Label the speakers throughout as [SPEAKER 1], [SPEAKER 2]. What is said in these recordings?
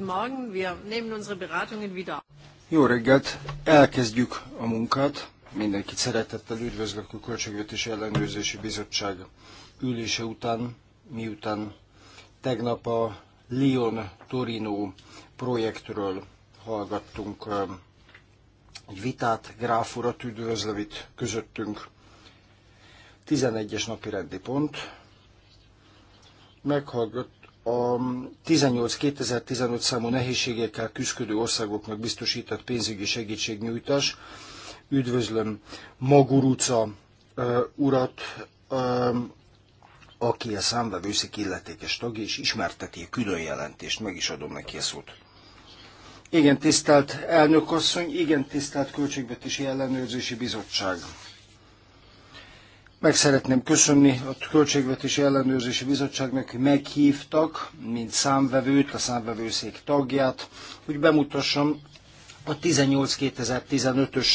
[SPEAKER 1] Guten Morgen, wir nehmen unsere Beratungen wieder.
[SPEAKER 2] Jó reggelt, elkezdjük a munkát. Mindenkit szeretettel üdvözlök a Költségvetési Ellenőrzési Bizottság ülése után, miután tegnap a Lyon-Torino projektről hallgattunk um, egy vitát, Gráf urat üdvözlöm itt közöttünk. 11-es napi rendi pont. Meghallgattunk a 18-2015 számú nehézségekkel küzdő országoknak biztosított pénzügyi segítségnyújtás. Üdvözlöm Maguruca uh, urat, uh, aki a számvevőszik illetékes tagja, és ismerteti a külön jelentést. Meg is adom neki a szót. Igen, tisztelt elnökasszony, igen, tisztelt Költségvetési Ellenőrzési Bizottság meg szeretném köszönni a Költségvetési Ellenőrzési Bizottságnak, hogy meghívtak, mint számvevőt, a számvevőszék tagját, hogy bemutassam a 18-2015-ös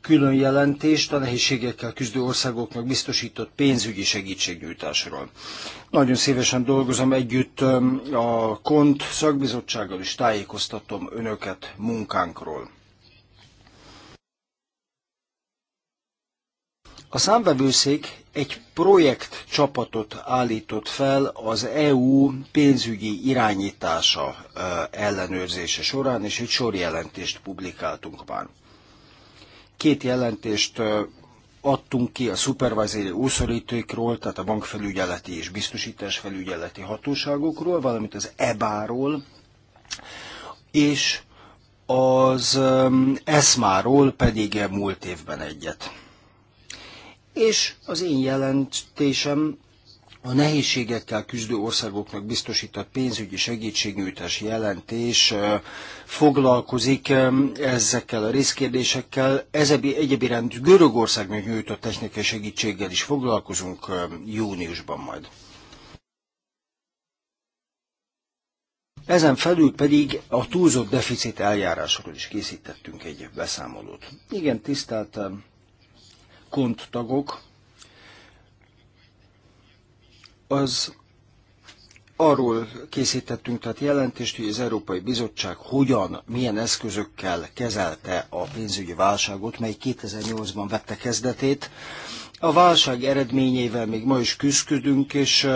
[SPEAKER 2] külön jelentést a nehézségekkel küzdő országoknak biztosított pénzügyi segítségnyújtásról. Nagyon szívesen dolgozom együtt um, a KONT szakbizottsággal, és tájékoztatom önöket munkánkról. A számvevőszék egy projekt csapatot állított fel az EU pénzügyi irányítása ellenőrzése során, és egy sor jelentést publikáltunk már. Két jelentést adtunk ki a szupervázéri úszorítókról, tehát a bankfelügyeleti és biztosításfelügyeleti hatóságokról, valamint az EBA-ról, és az ESMA-ról pedig múlt évben egyet és az én jelentésem a nehézségekkel küzdő országoknak biztosított pénzügyi segítségnyújtás jelentés foglalkozik ezekkel a részkérdésekkel. Ez egyebiránt Görögország nyújtott technikai segítséggel is foglalkozunk júniusban majd. Ezen felül pedig a túlzott deficit eljárásról is készítettünk egy beszámolót. Igen, tiszteltem konttagok, az arról készítettünk tehát jelentést, hogy az Európai Bizottság hogyan, milyen eszközökkel kezelte a pénzügyi válságot, mely 2008-ban vette kezdetét. A válság eredményeivel még ma is küzdködünk, és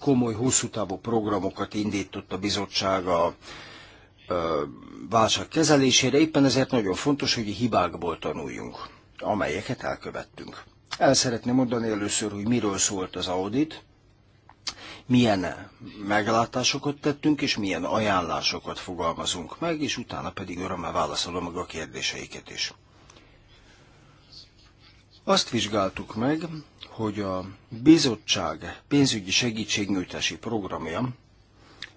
[SPEAKER 2] komoly hosszú távú programokat indított a bizottság a válság kezelésére, éppen ezért nagyon fontos, hogy a hibákból tanuljunk, amelyeket elkövettünk. El szeretném mondani először, hogy miről szólt az audit, milyen meglátásokat tettünk, és milyen ajánlásokat fogalmazunk meg, és utána pedig örömmel válaszolom meg a kérdéseiket is. Azt vizsgáltuk meg, hogy a bizottság pénzügyi segítségnyújtási programja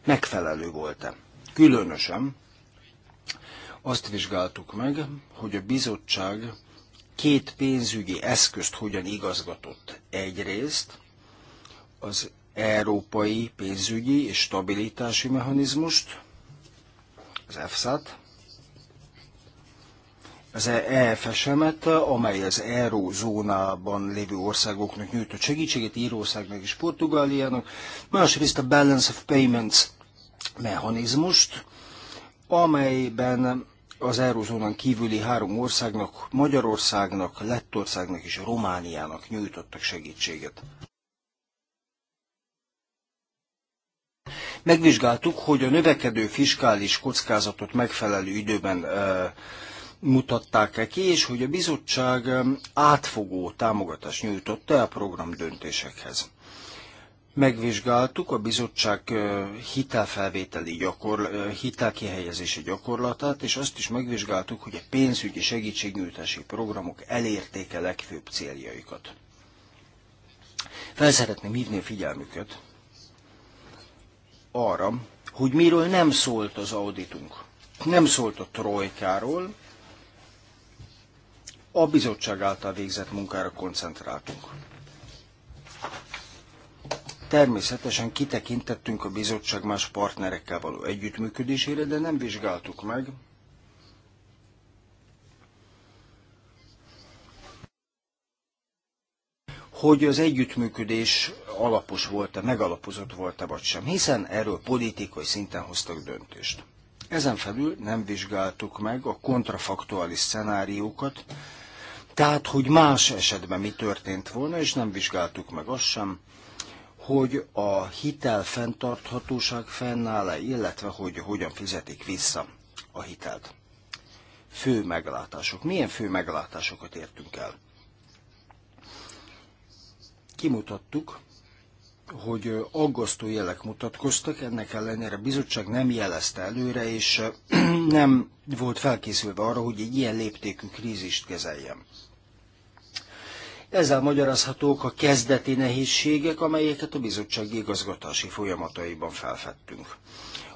[SPEAKER 2] megfelelő volt-e. Különösen azt vizsgáltuk meg, hogy a bizottság két pénzügyi eszközt hogyan igazgatott. Egyrészt az európai pénzügyi és stabilitási mechanizmust, az EFSA-t, az EFSM-et, amely az eurózónában lévő országoknak nyújtott segítséget, Írországnak és Portugáliának, másrészt a Balance of Payments mechanizmust, amelyben az Eurózónán kívüli három országnak, Magyarországnak, Lettországnak és Romániának nyújtottak segítséget. Megvizsgáltuk, hogy a növekedő fiskális kockázatot megfelelő időben e, mutatták-e ki, és hogy a bizottság átfogó támogatást nyújtotta a program döntésekhez megvizsgáltuk a bizottság hitelfelvételi gyakorl- hitelkihelyezési gyakorlatát, és azt is megvizsgáltuk, hogy a pénzügyi segítségnyújtási programok elérték-e legfőbb céljaikat. Fel szeretném hívni a figyelmüket arra, hogy miről nem szólt az auditunk. Nem szólt a trojkáról, a bizottság által végzett munkára koncentráltunk. Természetesen kitekintettünk a bizottság más partnerekkel való együttműködésére, de nem vizsgáltuk meg, hogy az együttműködés alapos volt-e, megalapozott volt-e vagy sem, hiszen erről politikai szinten hoztak döntést. Ezen felül nem vizsgáltuk meg a kontrafaktuális szenáriókat, tehát hogy más esetben mi történt volna, és nem vizsgáltuk meg azt sem, hogy a hitel fenntarthatóság fennáll-e, illetve hogy hogyan fizetik vissza a hitelt. Fő meglátások. Milyen fő meglátásokat értünk el? Kimutattuk, hogy aggasztó jelek mutatkoztak, ennek ellenére a bizottság nem jelezte előre, és nem volt felkészülve arra, hogy egy ilyen léptékű krízist kezeljen. Ezzel magyarázhatók a kezdeti nehézségek, amelyeket a bizottság igazgatási folyamataiban felfedtünk.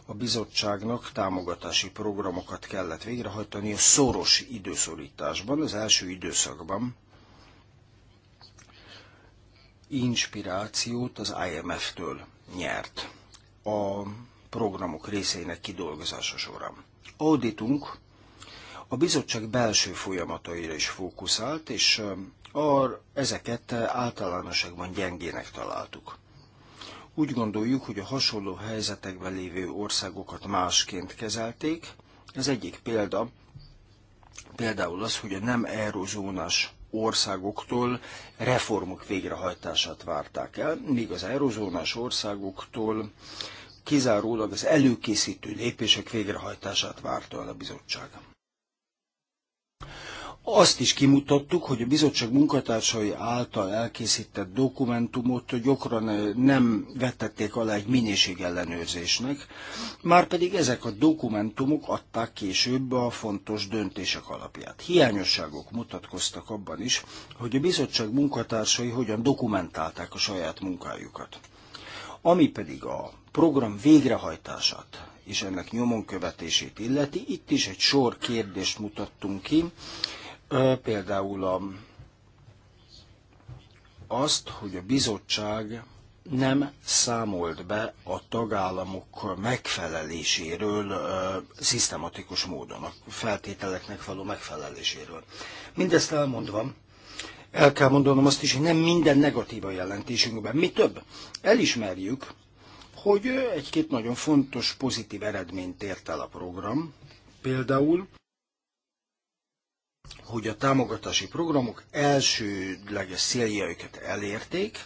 [SPEAKER 2] A bizottságnak támogatási programokat kellett végrehajtani a szoros időszorításban, az első időszakban. Inspirációt az IMF-től nyert a programok részeinek kidolgozása során. Auditunk a bizottság belső folyamataira is fókuszált, és ar, ezeket általánosságban gyengének találtuk. Úgy gondoljuk, hogy a hasonló helyzetekben lévő országokat másként kezelték. Ez egyik példa, például az, hogy a nem eurozónás országoktól reformok végrehajtását várták el, míg az eurozónás országoktól kizárólag az előkészítő lépések végrehajtását várta el a bizottság. Azt is kimutattuk, hogy a bizottság munkatársai által elkészített dokumentumot gyakran nem vetették alá egy minőségellenőrzésnek, pedig ezek a dokumentumok adták később a fontos döntések alapját. Hiányosságok mutatkoztak abban is, hogy a bizottság munkatársai hogyan dokumentálták a saját munkájukat. Ami pedig a program végrehajtását és ennek nyomon követését illeti, itt is egy sor kérdést mutattunk ki, Például a, azt, hogy a bizottság nem számolt be a tagállamok megfeleléséről szisztematikus módon, a feltételeknek való megfeleléséről. Mindezt elmondva, el kell mondanom azt is, hogy nem minden negatív a jelentésünkben. Mi több, elismerjük, hogy egy-két nagyon fontos pozitív eredményt ért el a program. Például hogy a támogatási programok elsődleges céljaikat elérték,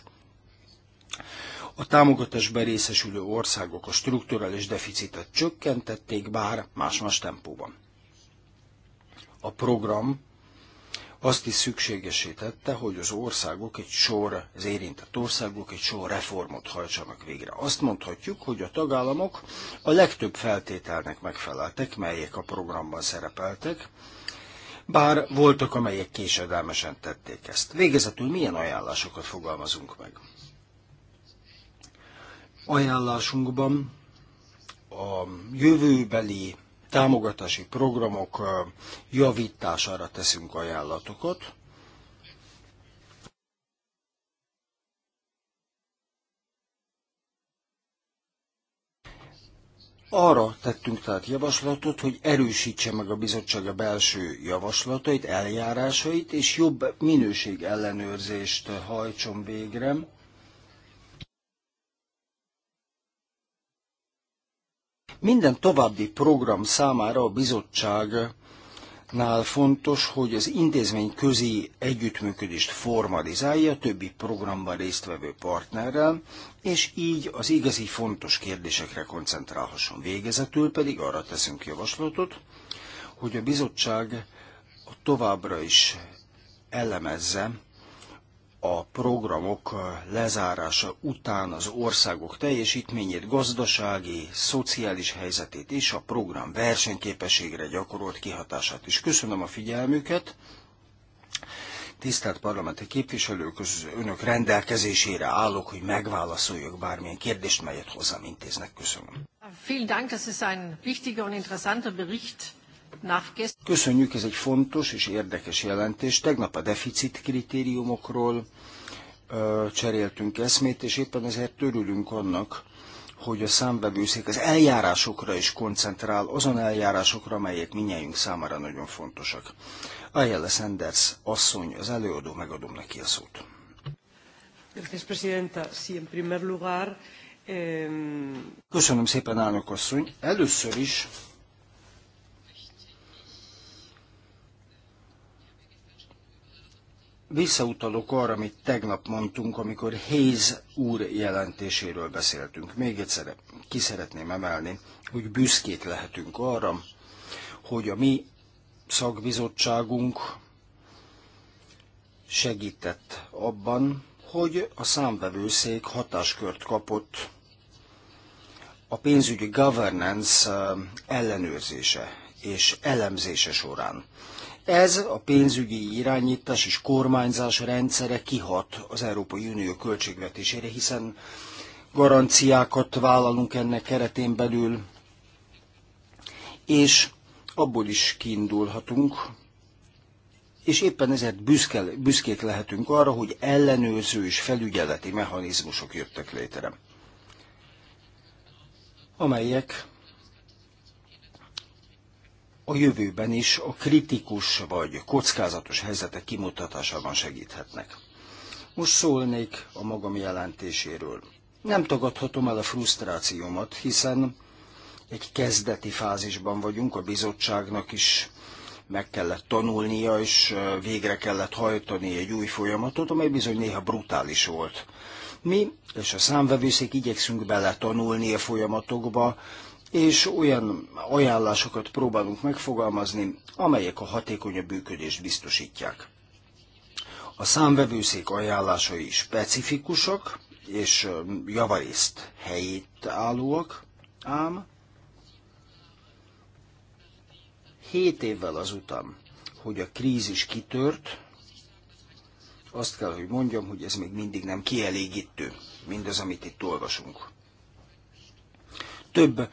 [SPEAKER 2] a támogatás részesülő országok a strukturális deficitet csökkentették, bár más-más tempóban. A program azt is szükségesé tette, hogy az országok egy sor, az érintett országok egy sor reformot hajtsanak végre. Azt mondhatjuk, hogy a tagállamok a legtöbb feltételnek megfeleltek, melyek a programban szerepeltek, bár voltak, amelyek késedelmesen tették ezt. Végezetül milyen ajánlásokat fogalmazunk meg? Ajánlásunkban a jövőbeli támogatási programok javítására teszünk ajánlatokat, arra tettünk tehát javaslatot, hogy erősítse meg a bizottság a belső javaslatait, eljárásait, és jobb minőség ellenőrzést hajtson végre. Minden további program számára a bizottság nál fontos, hogy az intézmény közi együttműködést formalizálja a többi programban résztvevő partnerrel, és így az igazi fontos kérdésekre koncentrálhasson. Végezetül pedig arra teszünk javaslatot, hogy a bizottság továbbra is elemezze a programok lezárása után az országok teljesítményét, gazdasági, szociális helyzetét és a program versenyképességre gyakorolt kihatását is. Köszönöm a figyelmüket! Tisztelt parlamenti képviselők, az önök rendelkezésére állok, hogy megválaszoljuk bármilyen kérdést, melyet hozzám intéznek. Köszönöm.
[SPEAKER 1] Vielen Dank, das ist ein wichtiger und interessanter Bericht.
[SPEAKER 2] Köszönjük, ez egy fontos és érdekes jelentés. Tegnap a deficit kritériumokról ö, cseréltünk eszmét, és éppen ezért törülünk annak, hogy a számbevőszék az eljárásokra is koncentrál, azon eljárásokra, amelyek minnyájunk számára nagyon fontosak. Ayala Sanders asszony, az előadó, megadom neki a szót. Köszönöm szépen, elnök asszony. Először is visszautalok arra, amit tegnap mondtunk, amikor Hayes úr jelentéséről beszéltünk. Még egyszer ki szeretném emelni, hogy büszkék lehetünk arra, hogy a mi szakbizottságunk segített abban, hogy a számvevőszék hatáskört kapott a pénzügyi governance ellenőrzése és elemzése során. Ez a pénzügyi irányítás és kormányzás rendszere kihat az Európai Unió költségvetésére, hiszen garanciákat vállalunk ennek keretén belül, és abból is kiindulhatunk, és éppen ezért büszke, büszkék lehetünk arra, hogy ellenőrző és felügyeleti mechanizmusok jöttek létre, amelyek a jövőben is a kritikus vagy kockázatos helyzetek kimutatásában segíthetnek. Most szólnék a magam jelentéséről. Nem tagadhatom el a frusztrációmat, hiszen egy kezdeti fázisban vagyunk, a bizottságnak is meg kellett tanulnia, és végre kellett hajtani egy új folyamatot, amely bizony néha brutális volt. Mi és a számvevőszék igyekszünk bele tanulni a folyamatokba, és olyan ajánlásokat próbálunk megfogalmazni, amelyek a hatékonyabb működést biztosítják. A számvevőszék ajánlásai specifikusak, és javarészt helyét állóak, ám 7 évvel azután, hogy a krízis kitört, azt kell, hogy mondjam, hogy ez még mindig nem kielégítő, mindaz, amit itt olvasunk. Több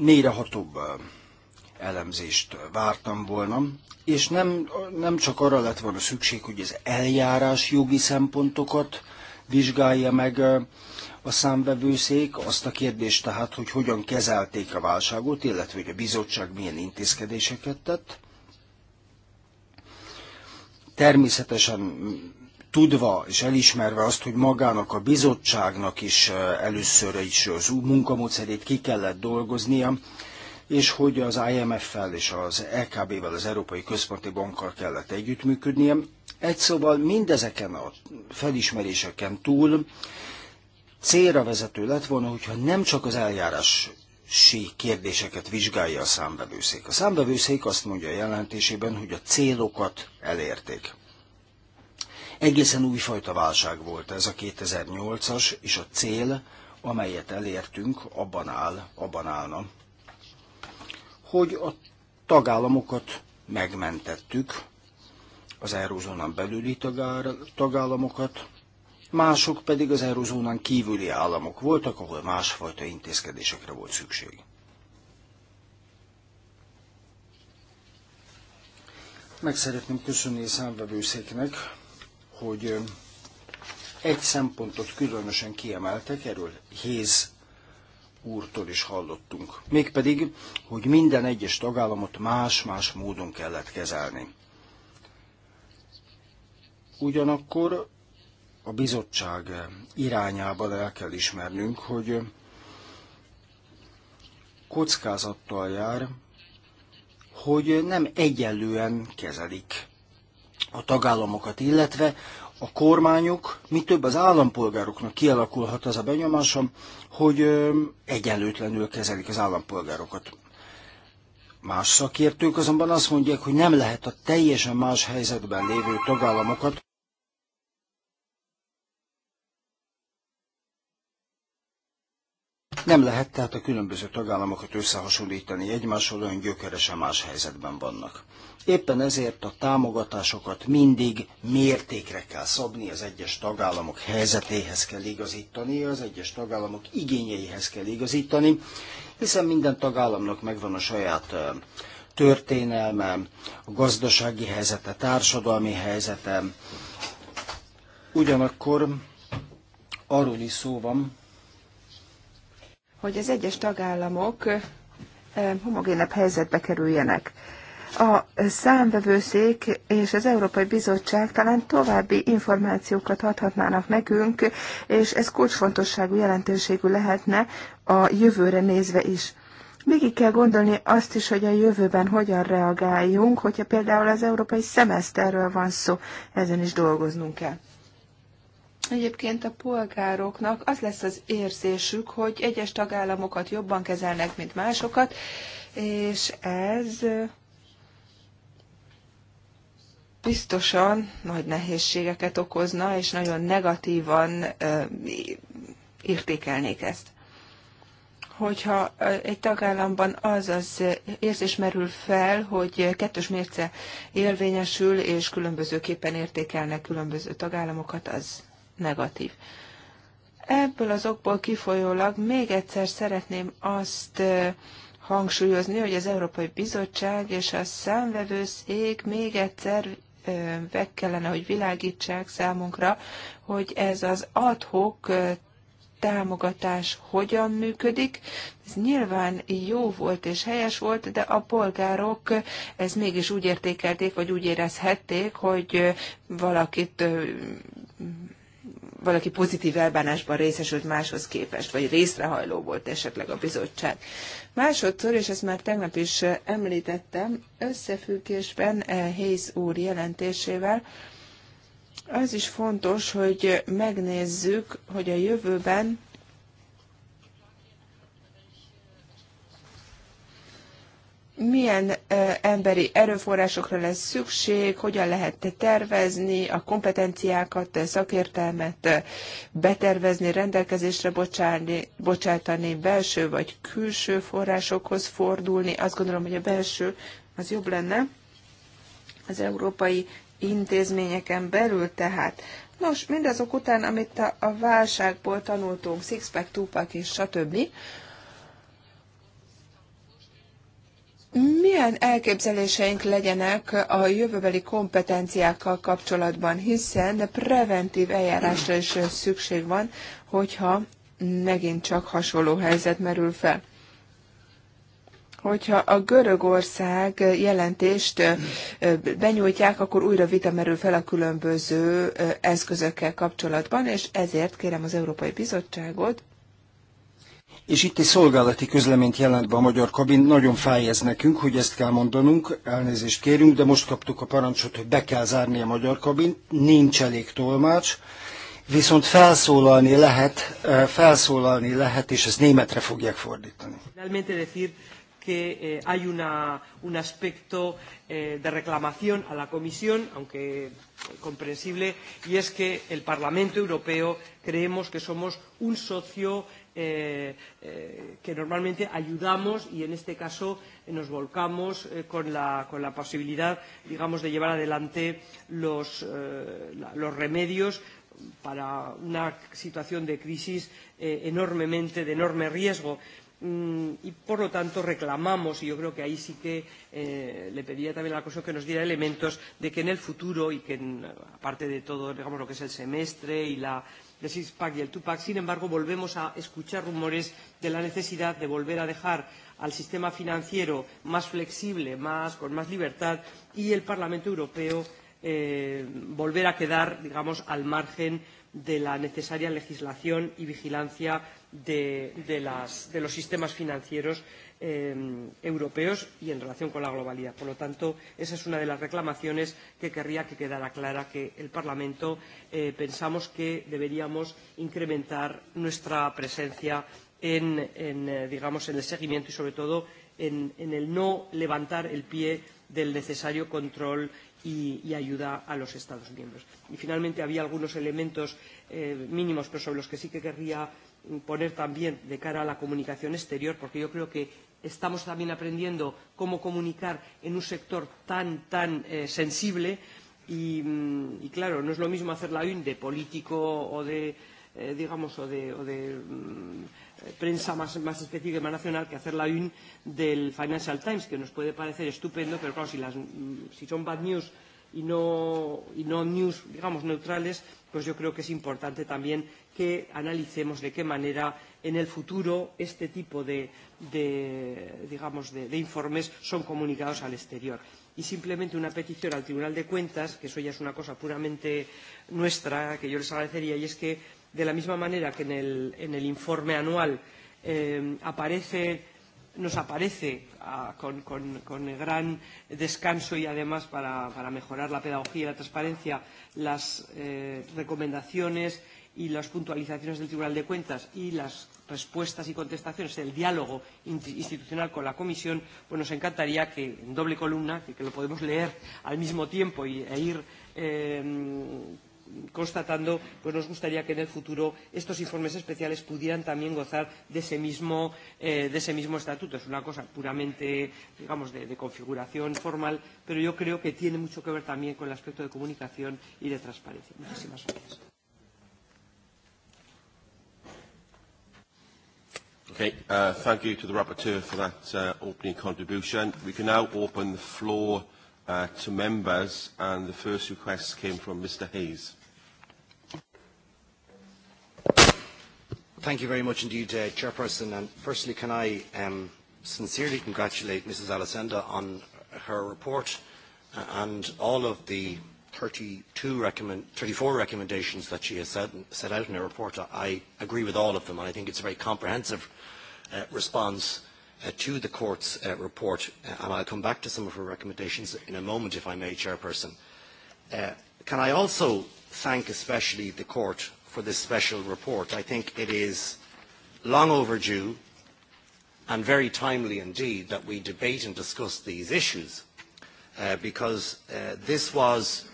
[SPEAKER 2] mélyrehatóbb elemzést vártam volna, és nem, nem csak arra lett volna szükség, hogy az eljárás jogi szempontokat vizsgálja meg a számvevőszék, azt a kérdést tehát, hogy hogyan kezelték a válságot, illetve hogy a bizottság milyen intézkedéseket tett. Természetesen tudva és elismerve azt, hogy magának a bizottságnak is először is az munkamódszerét ki kellett dolgoznia, és hogy az IMF-fel és az LKB-vel, e az Európai Központi Bankkal kellett együttműködnie. Egy szóval mindezeken a felismeréseken túl célra vezető lett volna, hogyha nem csak az eljárás kérdéseket vizsgálja a számbevőszék. A számbevőszék azt mondja a jelentésében, hogy a célokat elérték. Egészen újfajta válság volt ez a 2008-as, és a cél, amelyet elértünk, abban áll, abban állna, hogy a tagállamokat megmentettük, az eurozónán belüli tagár, tagállamokat, mások pedig az eurozónán kívüli államok voltak, ahol másfajta intézkedésekre volt szükség. Meg szeretném köszönni a számvevőszéknek, hogy egy szempontot különösen kiemeltek, erről Héz úrtól is hallottunk. Mégpedig, hogy minden egyes tagállamot más-más módon kellett kezelni. Ugyanakkor a bizottság irányában el kell ismernünk, hogy kockázattal jár, hogy nem egyenlően kezelik a tagállamokat, illetve a kormányok, mi több az állampolgároknak kialakulhat az a benyomásom, hogy egyenlőtlenül kezelik az állampolgárokat. Más szakértők azonban azt mondják, hogy nem lehet a teljesen más helyzetben lévő tagállamokat Nem lehet tehát a különböző tagállamokat összehasonlítani egymással, olyan gyökeresen más helyzetben vannak. Éppen ezért a támogatásokat mindig mértékre kell szabni, az egyes tagállamok helyzetéhez kell igazítani, az egyes tagállamok igényeihez kell igazítani, hiszen minden tagállamnak megvan a saját történelme, a gazdasági helyzete, társadalmi helyzete. Ugyanakkor arról is szó van,
[SPEAKER 3] hogy az egyes tagállamok homogénebb helyzetbe kerüljenek. A számvevőszék és az Európai Bizottság talán további információkat adhatnának nekünk, és ez kulcsfontosságú jelentőségű lehetne a jövőre nézve is. Végig kell gondolni azt is, hogy a jövőben hogyan reagáljunk, hogyha például az európai szemeszterről van szó, ezen is dolgoznunk kell. Egyébként a polgároknak az lesz az érzésük, hogy egyes tagállamokat jobban kezelnek, mint másokat, és ez biztosan nagy nehézségeket okozna, és nagyon negatívan értékelnék ezt. Hogyha egy tagállamban az az érzés merül fel, hogy kettős mérce élvényesül, és különbözőképpen értékelnek különböző tagállamokat, az negatív. Ebből az okból kifolyólag még egyszer szeretném azt hangsúlyozni, hogy az Európai Bizottság és a számvevőszék még egyszer meg kellene, hogy világítsák számunkra, hogy ez az adhok támogatás hogyan működik. Ez nyilván jó volt és helyes volt, de a polgárok ez mégis úgy értékelték, vagy úgy érezhették, hogy valakit valaki pozitív elbánásban részesült máshoz képest, vagy részrehajló volt esetleg a bizottság. Másodszor, és ezt már tegnap is említettem, összefüggésben Hayes eh, úr jelentésével, az is fontos, hogy megnézzük, hogy a jövőben milyen emberi erőforrásokra lesz szükség, hogyan lehet tervezni, a kompetenciákat, szakértelmet betervezni, rendelkezésre bocsálni, bocsátani, belső vagy külső forrásokhoz fordulni. Azt gondolom, hogy a belső az jobb lenne az európai intézményeken belül tehát. Nos, mindazok után, amit a, a válságból tanultunk, Sixpack, Tupac és stb., milyen elképzeléseink legyenek a jövőbeli kompetenciákkal kapcsolatban, hiszen preventív eljárásra is szükség van, hogyha megint csak hasonló helyzet merül fel. Hogyha a Görögország jelentést benyújtják, akkor újra vita merül fel a különböző eszközökkel kapcsolatban, és ezért kérem az Európai Bizottságot,
[SPEAKER 2] és itt egy szolgálati közleményt jelent be a magyar kabin, nagyon fáj ez nekünk, hogy ezt kell mondanunk, elnézést kérünk, de most kaptuk a parancsot, hogy be kell zárni a magyar kabin, nincs elég tolmács, viszont felszólalni lehet, eh, felszólalni lehet, és ezt németre fogják fordítani. que eh,
[SPEAKER 4] hay una, un aspecto eh, de reclamación a la Comisión, aunque eh, comprensible, y es que el Parlamento Europeo creemos que somos un socio Eh, eh, que normalmente ayudamos y en este caso eh, nos volcamos eh, con, la, con la posibilidad, digamos, de llevar adelante los, eh, la, los remedios para una situación de crisis eh, enormemente, de enorme riesgo mm, y por lo tanto reclamamos y yo creo que ahí sí que eh, le pediría también a la Comisión que nos diera elementos de que en el futuro y que en, aparte de todo digamos lo que es el semestre y la, eh, de six-pack y el two-pack. Sin embargo, volvemos a escuchar rumores de la necesidad de volver a dejar al sistema financiero más flexible, más, con más libertad, y el Parlamento Europeo eh, volver a quedar, digamos, al margen de la necesaria legislación y vigilancia de, de, las, de los sistemas financieros eh, europeos y en relación con la globalidad. Por lo tanto, esa es una de las reclamaciones que querría que quedara clara que el Parlamento eh, pensamos que deberíamos incrementar nuestra presencia en, en, eh, digamos, en el seguimiento y, sobre todo, en, en el no levantar el pie del necesario control y, y ayuda a los Estados miembros. Y finalmente había algunos elementos eh, mínimos, pero sobre los que sí que querría poner también de cara a la comunicación exterior, porque yo creo que estamos también aprendiendo cómo comunicar en un sector tan, tan eh, sensible. Y, mm, y claro, no es lo mismo hacer la UIN e de político o de eh, digamos, o de, o de mm, prensa más, más específica y más nacional que hacer la UN del Financial Times, que nos puede parecer estupendo, pero claro, si, las, mm, si son bad news y no, y no news, digamos, neutrales, pues yo creo que es importante también que analicemos de qué manera en el futuro este tipo de, de digamos, de, de informes son comunicados al exterior. Y simplemente una petición al Tribunal de Cuentas, que eso ya es una cosa puramente nuestra, que yo les agradecería, y es que de la misma manera que en el, en el informe anual eh, aparece, nos aparece a, ah, con, con, con el gran descanso y además para, para mejorar la pedagogía y la transparencia las eh, recomendaciones y las puntualizaciones del Tribunal de Cuentas y las respuestas y contestaciones, el diálogo institucional con la Comisión, pues nos encantaría que en doble columna, que, que lo podemos leer al mismo tiempo y, e ir eh, constatando, pues nos gustaría que en el futuro estos informes especiales pudieran también gozar de ese mismo, eh, de ese mismo estatuto. Es una cosa puramente, digamos, de, de configuración formal, pero yo creo que tiene mucho que ver también con el aspecto de comunicación y de transparencia. Muchísimas gracias.
[SPEAKER 5] Okay, uh, thank you to the rapporteur for that uh, opening contribution. We can now open the floor uh, to members, and the first request came from Mr Hayes. Thank you very much indeed, uh, Chairperson. And firstly, can
[SPEAKER 6] I um, sincerely congratulate Mrs. Alessandra on her report uh, and all of the 32 recommend, 34 recommendations that she has set, set out in her report. I agree with all of them, and I think it's a very comprehensive uh, response uh, to the court's uh, report. Uh, and I'll come back to some of her recommendations in a moment, if I may, Chairperson. Uh, can I also thank especially the court for this special report. I think it is long overdue and very timely indeed that we debate and discuss these issues uh, because uh, this was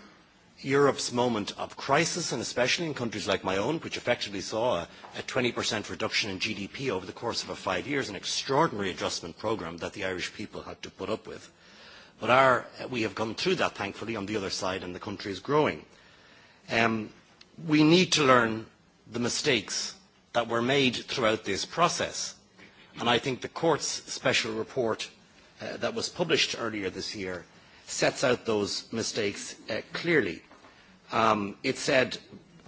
[SPEAKER 6] Europe's moment of crisis and especially in countries like my own which effectively saw a, a 20% reduction in GDP over the course of a five years, an extraordinary adjustment program that the Irish people had to put up with. But our, we have come through that thankfully on the other side and the country is growing. Um, we need to learn the mistakes that were made throughout this process. And I think the court's special report uh, that was published earlier this year sets out those mistakes uh, clearly. Um, it said,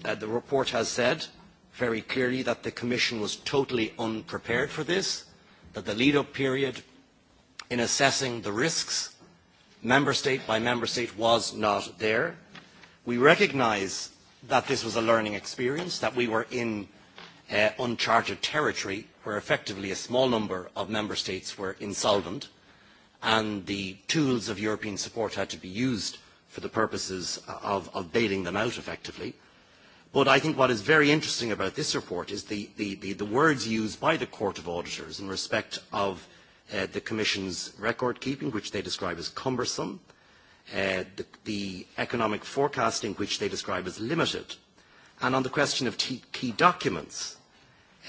[SPEAKER 6] uh, the report has said very clearly that the Commission was totally unprepared for this, that the lead-up period in assessing the risks, member state by member state, was not there. We recognize that this was a learning experience, that we were in uh, uncharted territory where effectively a small number of member states were insolvent and the tools of European support had to be used for the purposes of, of bailing them out effectively. But I think what is very interesting about this report is the, the, the, the words used by the Court of Auditors in respect of uh, the Commission's record keeping, which they describe as cumbersome, uh, uh, the, the economic forecasting, which they describe as limited, and on the question of t- key documents,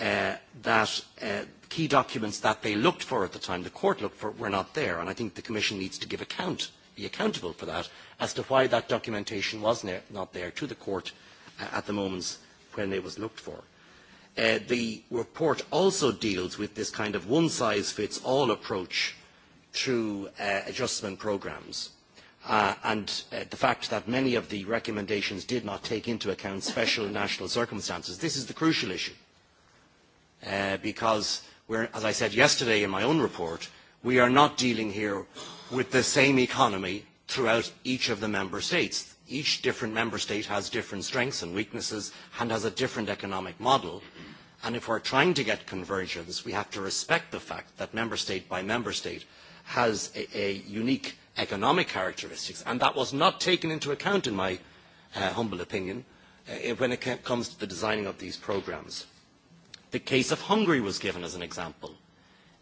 [SPEAKER 6] uh, that uh, key documents that they looked for at the time, the court looked for, were not there. And I think the Commission needs to give account, be accountable for that, as to why that documentation was ne- not there to the court uh, at the moments when it was looked for. Uh, the report also deals with this kind of one-size-fits-all approach through uh, adjustment programs uh, and uh, the fact that many of the recommendations did not take into account special national circumstances. This is the crucial issue uh, because, we're, as I said yesterday in my own report, we are not dealing here with the same economy throughout each of the member states. Each different member state has different strengths and weaknesses and has a different economic model. And if we're trying to get convergence, we have to respect the fact that member state by member state has a, a unique economic characteristics, and that was not taken into account, in my uh, humble opinion, uh, when it comes to the designing of these programmes. The case of Hungary was given as an example.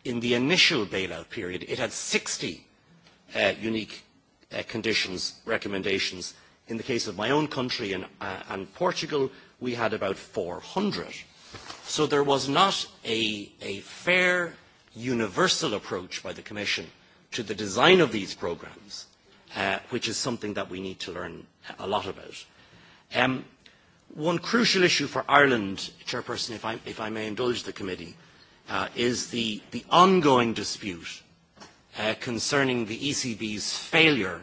[SPEAKER 6] In the initial bailout period, it had 60 uh, unique uh, conditions, recommendations. In the case of my own country and, uh, and Portugal, we had about 400. So there was not a, a fair, universal approach by the Commission to the design of these programs, uh, which is something that we need to learn a lot about. Um, one crucial issue for Ireland, Chairperson, if I, if I may indulge the committee, uh, is the, the ongoing dispute uh, concerning the ECB's failure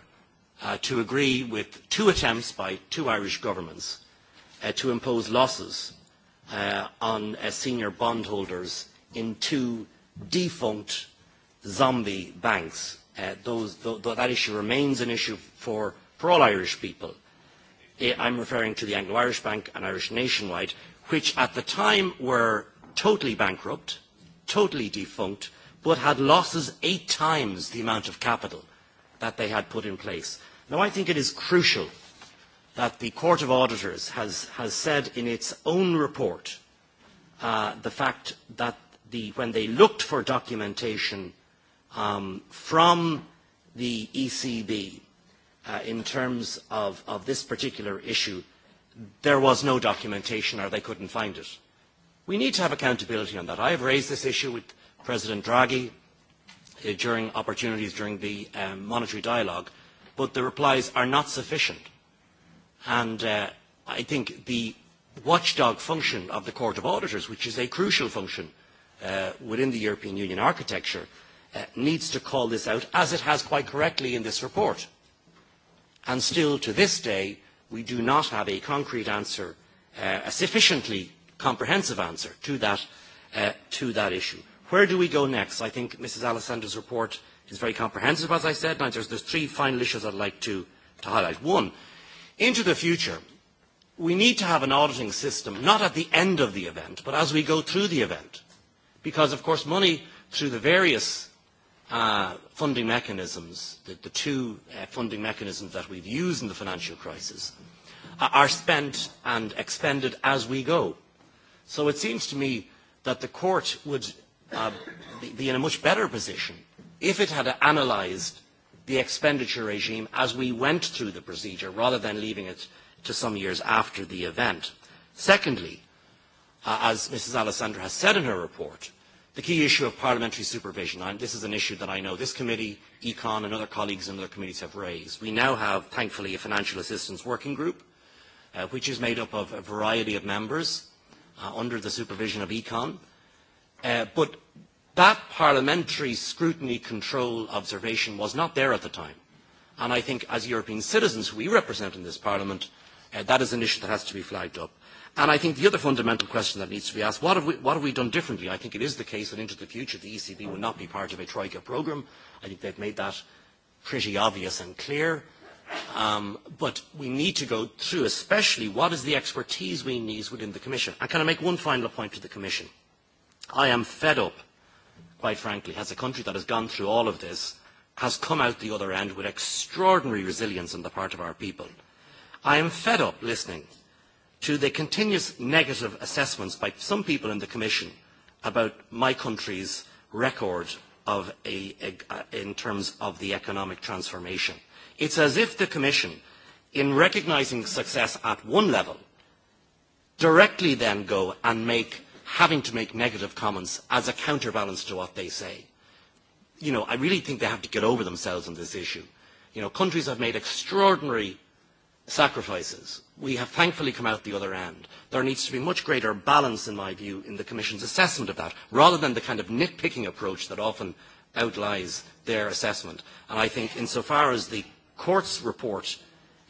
[SPEAKER 6] uh, to agree with two attempts by two Irish governments uh, to impose losses uh, on uh, senior bondholders in two defunct zombie banks. Uh, those, th that issue remains an issue for, for all Irish people. Eh, I'm referring to the Anglo-Irish Bank and Irish Nationwide, which at the time were totally bankrupt, totally defunct, but had losses eight times the amount of capital that they had put in place. Now, I think it is crucial that the Court of Auditors has, has said in its own report uh, the fact that the, when they looked for documentation um, from the ECB uh, in terms of, of this particular issue, there was no documentation or they couldn't find it. We need to have accountability on that. I have raised this issue with President Draghi uh, during opportunities during the um, monetary dialogue, but the replies are not sufficient. And uh, I think the watchdog function of the Court of Auditors, which is a crucial function uh, within the European Union architecture, Uh, needs to call this out, as it has quite correctly in this report. And still, to this day, we do not have a concrete answer, uh, a sufficiently comprehensive answer to that, uh, to that issue. Where do we go next? I think Mrs. Alessandra's report is very comprehensive, as I said. Now, there's, there's three final issues I'd like to, to highlight. One, into the future, we need to have an auditing system, not at the end of the event, but as we go through the event. Because, of course, money through the various Uh, funding mechanisms, the, the two uh, funding mechanisms that we've used in the financial crisis, are spent and expended as we go. So it seems to me that the court would uh, be, be in a much better position if it had analysed the expenditure regime as we went through the procedure rather than leaving it to some years after the event. Secondly, uh, as Mrs. Alessandra has said in her report, The key issue of parliamentary supervision, and this is an issue that I know this committee, Econ and other colleagues in other committees have raised. We now have, thankfully, a financial assistance working group, uh, which is made up of a variety of members uh, under the supervision of Econ. Uh, but that parliamentary scrutiny control observation was not there at the time. And I think as European citizens who we represent in this parliament, uh, that is an issue that has to be flagged up. And I think the other fundamental question that needs to be asked, what have, we, what have we done differently? I think it is the case that into the future the ECB will not be part of a Troika programme. I think they've made that pretty obvious and clear. Um, but we need to go through, especially, what is the expertise we need within the Commission. And can I make one final point to the Commission? I am fed up, quite frankly, as a country that has gone through all of this, has come out the other end with extraordinary resilience on the part of our people. I am fed up listening to the continuous negative assessments by some people in the Commission about my country's record of a, a, a, in terms of the economic transformation. It's as if the Commission, in recognising success at one level, directly then go and make having to make negative comments as a counterbalance to what they say. You know, I really think they have to get over themselves on this issue. You know, countries have made extraordinary sacrifices. We have thankfully come out the other end. There needs to be much greater balance, in my view, in the Commission's assessment of that, rather than the kind of nitpicking approach that often outlies their assessment. And I think insofar as the court's report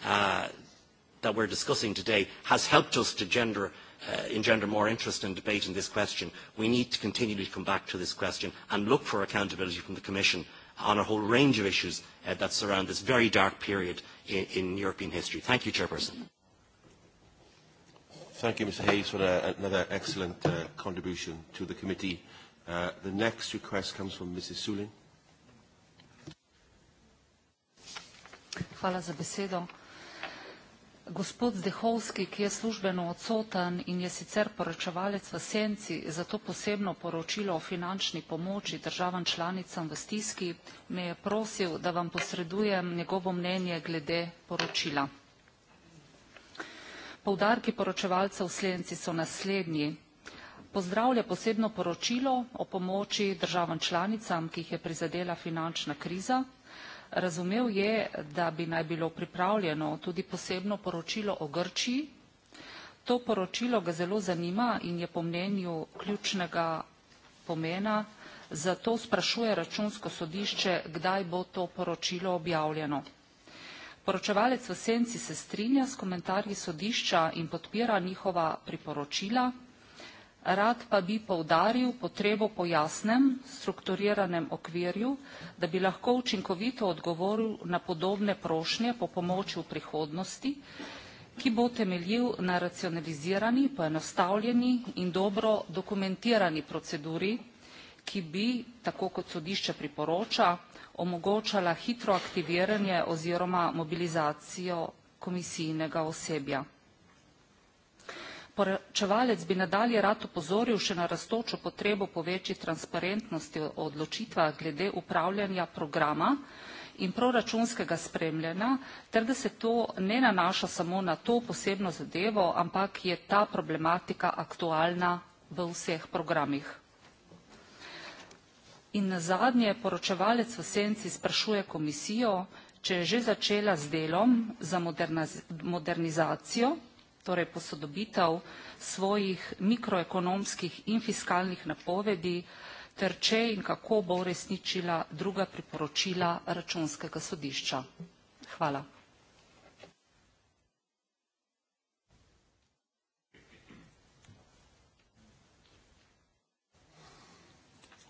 [SPEAKER 6] uh, that we're discussing today has helped us to gender, uh, engender more interest and debate in this question, we need to continue to come back to this question and look for accountability from the Commission on a whole range of issues uh, that surround this very dark period
[SPEAKER 5] in, in European history. Thank you, Chairperson. Thank you, Mr Hayes, for uh, another excellent uh, contribution to the committee. Uh, the next request comes from Mrs Sulin.
[SPEAKER 7] Hvala za besedo. Gospod Zdehovski, ki je službeno odsoten in je sicer poročevalec v senci za to posebno poročilo o finančni pomoči državam članicam v stiski, me je prosil, da vam posredujem njegovo mnenje glede poročila. Poudarki poročevalca v senci so naslednji pozdravlja posebno poročilo o pomoči državam članicam, ki jih je prizadela finančna kriza, Razumel je, da bi naj bilo pripravljeno tudi posebno poročilo o Grčiji. To poročilo ga zelo zanima in je po mnenju ključnega pomena, zato sprašuje računsko sodišče, kdaj bo to poročilo objavljeno. Poročevalec v senci se strinja s komentarji sodišča in podpira njihova priporočila, Rad pa bi poudaril potrebo po jasnem, strukturiranem okvirju, da bi lahko učinkovito odgovoril na podobne prošnje po pomoči v prihodnosti, ki bo temeljil na racionalizirani, poenostavljeni in dobro dokumentirani proceduri, ki bi, tako kot sodišče priporoča, omogočala hitro aktiviranje oziroma mobilizacijo komisijnega osebja. Poročevalec bi nadalje rad opozoril še na rastočo potrebo po večji transparentnosti o odločitvah glede upravljanja programa in proračunskega spremljanja, ter da se to ne nanaša samo na to posebno zadevo, ampak je ta problematika aktualna v vseh programih. In nazadnje poročevalec v senci sprašuje komisijo, če je že začela z delom za modernizacijo torej posodobitev svojih mikroekonomskih in fiskalnih napovedi ter če in kako bo uresničila druga priporočila računskega sodišča. Hvala.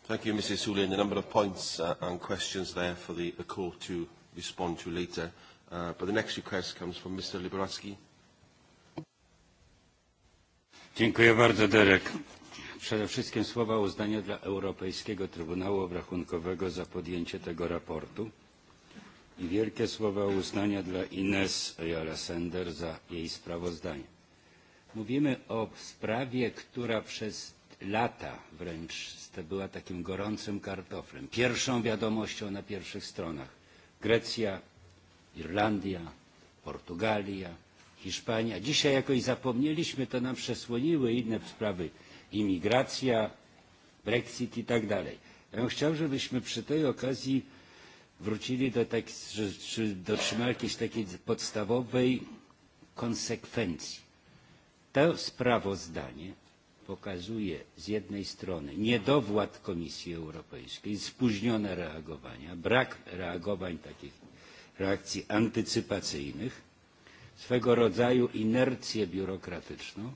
[SPEAKER 5] Thank you, Mrs. Sulin. A number of points uh, and questions there for the, the court to respond to later. Uh, but the next request comes from Mr. Liberatsky.
[SPEAKER 8] Dziękuję bardzo, Derek. Przede wszystkim słowa uznania dla Europejskiego Trybunału Obrachunkowego za podjęcie tego raportu i wielkie słowa uznania dla Ines Ayala-Sender za jej sprawozdanie. Mówimy o sprawie, która przez lata wręcz była takim gorącym kartoflem, pierwszą wiadomością na pierwszych stronach. Grecja, Irlandia, Portugalia, Hiszpania. Dzisiaj jakoś zapomnieliśmy, to nam przesłoniły inne sprawy, imigracja, Brexit i tak dalej. Ja bym chciał, żebyśmy przy tej okazji wrócili do, tak, że, czy dotrzymali jakiejś takiej podstawowej konsekwencji. To sprawozdanie pokazuje z jednej strony niedowład Komisji Europejskiej, spóźnione reagowania, brak reagowań takich reakcji antycypacyjnych, swego rodzaju inercję biurokratyczną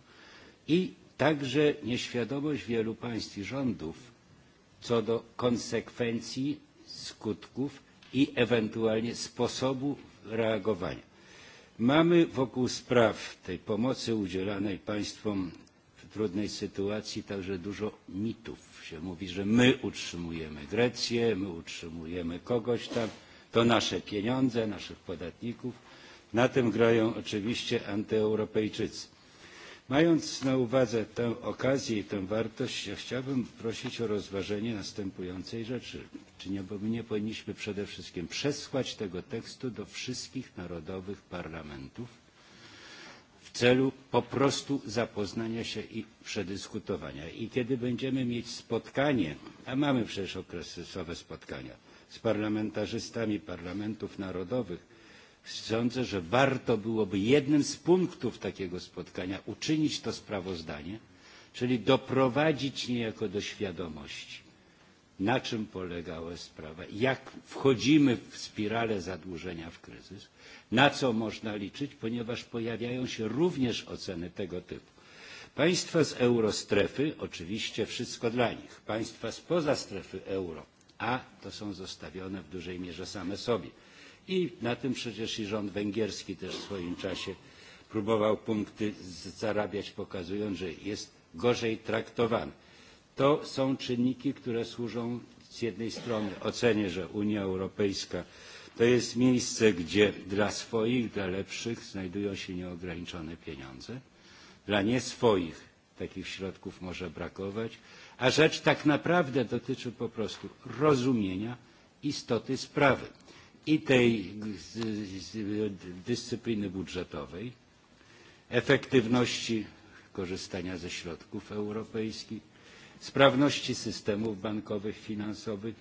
[SPEAKER 8] i także nieświadomość wielu państw i rządów co do konsekwencji, skutków i ewentualnie sposobu reagowania. Mamy wokół spraw tej pomocy udzielanej państwom w trudnej sytuacji także dużo mitów. Się mówi, że my utrzymujemy Grecję, my utrzymujemy kogoś tam, to nasze pieniądze, naszych podatników. Na tym grają oczywiście antyeuropejczycy. Mając na uwadze tę okazję i tę wartość, ja chciałbym prosić o rozważenie następującej rzeczy. Czy nie, bo my nie powinniśmy przede wszystkim przesłać tego tekstu do wszystkich narodowych parlamentów w celu po prostu zapoznania się i przedyskutowania. I kiedy będziemy mieć spotkanie, a mamy przecież okresowe spotkania z parlamentarzystami parlamentów narodowych, sądzę, że warto byłoby jednym z punktów takiego spotkania uczynić to sprawozdanie, czyli doprowadzić niejako do świadomości, na czym polegała sprawa, jak wchodzimy w spiralę zadłużenia w kryzys, na co można liczyć, ponieważ pojawiają się również oceny tego typu. Państwa z eurostrefy, oczywiście wszystko dla nich. Państwa spoza strefy euro, a to są zostawione w dużej mierze same sobie. I na tym przecież i rząd węgierski też w swoim czasie próbował punkty zarabiać, pokazując, że jest gorzej traktowany. To są czynniki, które służą z jednej strony ocenie, że Unia Europejska to jest miejsce, gdzie dla swoich, dla lepszych znajdują się nieograniczone pieniądze, dla nieswoich takich środków może brakować, a rzecz tak naprawdę dotyczy po prostu rozumienia istoty sprawy i tej dyscypliny budżetowej, efektywności korzystania ze środków europejskich, sprawności systemów bankowych, finansowych,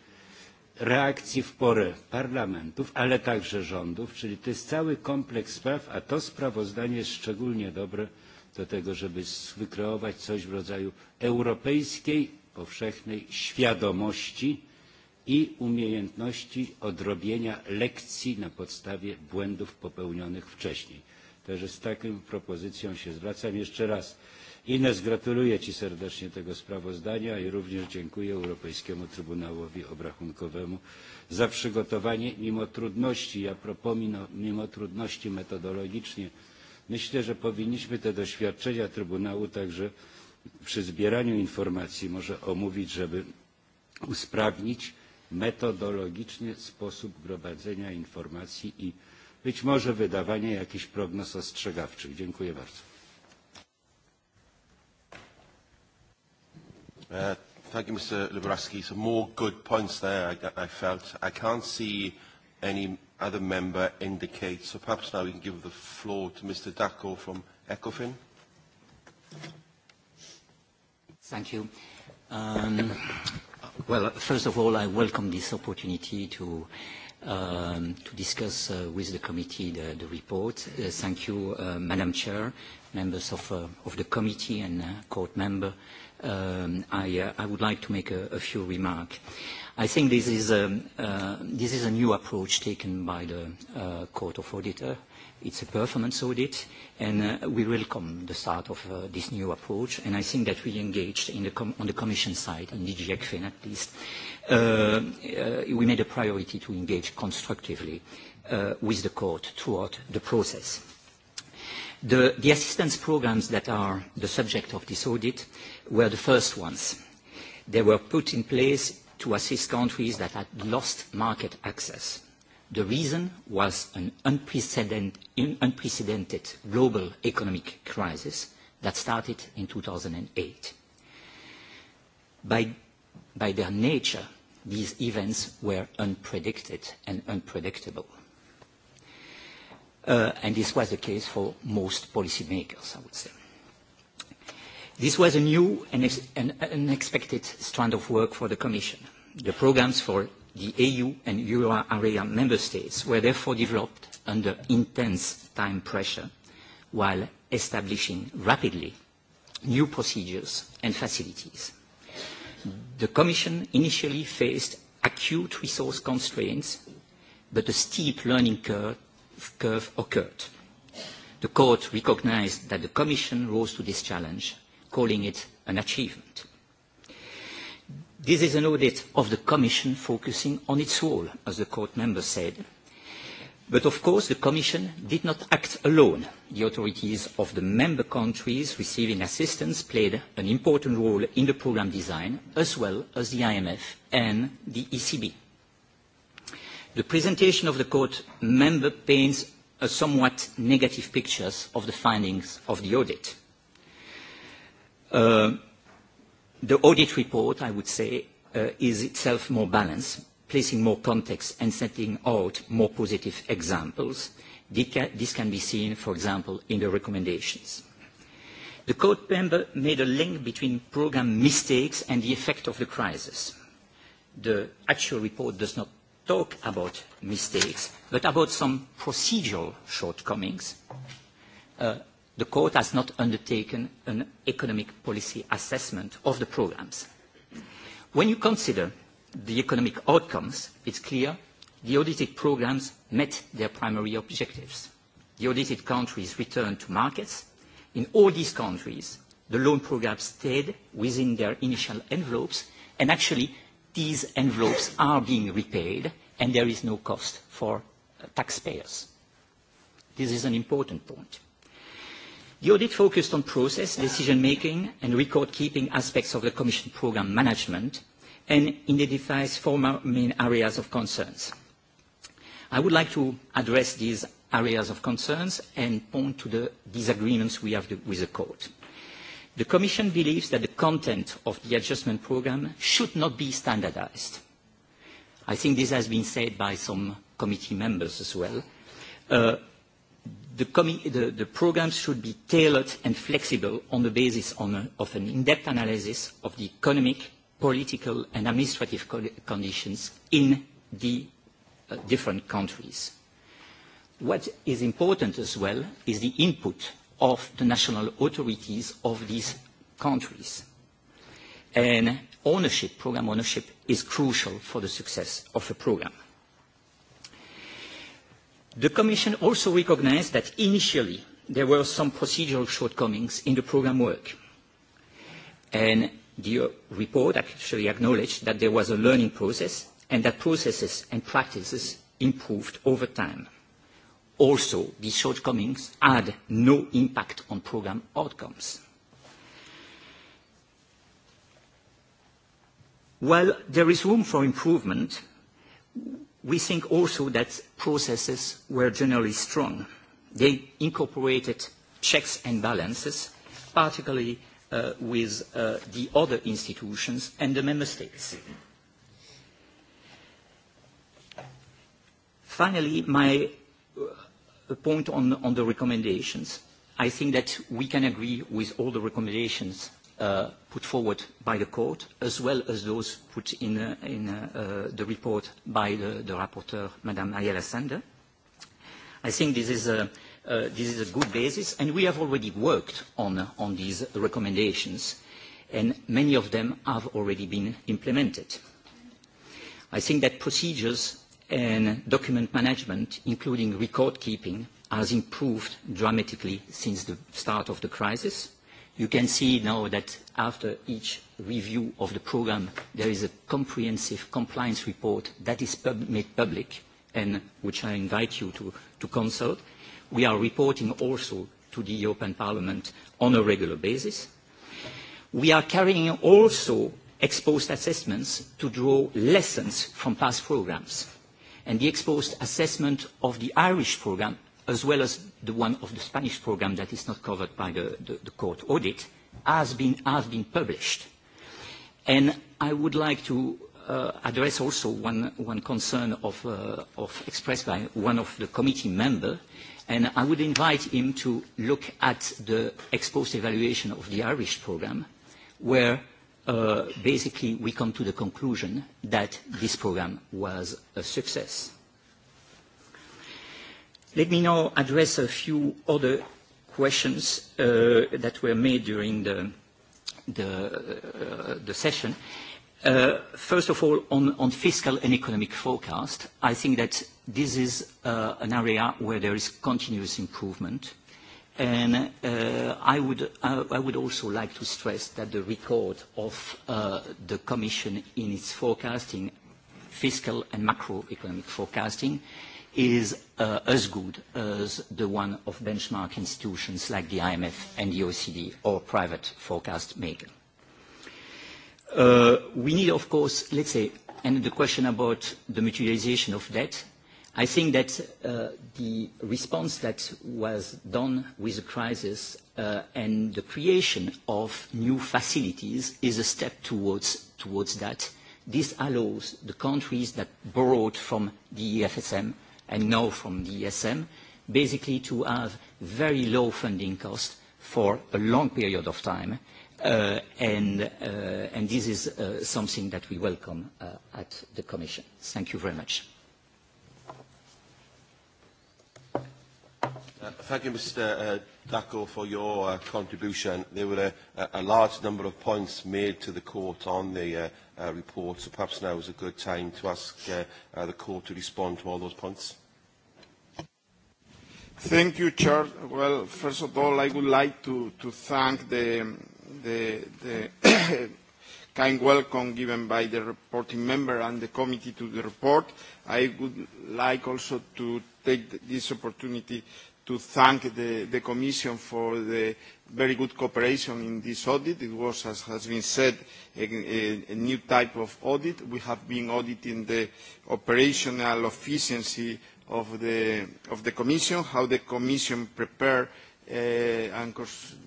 [SPEAKER 8] reakcji w porę parlamentów, ale także rządów, czyli to jest cały kompleks spraw, a to sprawozdanie jest szczególnie dobre do tego, żeby wykreować coś w rodzaju europejskiej powszechnej świadomości i umiejętności odrobienia lekcji na podstawie błędów popełnionych wcześniej. Także z taką propozycją się zwracam jeszcze raz. Ines, gratuluję Ci serdecznie tego sprawozdania i również dziękuję Europejskiemu Trybunałowi Obrachunkowemu za przygotowanie mimo trudności, ja propomino mimo trudności metodologicznie. Myślę, że powinniśmy te doświadczenia Trybunału także przy zbieraniu informacji może omówić, żeby usprawnić metodologiczny sposób gromadzenia informacji i być może wydawania jakichś prognoz ostrzegawczych. Dziękuję bardzo.
[SPEAKER 5] Uh, thank you, Mr. Liberaski. Some more good points there, I, I felt. I can't see any other member indicate, so perhaps now we can give the floor to Mr. Dacko from ECOFIN.
[SPEAKER 9] Thank you. Um, Well, first of all, I welcome this opportunity to um, to discuss uh, with the committee the, the report. Uh, thank you, uh, Madam Chair, members of, uh, of the committee and uh, court member. Um, I, uh, I would like to make a, a few remarks. I think this is, a, um, uh, this is a new approach taken by the uh, Court of Auditor, It's a performance audit, and uh, we welcome the start of uh, this new approach, and I think that we engaged in the com on the Commission side, in DG ECFIN at least. Uh, uh, we made a priority to engage constructively uh, with the court throughout the process. The, the assistance programs that are the subject of this audit were the first ones. They were put in place to assist countries that had lost market access The reason was an unprecedented, unprecedented global economic crisis that started in 2008. By, by their nature, these events were unpredicted and unpredictable. Uh, and this was the case for most policymakers, I would say. This was a new and ex- an unexpected strand of work for the Commission. The programs for the EU and euro area member states were therefore developed under intense time pressure while establishing rapidly new procedures and facilities. The Commission initially faced acute resource constraints, but a steep learning curve, curve occurred. The Court recognized that the Commission rose to this challenge, calling it an achievement. This is an audit of the Commission focusing on its role, as the court member said. But of course, the Commission did not act alone. The authorities of the member countries receiving assistance played an important role in the programme design, as well as the IMF and the ECB. The presentation of the court member paints a somewhat negative picture of the findings of the audit. Uh, the audit report, I would say, uh, is itself more balanced, placing more context and setting out more positive examples. This can be seen, for example, in the recommendations. The court member made a link between program mistakes and the effect of the crisis. The actual report does not talk about mistakes, but about some procedural shortcomings, uh, the court has not undertaken an economic policy assessment of the programmes. When you consider the economic outcomes, it's clear the audited programmes met their primary objectives. The audited countries returned to markets. In all these countries, the loan programmes stayed within their initial envelopes, and actually, these envelopes are being repaid, and there is no cost for uh, taxpayers. This is an important point. The audit focused on process, decision-making, and record-keeping aspects of the Commission programme management and identifies four main areas of concerns. I would like to address these areas of concerns and point to the disagreements we have with the Court. The Commission believes that the content of the adjustment programme should not be standardised. I think this has been said by some committee members as well. Uh, the, programs should be tailored and flexible on the basis on a, of an in-depth analysis of the economic, political and administrative co conditions in the uh, different countries. What is important as well is the input of the national authorities of these countries. And ownership, program ownership, is crucial for the success of a program. The Commission also recognised that initially there were some procedural shortcomings in the programme work. And the uh, report actually acknowledged that there was a learning process and that processes and practices improved over time. Also, these shortcomings had no impact on programme outcomes. While there is room for improvement, We think also that processes were generally strong. They incorporated checks and balances, particularly uh, with uh, the other institutions and the member states. Finally, my uh, point on, on the recommendations. I think that we can agree with all the recommendations uh, put forward by the court, as well as those put in, uh, in uh, uh, the report by the, the rapporteur, Madame Ayala Sander. I think this is a, uh, this is a good basis, and we have already worked on, uh, on these recommendations, and many of them have already been implemented. I think that procedures and document management, including record keeping, has improved dramatically since the start of the crisis. You can see now that after each review of the program, there is a comprehensive compliance report that is made public and which I invite you to, consult. We are reporting also to the European Parliament on a regular basis. We are carrying also exposed assessments to draw lessons from past programs. And the exposed assessment of the Irish program, as well as the one of the Spanish program that is not covered by the, the, the court audit, has been, has been published. And I would like to uh, address also one, one concern of, uh, of expressed by one of the committee members, and I would invite him to look at the exposed evaluation of the Irish program, where uh, basically we come to the conclusion that this program was a success. Let me now address a few other questions uh, that were made during the, the, uh, the session. Uh, first of all, on, on fiscal and economic forecast, I think that this is uh, an area where there is continuous improvement. And uh, I, would, uh, I would also like to stress that the record of uh, the Commission in its forecasting, fiscal and macroeconomic forecasting, uh, is uh, as good as the one of benchmark institutions like the IMF and the OECD or private forecast maker. Uh, we need, of course, let's say, and the question about the mutualization of debt, I think that uh, the response that was done with the crisis uh, and the creation of new facilities is a step towards, towards that. This allows the countries that borrowed from the EFSM and now from the ESM, basically to have very low funding costs for a long period of time. Uh, uh, this is uh, something that we welcome at the Commission. Thank you very much.
[SPEAKER 5] Uh, thank you, Mr. Uh, Dacko, for your uh, contribution. There were a, a large number of points made to the court on the uh, uh, report, so perhaps now is a good time to ask uh, uh, the court to respond to all those points.
[SPEAKER 10] Thank you, Chair. Well, first of all, I would like to, to thank the, the, the kind welcome given by the reporting member and the committee to the report. I would like also to take this opportunity uh, to thank the, the Commission for the very good cooperation in this audit. It was, as has been said, a, a, a new type of audit. We have been auditing the operational efficiency of the, of the Commission, how the Commission prepared uh, and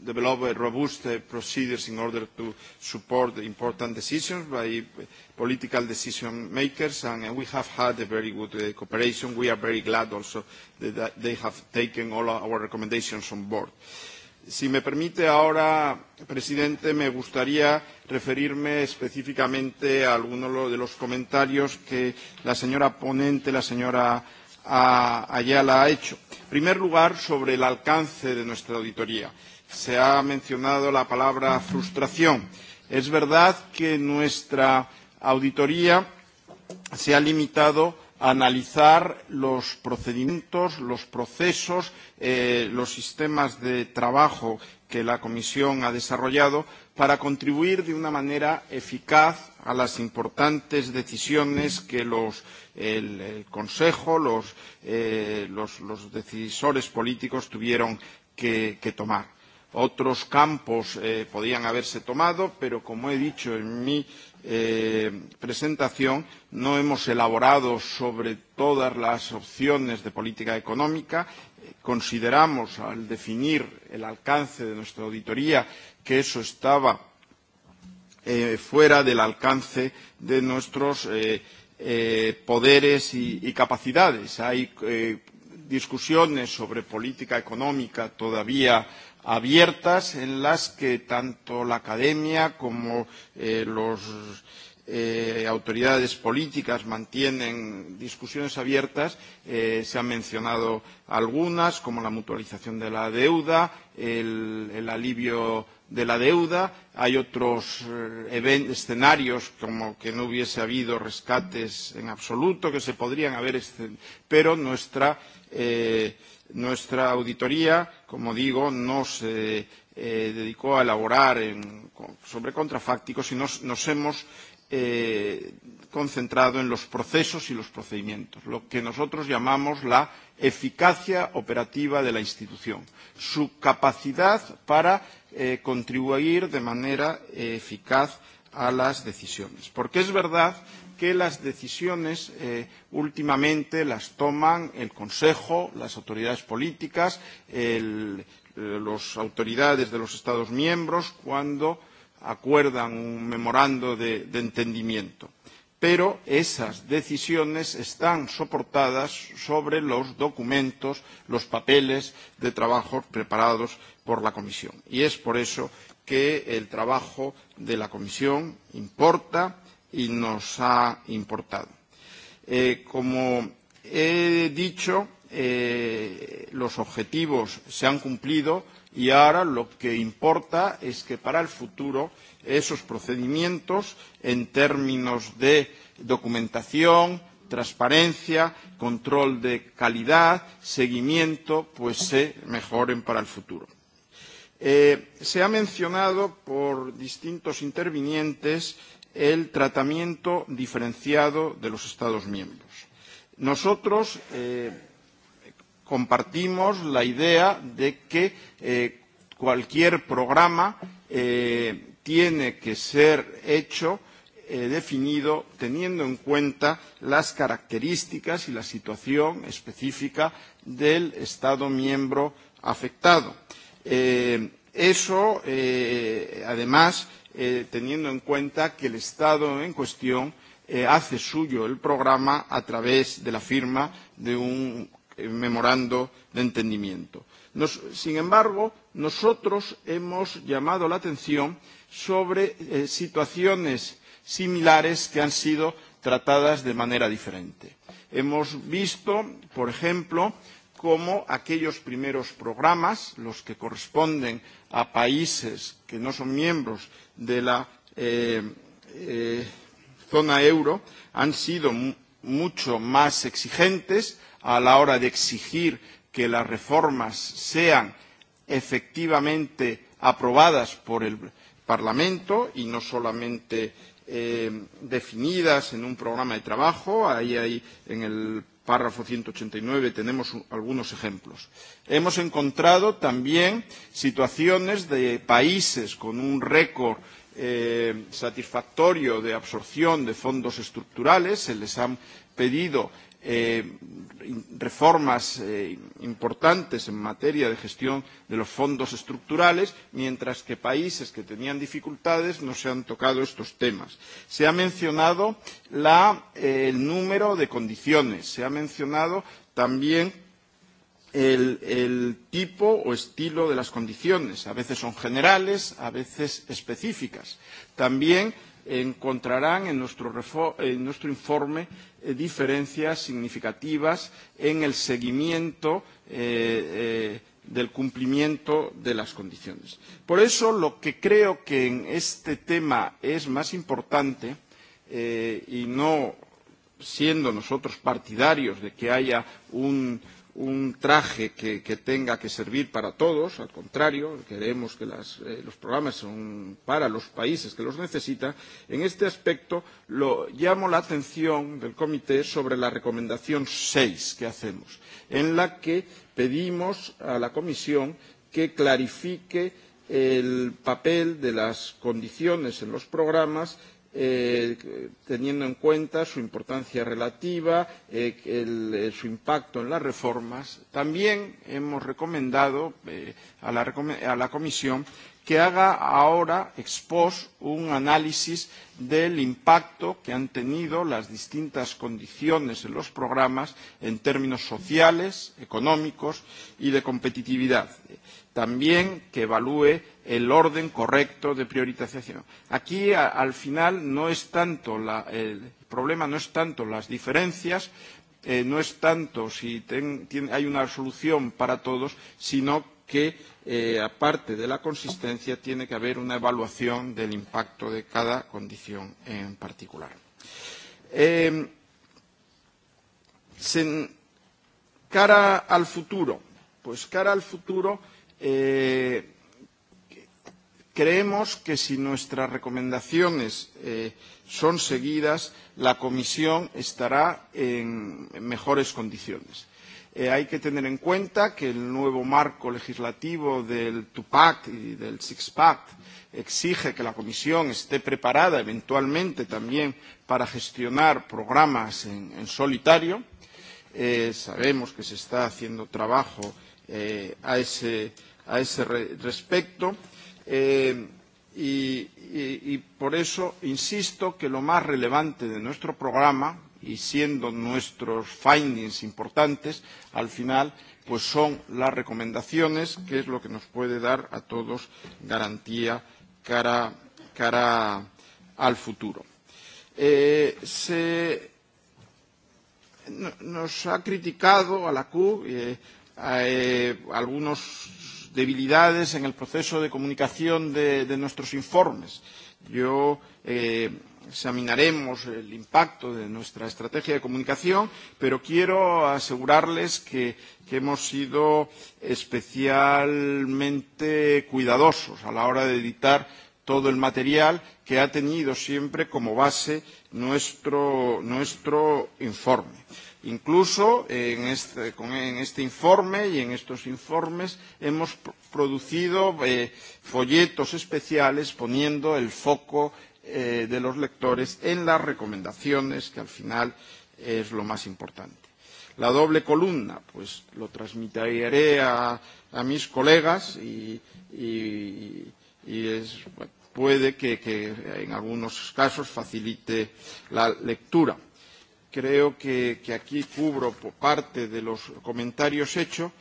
[SPEAKER 10] develop robust uh, procedures in order to support important decisions by political decision makers, and uh, we have had a very good uh, cooperation. We are very glad also that they have taken all our recommendations on board. Si me permite ahora, presidente, me gustaría referirme específicamente a algunos de los comentarios que la señora ponente, la señora ah, Ayala, ha hecho primer lugar, sobre el alcance de nuestra auditoría. Se ha mencionado la palabra frustración. Es verdad que nuestra auditoría se ha limitado a analizar los procedimientos, los procesos, eh, los sistemas de trabajo que la Comisión ha desarrollado para contribuir de una manera eficaz a las importantes decisiones que los, el, el Consejo, los, eh, los, los decisores políticos tuvieron que, que tomar. Otros campos eh, podían haberse tomado, pero como he dicho en mi eh, presentación, no hemos elaborado sobre todas las opciones de política económica consideramos al definir el alcance de nuestra auditoría que eso estaba eh, fuera del alcance de nuestros eh, eh, poderes y, y capacidades. Hay eh, discusiones sobre política económica todavía abiertas en las que tanto la academia como eh, los eh, autoridades políticas mantienen discusiones abiertas. Eh, se han mencionado algunas, como la mutualización de la deuda, el, el alivio de la deuda. Hay otros eh, escenarios como que no hubiese habido rescates en absoluto, que se podrían haber, pero nuestra, eh, nuestra auditoría, como digo, no se eh, dedicó a elaborar en, sobre contrafácticos y nos, nos hemos eh, concentrado en los procesos y los procedimientos, lo que nosotros llamamos la eficacia operativa de la institución, su capacidad para eh, contribuir de manera eh, eficaz a las decisiones. Porque es verdad que las decisiones eh, últimamente las toman el Consejo, las autoridades políticas, las eh, autoridades de los Estados miembros, cuando acuerdan un memorando de, de entendimiento. Pero esas decisiones están soportadas sobre los documentos, los papeles de trabajo preparados por la Comisión. Y es por eso que el trabajo de la Comisión importa y nos ha importado. Eh, como he dicho, eh, los objetivos se han cumplido, y ahora lo que importa es que para el futuro esos procedimientos en términos de documentación, transparencia, control de calidad, seguimiento, pues se mejoren para el futuro. Eh, se ha mencionado por distintos intervinientes el tratamiento diferenciado de los Estados miembros. Nosotros eh, compartimos la idea de que eh, cualquier programa eh, tiene que ser hecho eh, definido teniendo en cuenta las características y la situación específica del Estado miembro afectado. Eh, eso, eh, además, eh, teniendo en cuenta que el Estado en cuestión eh, hace suyo el programa a través de la firma de un Eh, memorando de entendimiento. Nos, sin embargo, nosotros hemos llamado la atención sobre eh, situaciones similares que han sido tratadas de manera diferente. Hemos visto, por ejemplo, cómo aquellos primeros programas, los que corresponden a países que no son miembros de la eh, eh, zona euro, han sido mucho más exigentes a la hora de exigir que las reformas sean efectivamente aprobadas por el Parlamento y no solamente eh, definidas en un programa de trabajo. Ahí hay en el párrafo 189 tenemos un, algunos ejemplos. Hemos encontrado también situaciones de países con un récord eh, satisfactorio de absorción de fondos estructurales. Se les han pedido eh, reformas eh, importantes en materia de gestión de los fondos estructurales, mientras que países que tenían dificultades no se han tocado estos temas. Se ha mencionado la, eh, el número de condiciones, se ha mencionado también el, el tipo o estilo de las condiciones. A veces son generales, a veces específicas. También encontrarán en nuestro, en nuestro informe eh, diferencias significativas en el seguimiento eh, eh, del cumplimiento de las condiciones. Por eso, lo que creo que en este tema es más importante, eh, y no siendo nosotros partidarios de que haya un, un traje que, que tenga que servir para todos, al contrario, queremos que las, eh, los programas son para los países que los necesitan. En este aspecto lo, llamo la atención del comité sobre la recomendación 6 que hacemos, en la que pedimos a la Comisión que clarifique el papel de las condiciones en los programas eh, teniendo en cuenta su importancia relativa, eh, el, eh, su impacto en las reformas, también hemos recomendado eh, a, la, a la Comisión que haga ahora expos un análisis del impacto que han tenido las distintas condiciones en los programas en términos sociales, económicos y de competitividad. Eh, también que evalúe el orden correcto de priorización. Aquí, a, al final, no es tanto la, el problema no es tanto las diferencias, eh, no es tanto si ten, ten, hay una solución para todos, sino que, eh, aparte de la consistencia, tiene que haber una evaluación del impacto de cada condición en particular. Eh, sen, cara al futuro, pues cara al futuro Eh, creemos que si nuestras recomendaciones eh, son seguidas, la comisión estará en, en mejores condiciones. Eh, hay que tener en cuenta que el nuevo marco legislativo del Tupac y del SIXPAC exige que la Comisión esté preparada eventualmente también para gestionar programas en, en solitario. Eh, sabemos que se está haciendo trabajo eh, a ese a ese re respecto. Eh, y, y, y por eso insisto que lo más relevante de nuestro programa, y siendo nuestros findings importantes, al final pues son las recomendaciones, que es lo que nos puede dar a todos garantía cara, cara al futuro. Eh, se, nos ha criticado a la CUB eh, eh, algunos debilidades en el proceso de comunicación de, de nuestros informes. Yo eh, examinaremos el impacto de nuestra estrategia de comunicación, pero quiero asegurarles que, que hemos sido especialmente cuidadosos a la hora de editar todo el material que ha tenido siempre como base nuestro, nuestro informe. Incluso en este, en este informe y en estos informes hemos producido eh, folletos especiales poniendo el foco eh, de los lectores en las recomendaciones, que al final es lo más importante. La doble columna, pues lo transmitiré a, a mis colegas y, y, y es, bueno, puede que, que en algunos casos facilite la lectura creo que, que aquí cubro parte de los comentarios hechos.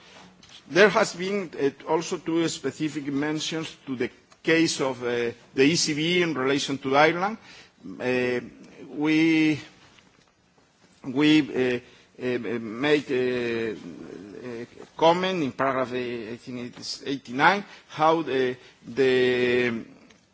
[SPEAKER 10] There has been uh, also two specific mentions to the case of uh, the ECB in relation to Ireland. Uh, we we uh, uh, make a, a comment in paragraph 89 how the, the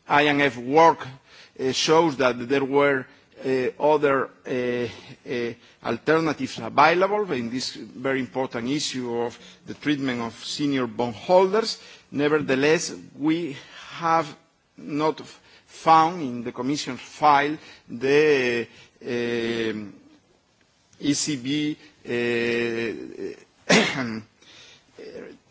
[SPEAKER 10] IMF work uh, shows that there were uh, other uh, uh, alternatives available in this very important issue of the treatment of senior bondholders. Nevertheless, we have not found in the Commission's file the uh, ECB uh,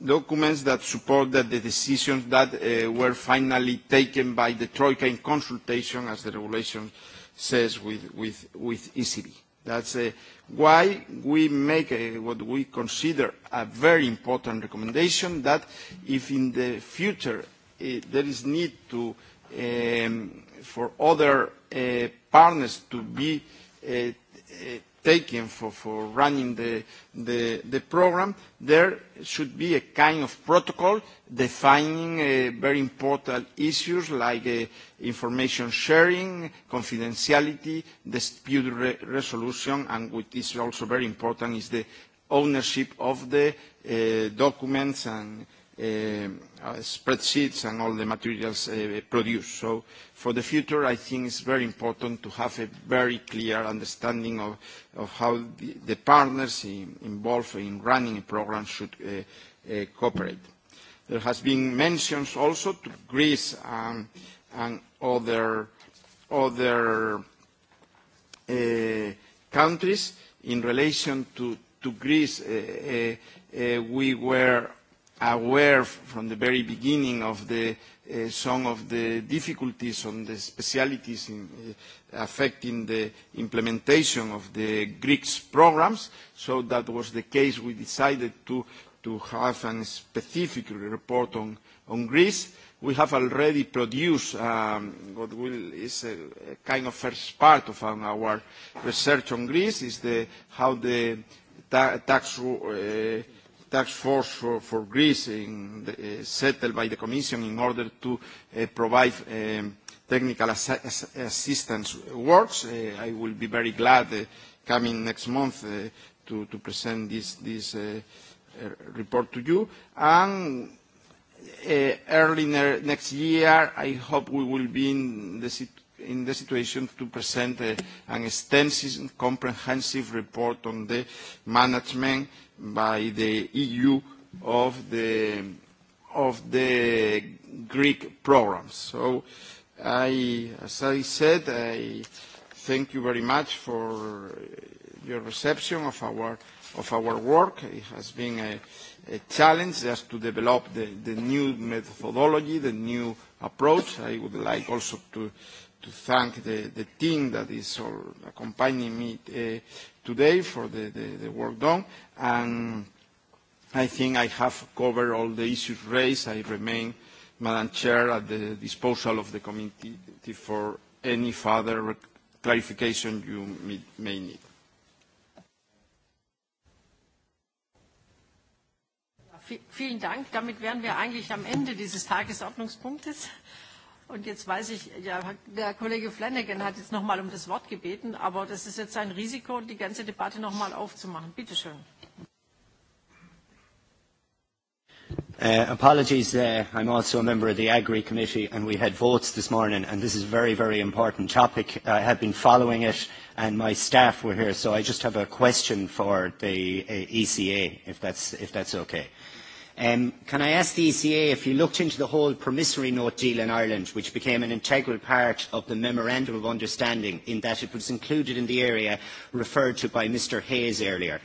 [SPEAKER 10] documents that support that the decisions that uh, were finally taken by the Troika in consultation as the regulations uh, says with, with, with ECB. That's uh, why we make a, what we consider a very important recommendation that if in the future uh, there is need to, um, for other uh, partners to be uh, uh, taken for, for running the, the, the program, there should be a kind of protocol defining uh, very important issues like uh, information sharing, confidentiality, dispute re resolution, and which is also very important is the ownership of the uh, documents and, Uh, spreadsheets and all the materials uh, produced. So for the future, I think it's very important to have a very clear understanding of, of how the, the partners in, involved in running a program should uh, cooperate. There has been mentions also to Greece and, and other, other uh, countries. In relation to, to Greece, uh, uh, we were aware from the very beginning of the uh, some of the difficulties on the specialities in, uh, affecting the implementation of the Greeks programs. So that was the case we decided to, to have a specific report on, on Greece. We have already produced um, what will, is a, a kind of first part of our research on Greece, is the, how the ta tax uh, task force for, for Greece in the, uh, settled by the Commission in order to uh, provide um, technical ass assistance works. Uh, I will be very glad uh, coming next month uh, to, to present this, this uh, uh, report to you. And uh, early ne next year, I hope we will be in the situation in the situation to present uh, an extensive, comprehensive report on the management by the EU of the, of the Greek programs. So I, as I said, I thank you very much for your reception of our, of our work. It has been a, a challenge just to develop the, the new methodology, the new approach. I would like also to, to thank the, the team that is all accompanying me uh, today for the, the, the work done and I think I have covered all the issues raised. I remain, Madam Chair, at the disposal of the committee for any further clarification you may need.
[SPEAKER 1] Vielen Dank. Damit wären wir eigentlich am Ende dieses Tagesordnungspunktes. Und jetzt weiß ich, ja, der Kollege Flanagan hat jetzt noch mal um das Wort gebeten, aber das ist jetzt ein Risiko, die ganze Debatte noch mal aufzumachen. Bitte schön.
[SPEAKER 11] Uh, apologies, uh, I'm also a member of the Agri Committee and we had votes this morning and this is a very, very important topic. I have been following it and my staff were here, so I just have a question for the uh, ECA, if that's, if that's okay. Uh, Um, can I ask the ECA if you looked into the whole promissory note deal in Ireland, which became an integral part of the Memorandum of Understanding in that it was included in the area referred to by Mr Hayes earlier.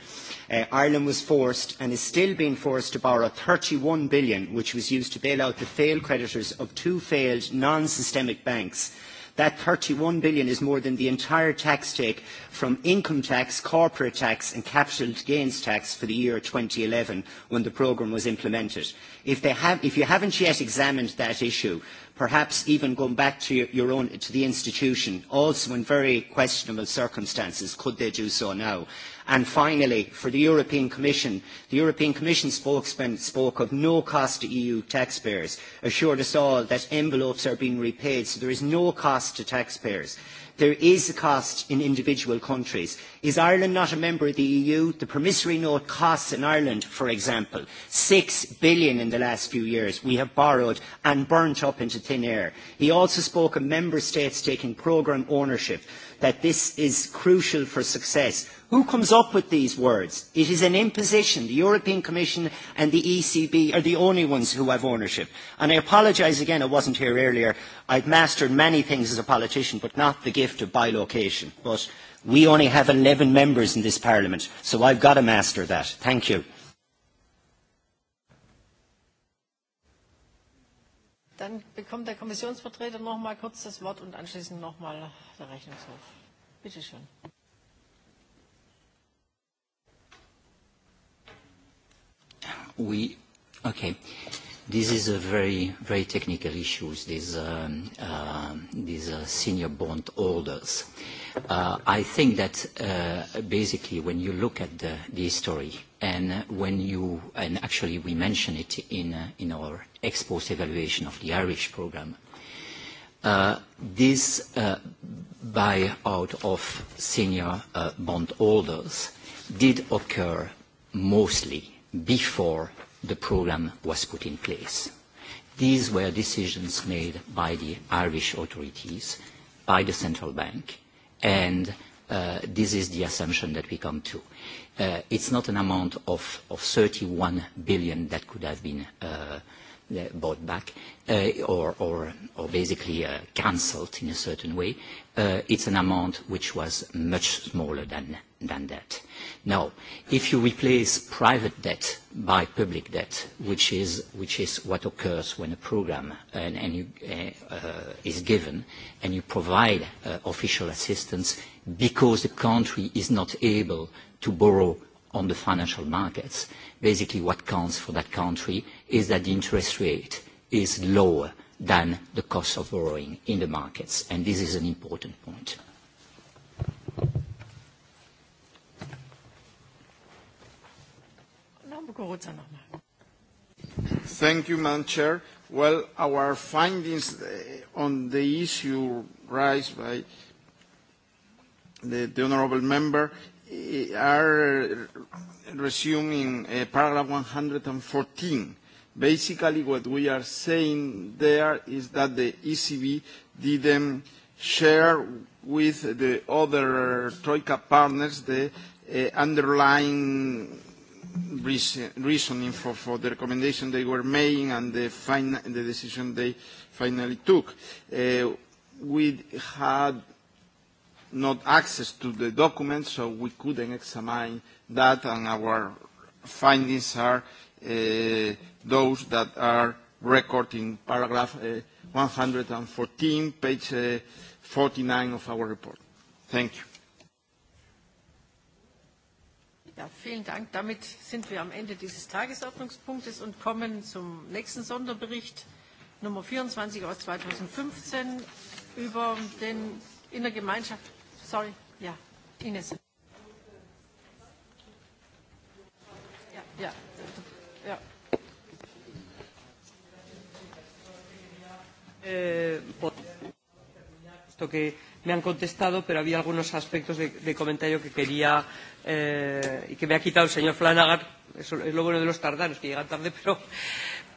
[SPEAKER 11] Uh, Ireland was forced and is still being forced to borrow 31 billion, which was used to bail out the failed creditors of two failed non-systemic banks That 31 billion is more than the entire tax take from income tax, corporate tax and capital gains tax for the year 2011 when the programme was implemented. If, they have, if you haven't yet examined that issue, perhaps even going back to your own, to the institution, also in very questionable circumstances, could they do so now? And finally, for the European Commission, the European Commission spokesman spoke of no cost to EU taxpayers, assured us all that envelopes are being repaid, so there is no cost to taxpayers. There is a cost in individual countries. Is Ireland not a member of the EU? The promissory note costs in Ireland, for example, six billion in the last few years. We have borrowed and burnt up into thin air. He also spoke of member states taking programme ownership that this is crucial for success. Who comes up with these words? It is an imposition. The European Commission and the ECB are the only ones who have ownership. And I apologise again, I wasn't here earlier. I've mastered many things as a politician, but not the gift of bilocation. But we only have 11 members in this Parliament, so I've got to master that. Thank you.
[SPEAKER 1] Dann bekommt der Kommissionsvertreter noch mal kurz das Wort und anschließend noch mal der Rechnungshof. Bitte schön.
[SPEAKER 9] We, okay. This is a very, very technical issue, these, um, uh, these uh, senior bond holders. Uh, Uh, I think that uh, basically when you look at the, the history and when you, and actually we mention it in, uh, in our ex post evaluation of the Irish program, uh, this uh, buyout of senior uh, bondholders did occur mostly before the program was put in place. These were decisions made by the Irish authorities, by the central bank, and uh, this is the assumption that we come to. Uh, it's not an amount of, of 31 billion that could have been uh, bought back uh, or, or, or basically uh, cancelled in a certain way uh, it's an amount which was much smaller than, than that. Now, if you replace private debt by public debt, which is, which is what occurs when a program and, and you, uh, uh, is given and you provide uh, official assistance because the country is not able to borrow on the financial markets, basically what counts for that country is that the interest rate is lower than the cost of borrowing in the markets. And this is an important point.
[SPEAKER 10] Thank you, Madam Chair. Well, our findings eh, on the issue raised by the, the honourable member eh, are resuming uh, paragraph 114 Basically, what we are saying there is that the ECB didn't share with the other Troika partners the uh, underlying reasoning for, for the recommendation they were making and the, the decision they finally took. Uh, we had not access to the documents, so we couldn't examine that, and our findings are uh, those that are recorded in paragraph uh, 114, page uh, 49 of our report. Thank you.
[SPEAKER 1] Ja, vielen Dank. Damit sind wir am Ende dieses Tagesordnungspunktes und kommen zum nächsten Sonderbericht Nummer 24 aus 2015 über den Innergemeinschaft. Sorry, ja, Ines. Ja, ja. Ja.
[SPEAKER 4] Eh, esto que me han contestado, pero había algunos aspectos de, de comentario que quería eh, y que me ha quitado el señor Flanagan. Eso es lo bueno de los tardanos, que llegan tarde, pero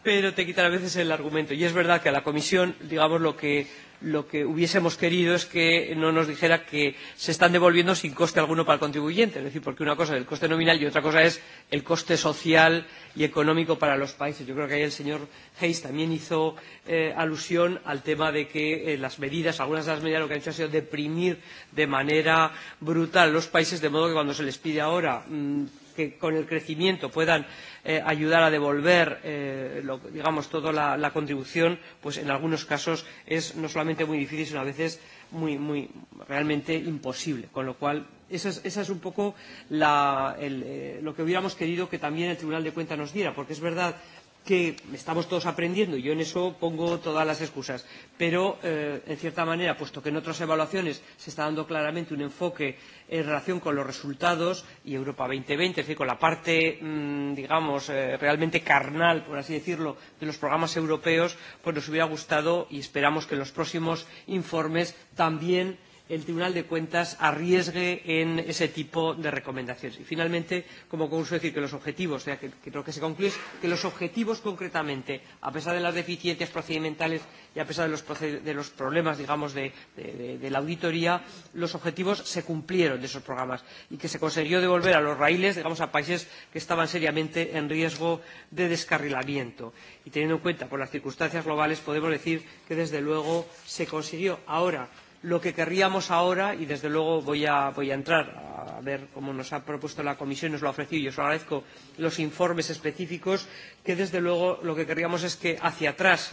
[SPEAKER 4] pero te quitan a veces el argumento. Y es verdad que a la Comisión, digamos, lo que, lo que hubiésemos querido es que no nos dijera que se están devolviendo sin coste alguno para el contribuyente. Es decir, porque una cosa es el coste nominal y otra cosa es el coste social y económico para los países. Yo creo que ahí el señor Hayes también hizo eh, alusión al tema de que eh, las medidas, algunas de las medidas lo que han hecho ha sido deprimir de manera brutal los países, de modo que cuando se les pide ahora mmm, que con el crecimiento puedan eh, ayudar a devolver, eh, lo, digamos, toda la, la contribución, pues en algunos casos es no solamente muy difícil, sino a veces muy, muy, realmente imposible. Con lo cual, esa es, esa es un poco la, el, eh, lo que hubiéramos querido que también el Tribunal de Cuentas nos diera, porque es verdad que estamos todos aprendiendo y yo en eso pongo todas las excusas. Pero, eh, en cierta manera, puesto que en otras evaluaciones se está dando claramente un enfoque en relación con los resultados y Europa 2020, es decir, con la parte, mmm, digamos, eh, realmente carnal, por así decirlo, de los programas europeos, pues nos hubiera gustado y esperamos que en los próximos informes también el Tribunal de Cuentas arriesgue en ese tipo de recomendaciones. Y finalmente, como consuelo decir que los objetivos, o sea, que, que lo que se concluye es que los objetivos concretamente, a pesar de las deficiencias procedimentales y a pesar de los, de los problemas, digamos, de, de, de, de la auditoría, los objetivos se cumplieron de esos programas y que se consiguió devolver a los raíles, digamos, a países que estaban seriamente en riesgo de descarrilamiento. Y teniendo en cuenta por las circunstancias globales, podemos decir que desde luego se consiguió ahora Lo que querríamos ahora, y desde luego voy a, voy a entrar a ver cómo nos ha propuesto la comisión, nos lo ha ofrecido y os lo agradezco, los informes específicos, que desde luego lo que querríamos es que hacia atrás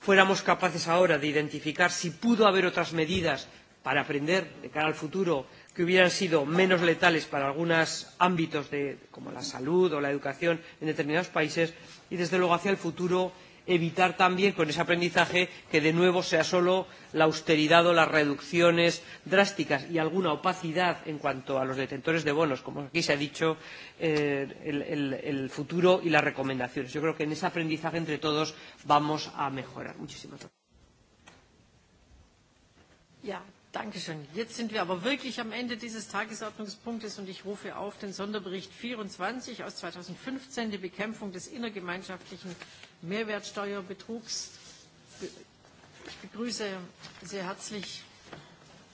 [SPEAKER 4] fuéramos capaces ahora de identificar si pudo haber otras medidas para aprender de cara al futuro que hubieran sido menos letales para algunos ámbitos de, como la salud o la educación en determinados países y desde luego hacia el futuro evitar también con ese aprendizaje que de nuevo sea solo la austeridad o las reducciones drásticas y alguna opacidad en cuanto a los detentores de bonos, como aquí se ha dicho, eh, el, el, el futuro y las recomendaciones. Yo creo que en ese aprendizaje entre todos vamos a mejorar. Muchísimas gracias.
[SPEAKER 1] Yeah. Dankeschön. Jetzt sind wir aber wirklich am Ende dieses Tagesordnungspunktes und ich rufe auf den Sonderbericht 24 aus 2015, die Bekämpfung des innergemeinschaftlichen Mehrwertsteuerbetrugs. Ich begrüße sehr herzlich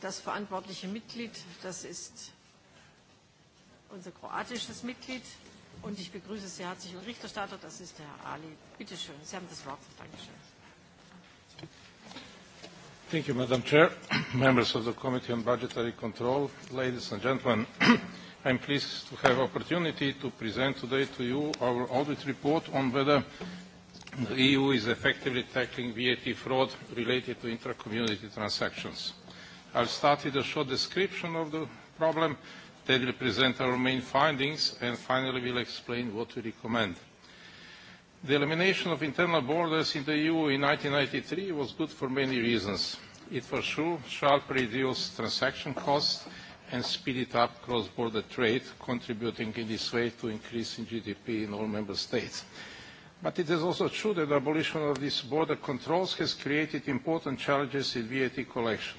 [SPEAKER 1] das verantwortliche Mitglied, das ist unser kroatisches Mitglied. Und ich begrüße sehr herzlich den Richterstatter, das ist der Herr Ali. Bitte schön, Sie haben das Wort. Dankeschön.
[SPEAKER 12] Thank you, Madam Chair, members of the Committee on Budgetary Control, ladies and gentlemen. I'm pleased to have opportunity to present today to you our audit report on whether the EU is effectively tackling VAT fraud related to intra-community transactions. I'll start with a short description of the problem, then will present our main findings, and finally we'll explain what we recommend. The elimination of internal borders in the EU in 1993 was good for many reasons. It for sure sharply reduced transaction costs and speeded up cross-border trade, contributing in this way to increase in GDP in all member states. But it is also true that the abolition of these border controls has created important challenges in VAT collection.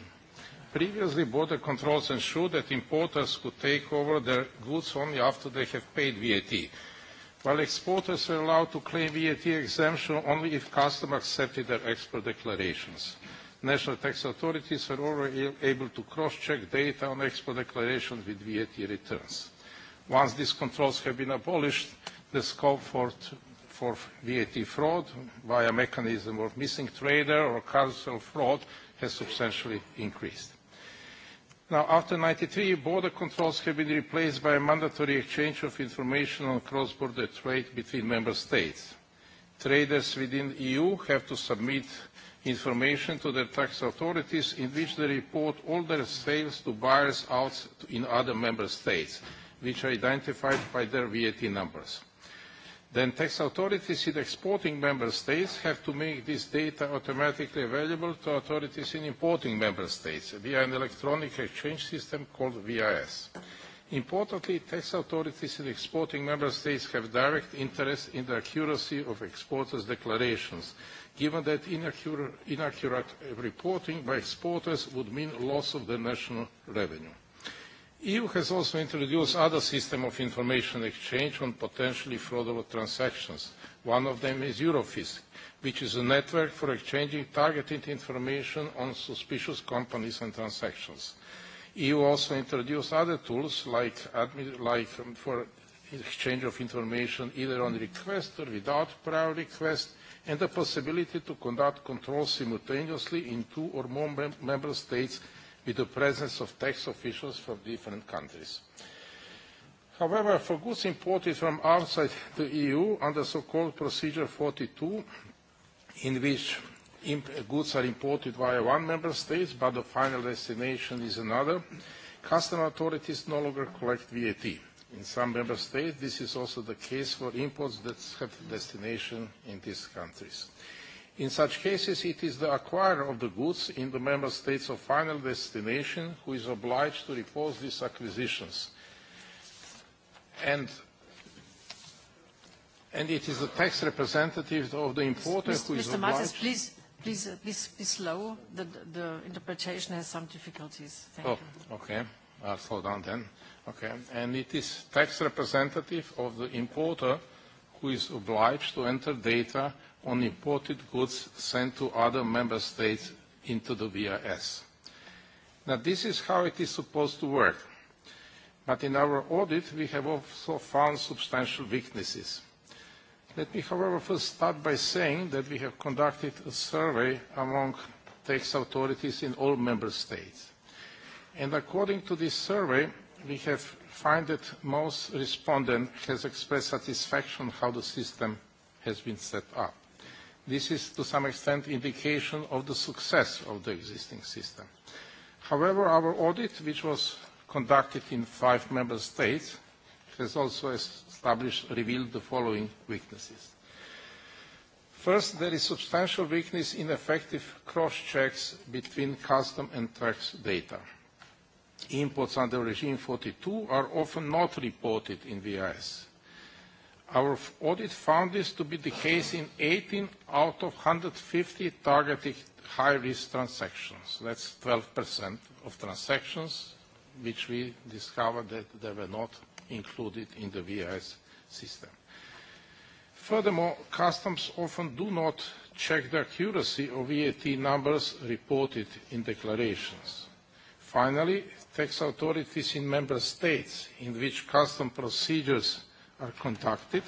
[SPEAKER 12] Previously, border controls ensured that importers could take over their goods only after they have paid VAT, while exporters are allowed to claim VAT exemption only if customers accepted their export declarations. National tax authorities are already able to cross-check data on export declarations with VAT returns. Once these controls have been abolished, the scope for, for VAT fraud via mechanism of missing trader or carousel fraud has substantially increased. Now, after 93, border controls have been replaced by a mandatory exchange of information on cross-border trade between member states. Traders within the EU have to submit information to their tax authorities in which they report all their sales to buyers out in other member states, which are identified by their VAT numbers then tax authorities in exporting member states have to make this data automatically available to authorities in importing member states via an electronic exchange system called VIS. Importantly, tax authorities in exporting member states have direct interest in the accuracy of exporters' declarations, given that inaccurate, inaccurate reporting by exporters would mean loss of the national revenue. EU has also introduced other system of information exchange on potentially fraudulent transactions. One of them is Eurofisc, which is a network for exchanging targeted information on suspicious companies and transactions. EU also introduced other tools like, like um, for exchange of information either on request or without prior request and the possibility to conduct controls simultaneously in two or more mem member states with the presence of tax officials from different countries. However, for goods imported from outside the EU under so-called Procedure 42, in which goods are imported via one member state but the final destination is another, customs authorities no longer collect VAT. In some member states, this is also the case for imports that have destination in these countries. In such cases, it is the acquirer of the goods in the member states of final destination who is obliged to repose these acquisitions. And, and it is the tax representative of the importer Mr. who is Mr. obliged... Mr. Martins,
[SPEAKER 1] please, please, uh, please be slow. The, the interpretation has some difficulties. Thank oh,
[SPEAKER 12] you. okay. I'll slow down then. Okay. And it is tax representative of the importer who is obliged to enter data on imported goods sent to other member states into the VRS. Now, this is how it is supposed to work. But in our audit, we have also found substantial weaknesses. Let me, however, first start by saying that we have conducted a survey among tax authorities in all member states. And according to this survey, we have found that most respondent has expressed satisfaction how the system has been set up. This is, to some extent, indication of the success of the existing system. However, our audit, which was conducted in five member states, has also established, revealed the following weaknesses. First, there is substantial weakness in effective cross-checks between custom and tax data. Imports under Regime 42 are often not reported in VIS, Our audit found this to be the case in 18 out of 150 targeted high-risk transactions. That's 12% of transactions which we discovered that they were not included in the VIS system. Furthermore, customs often do not check the accuracy of VAT numbers reported in declarations. Finally, tax authorities in member states in which custom procedures are conducted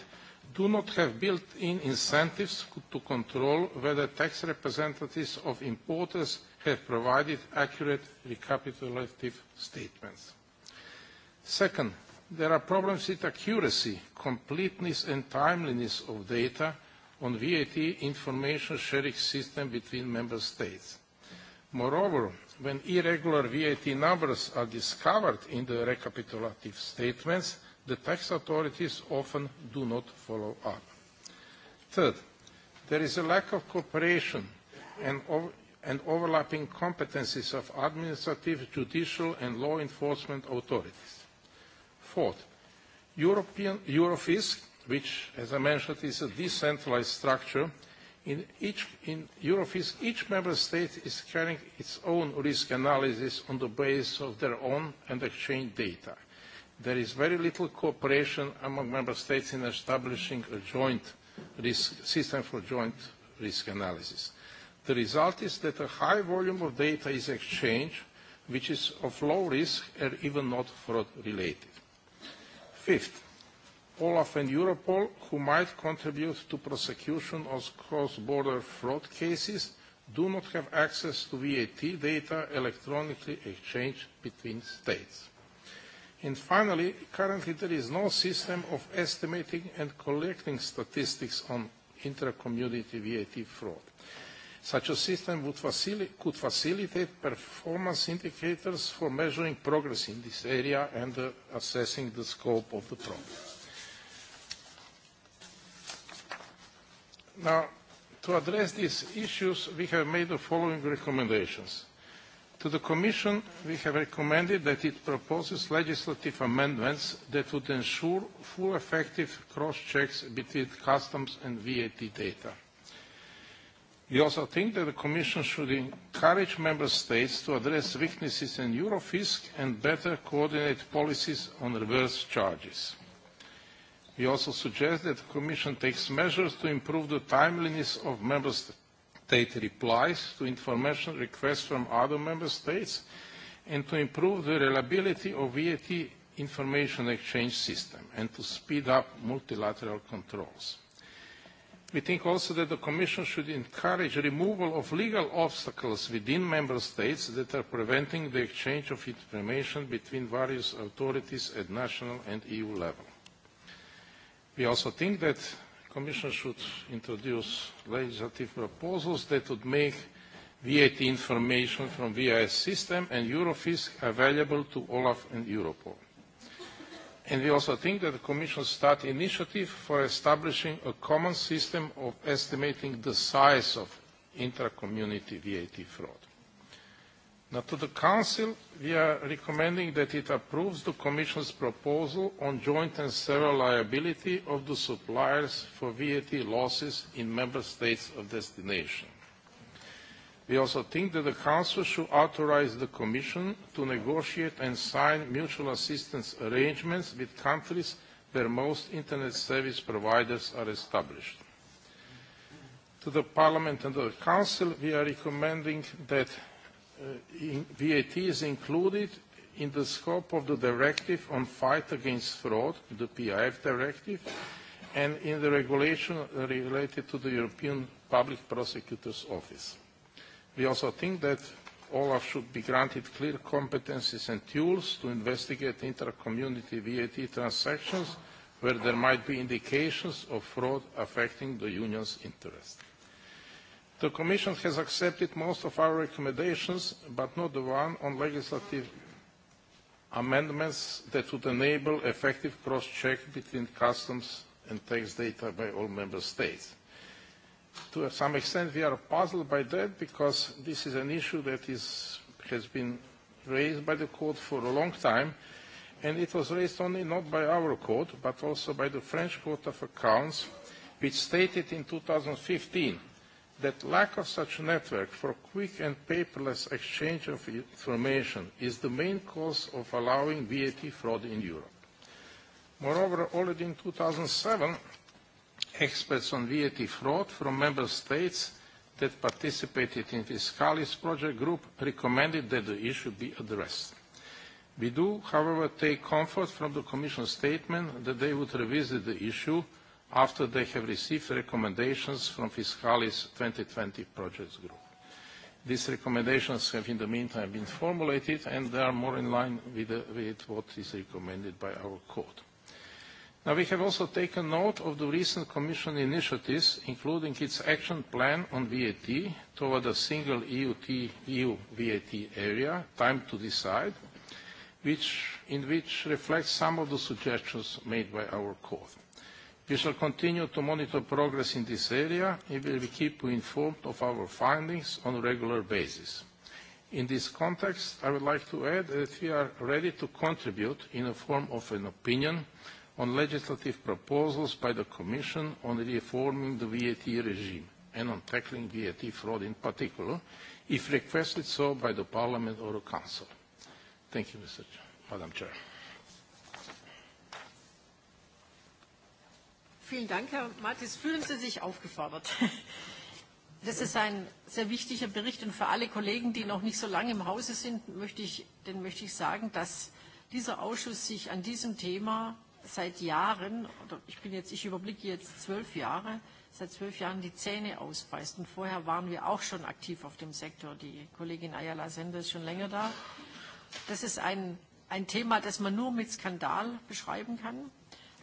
[SPEAKER 12] do not have built-in incentives to control whether tax representatives of importers have provided accurate recapitulative statements. Second, there are problems with accuracy, completeness and timeliness of data on VAT information sharing system between member states. Moreover, when irregular VAT numbers are discovered in the recapitulative statements, the tax authorities often do not follow up. Third, there is a lack of cooperation and, over, and overlapping competencies of administrative, judicial and law enforcement authorities. Fourth, European, Eurofisc, which, as I mentioned, is a decentralized structure, in, each, in Eurofisc, each member state is carrying its own risk analysis on the basis of their own and exchange data there is very little cooperation among member states in establishing a joint risk system for joint risk analysis. The result is that a high volume of data is exchanged, which is of low risk and even not fraud-related. Fifth, Olaf and Europol, who might contribute to prosecution of cross-border fraud cases, do not have access to VAT data electronically exchanged between states. And finally, currently there is no system of estimating and collecting statistics on intra-community VAT fraud. Such a system would facil could facilitate performance indicators for measuring progress in this area and uh, assessing the scope of the problem. Now, to address these issues, we have made the following recommendations. To the Commission, we have recommended that it proposes legislative amendments that would ensure full effective cross-checks between customs and VAT data. We also think that the Commission should encourage Member States to address weaknesses in Eurofisc and better coordinate policies on reverse charges. We also suggest that the Commission takes measures to improve the timeliness of Member States state replies to information requests from other member states and to improve the reliability of VAT information exchange system and to speed up multilateral controls. We think also that the Commission should encourage removal of legal obstacles within Member States that are preventing the exchange of information between various authorities at national and EU level. We also think that Commission should introduce legislative proposals that would make VAT information from VIS system and Eurofisc available to Olaf and Europol. And we also think that the Commission start initiative for establishing a common system of estimating the size of intra-community VAT fraud. Now to the Council, we are recommending that it approves the Commission's proposal on joint and several liability of the suppliers for VAT losses in Member States of destination. We also think that the Council should authorize the Commission to negotiate and sign mutual assistance arrangements with countries where most Internet service providers are established. To the Parliament and the Council, we are recommending that Uh, VAT is included in the scope of the Directive on Fight Against Fraud, the PIF Directive, and in the regulation related to the European Public Prosecutor's Office. We also think that Olaf should be granted clear competencies and tools to investigate intra-community VAT transactions where there might be indications of fraud affecting the union's interests. The Commission has accepted most of our recommendations, but not the one on legislative amendments that would enable effective cross-check between customs and tax data by all member states. To some extent, we are puzzled by that because this is an issue that is, has been raised by the court for a long time, and it was raised only not by our court, but also by the French Court of Accounts, which stated in 2015 that lack of such network for quick and paperless exchange of information is the main cause of allowing VAT fraud in Europe. Moreover, already in 2007, experts on VAT fraud from member states that participated in the Scalis project group recommended that the issue be addressed. We do, however, take comfort from the Commission statement that they would revisit the issue after they have received recommendations from Fiscalis 2020 projects group. These recommendations have in the meantime been formulated and they are more in line with, the, uh, with what is recommended by our court. Now we have also taken note of the recent Commission initiatives, including its action plan on VAT toward a single EUT, EU VAT area, time to decide, which, in which reflects some of the suggestions made by our court. We shall continue to monitor progress in this area and will keep you informed of our findings on a regular basis. In this context, I would like to add that we are ready to contribute in the form of an opinion on legislative proposals by the Commission on reforming the VAT regime and on tackling VAT fraud in particular, if requested so by the Parliament or the Council. Thank you, Mr. Ch Madam Chair.
[SPEAKER 1] Vielen Dank, Herr Matis. Fühlen Sie sich aufgefordert? Das ist ein sehr wichtiger Bericht und für alle Kollegen, die noch nicht so lange im Hause sind, möchte ich, den möchte ich sagen, dass dieser Ausschuss sich an diesem Thema seit Jahren, oder ich bin jetzt, ich überblicke jetzt zwölf Jahre, seit zwölf Jahren die Zähne ausbeißt. Und vorher waren wir auch schon aktiv auf dem Sektor. Die Kollegin Ayala Sender ist schon länger da. Das ist ein, ein Thema, das man nur mit Skandal beschreiben kann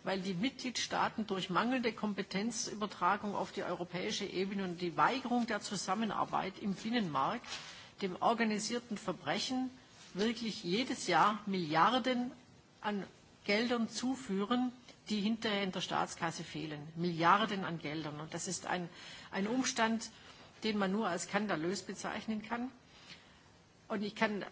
[SPEAKER 1] weil die Mitgliedstaaten durch mangelnde Kompetenzübertragung auf die europäische Ebene und die Weigerung der Zusammenarbeit im Binnenmarkt dem organisierten Verbrechen wirklich jedes Jahr Milliarden an Geldern zuführen, die hinterher in der Staatskasse fehlen. Milliarden an Geldern. Und das ist ein, ein Umstand, den man nur als skandalös bezeichnen kann. Und ich kann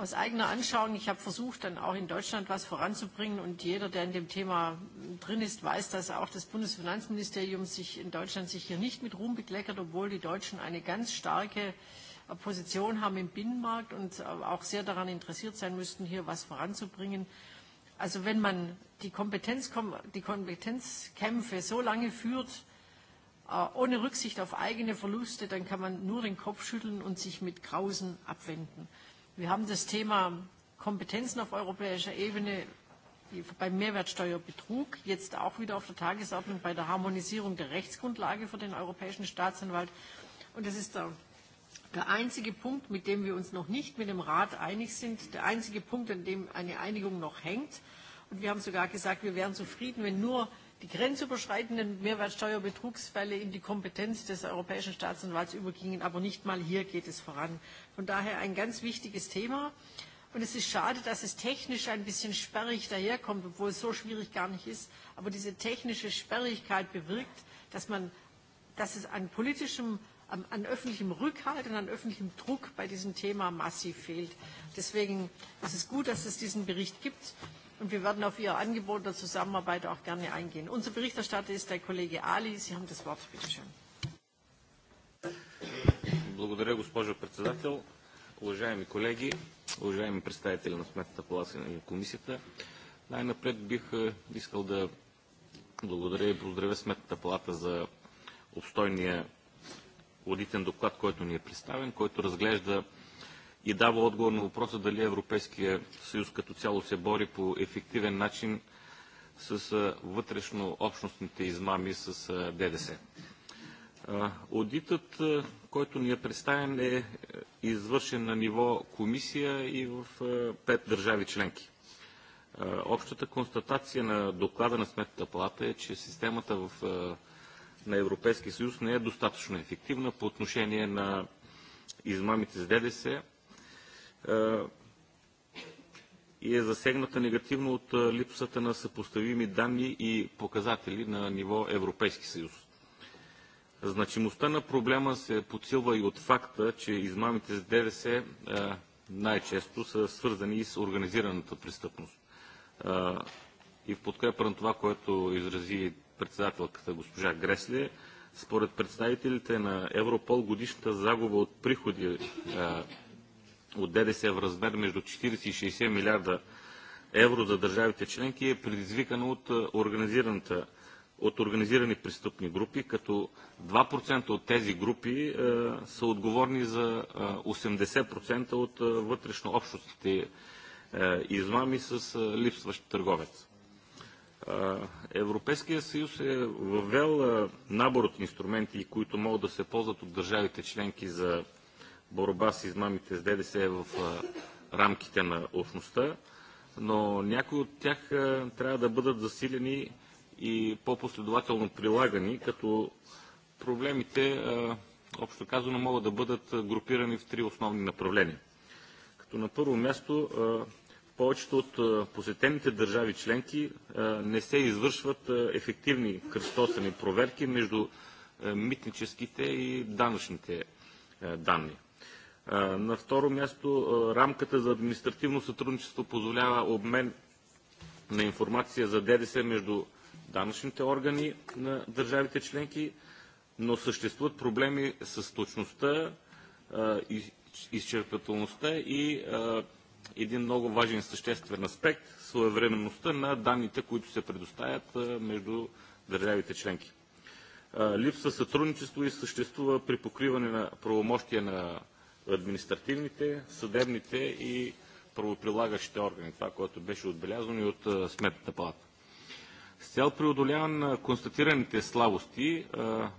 [SPEAKER 1] aus eigener Anschauung, ich habe versucht, dann auch in Deutschland was voranzubringen und jeder, der in dem Thema drin ist, weiß, dass auch das Bundesfinanzministerium sich in Deutschland sich hier nicht mit Ruhm bekleckert, obwohl die Deutschen eine ganz starke Position haben im Binnenmarkt und auch sehr daran interessiert sein müssten, hier was voranzubringen. Also wenn man die, Kompetenz, die Kompetenzkämpfe so lange führt, äh, ohne Rücksicht auf eigene Verluste, dann kann man nur den Kopf schütteln und sich mit Grausen abwenden. Wir haben das Thema Kompetenzen auf europäischer Ebene beim Mehrwertsteuerbetrug jetzt auch wieder auf der Tagesordnung bei der Harmonisierung der Rechtsgrundlage für den europäischen Staatsanwalt. Und das ist der, der einzige Punkt, mit dem wir uns noch nicht mit dem Rat einig sind, der einzige Punkt, an dem eine Einigung noch hängt. Und wir haben sogar gesagt, wir wären zufrieden, wenn nur die grenzüberschreitenden Mehrwertsteuerbetrugsfälle in die Kompetenz des europäischen Staatsanwalts übergingen. Aber nicht mal hier geht es voran. Von daher ein ganz wichtiges Thema. Und es ist schade, dass es technisch ein bisschen sperrig daherkommt, obwohl es so schwierig gar nicht ist. Aber diese technische Sperrigkeit bewirkt, dass, man, dass es an politischem, an, öffentlichem Rückhalt und an öffentlichem Druck bei diesem Thema massiv fehlt. Deswegen ist es gut, dass es diesen Bericht gibt. Und wir werden auf Ihr Angebot der Zusammenarbeit auch gerne eingehen. Unser Berichterstatter ist der Kollege Ali. Sie haben das Wort. Bitte schön.
[SPEAKER 13] Благодаря, госпожо председател. Уважаеми колеги, уважаеми представители на Сметната палата и комисията, най-напред бих искал да благодаря и поздравя Сметната палата за обстойния водитен доклад, който ни е представен, който разглежда и дава отговор на въпроса дали Европейския съюз като цяло се бори по ефективен начин с вътрешно общностните измами с ДДС. Одитът, който ни е представен, е извършен на ниво комисия и в пет държави членки. Общата констатация на доклада на Сметната палата е, че системата в, на Европейския съюз не е достатъчно ефективна по отношение на измамите с ДДС и е засегната негативно от липсата на съпоставими данни и показатели на ниво Европейски съюз. Значимостта на проблема се подсилва и от факта, че измамите с ДДС най-често са свързани и с организираната престъпност. И в подкрепа на това, което изрази председателката госпожа Гресле, според представителите на Европол годишната загуба от приходи от ДДС в размер между 40 и 60 милиарда евро за държавите членки е предизвикана от организираната престъпност от организирани престъпни групи, като 2% от тези групи са отговорни за 80% от вътрешно общностите измами с липсващ търговец. Европейския съюз е въвел набор от инструменти, които могат да се ползват от държавите членки за борба с измамите с ДДС в рамките на общността, но някои от тях трябва да бъдат засилени и по-последователно прилагани, като проблемите, общо казано, могат да бъдат групирани в три основни направления. Като на първо място, в повечето от посетените държави членки не се извършват ефективни кръстосани проверки между митническите и данъчните данни. На второ място, рамката за административно сътрудничество позволява обмен на информация за ДДС между данъчните органи на държавите членки, но съществуват проблеми с точността, изчерпателността и един много важен съществен аспект – своевременността на данните, които се предоставят между държавите членки. Липсва сътрудничество и съществува при покриване на правомощия на административните, съдебните и правоприлагащите органи. Това, което беше отбелязано и от Сметната палата. С цел преодоляване на констатираните слабости,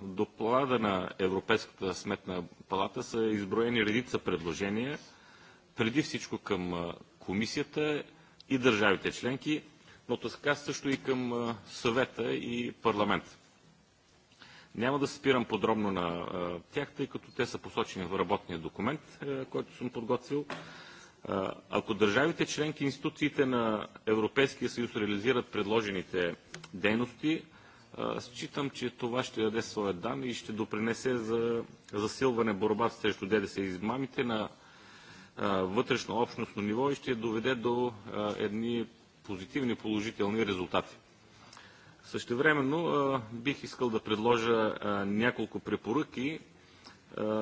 [SPEAKER 13] доклада на Европейската сметна палата са изброени редица предложения, преди всичко към комисията и държавите членки, но така също и към съвета и парламента. Няма да спирам подробно на тях, тъй като те са посочени в работния документ, който съм подготвил. Ако държавите членки институциите на Европейския съюз реализират предложените дейности, считам, че това ще даде своя дан и ще допринесе за засилване борбата срещу ДДС и измамите на вътрешно общностно ниво и ще доведе до едни позитивни, положителни резултати. Същевременно бих искал да предложа няколко препоръки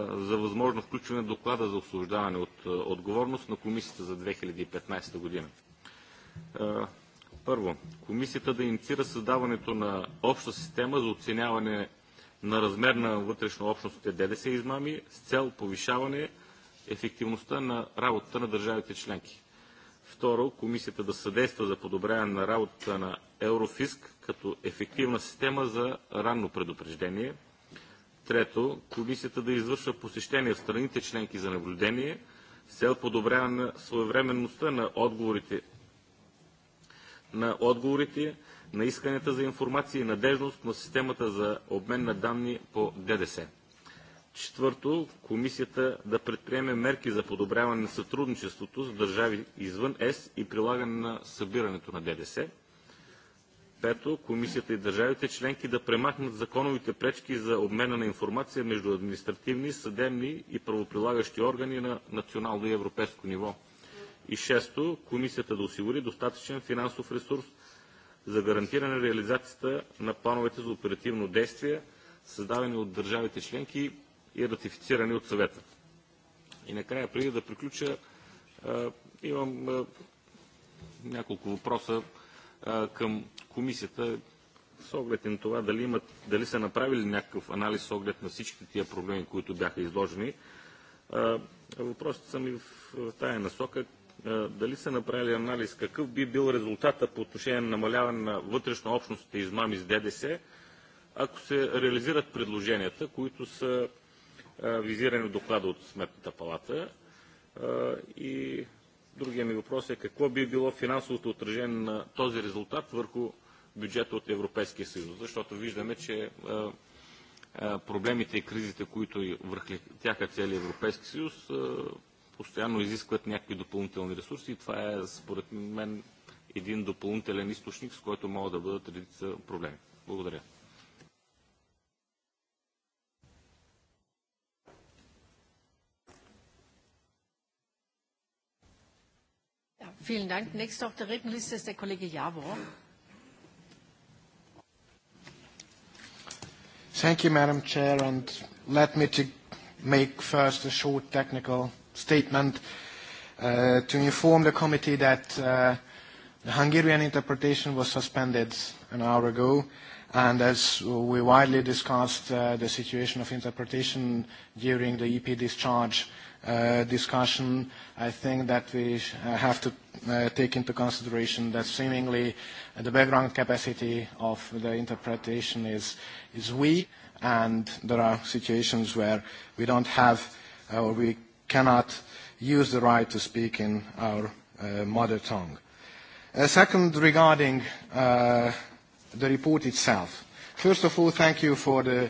[SPEAKER 13] за възможно включване на доклада за освобождаване от отговорност на Комисията за 2015 година. Първо, Комисията да инициира създаването на обща система за оценяване на размер на вътрешно-общностите ДДС измами с цел повишаване ефективността на работата на държавите членки. Второ, Комисията да съдейства за подобряване на работата на Еврофиск като ефективна система за ранно предупреждение – Трето, комисията да извършва посещения в страните членки за наблюдение с цел подобряване на своевременността на отговорите, на отговорите на исканията за информация и надежност на системата за обмен на данни по ДДС. Четвърто, комисията да предприеме мерки за подобряване на сътрудничеството с държави извън ЕС и прилагане на събирането на ДДС. Пето, комисията и държавите членки да премахнат законовите пречки за обмена на информация между административни, съдебни и правоприлагащи органи на национално и европейско ниво. И шесто, комисията да осигури достатъчен финансов ресурс за гарантиране реализацията на плановете за оперативно действие, създадени от държавите членки и ратифицирани от съвета. И накрая, преди да приключа, имам няколко въпроса към комисията с оглед на това дали, имат, дали са направили някакъв анализ с оглед на всички тия проблеми, които бяха изложени. Въпросите са ми в тая насока. Дали са направили анализ какъв би бил резултата по отношение на намаляване на вътрешно общностите измами с ДДС, ако се реализират предложенията, които са визирани в доклада от Сметната палата и Другия ми въпрос е какво би било финансовото отражение на този резултат върху бюджета от Европейския съюз, защото виждаме, че проблемите и кризите, които тяха целият Европейски съюз, постоянно изискват някакви допълнителни ресурси и това е, според мен, един допълнителен източник, с който могат да бъдат редица проблеми. Благодаря.
[SPEAKER 1] Vielen Dank. Nächster auf der Rednerliste ist der Kollege Javor.
[SPEAKER 14] Thank you, Madam Chair, and let me to make first a short technical statement uh, to inform the committee that uh, the Hungarian interpretation was suspended an hour ago, and as we widely discussed uh, the situation of interpretation during the EP discharge uh, discussion, I think that we have to uh, take into consideration that seemingly uh, the background capacity of the interpretation is, is weak, and there are situations where we don't have uh, or we cannot use the right to speak in our uh, mother tongue. Uh, second, regarding uh, the report itself. First of all, thank you for the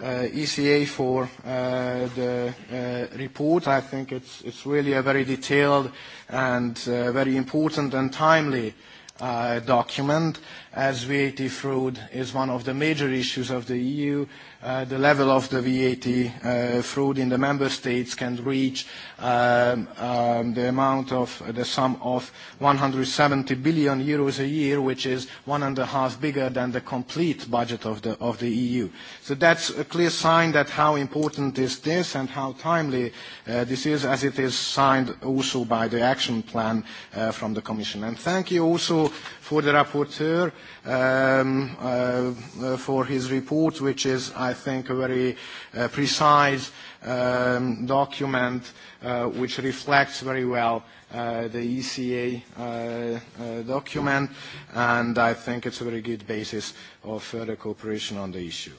[SPEAKER 14] Uh, ECA for uh, the uh, report. I think it's, it's really a very detailed and very important and timely uh, uh, document. As VAT fraud is one of the major issues of the EU, uh, the level of the VAT uh, fraud in the member states can reach um, um, the amount of uh, the sum of 170 billion euros a year, which is one and a half bigger than the complete budget of the, of the EU. So that's a clear sign that how important is this and how timely uh, this is, as it is signed also by the action plan uh, from the Commission. And thank you also for the rapporteur um, uh, uh, for his report, which is, I think, a very uh, precise um, document uh, which reflects very well uh, the ECA uh, uh, document, and I think it's a very good basis of further cooperation on the issue.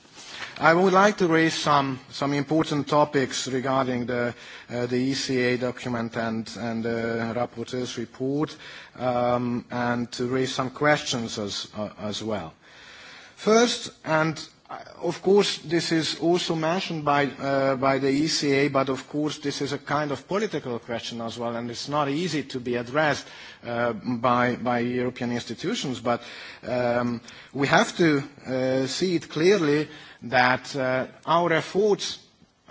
[SPEAKER 14] I would like to raise some, some important topics regarding the, uh, the ECA document and, and the rapporteur's report, um, and to raise some questions as, uh, as well. First, and uh, of course, this is also mentioned by, uh, by the ECA, but of course this is a kind of political question as well, and it's not easy to be addressed uh, by, by European institutions, but um, we have to uh, see it clearly that uh, our efforts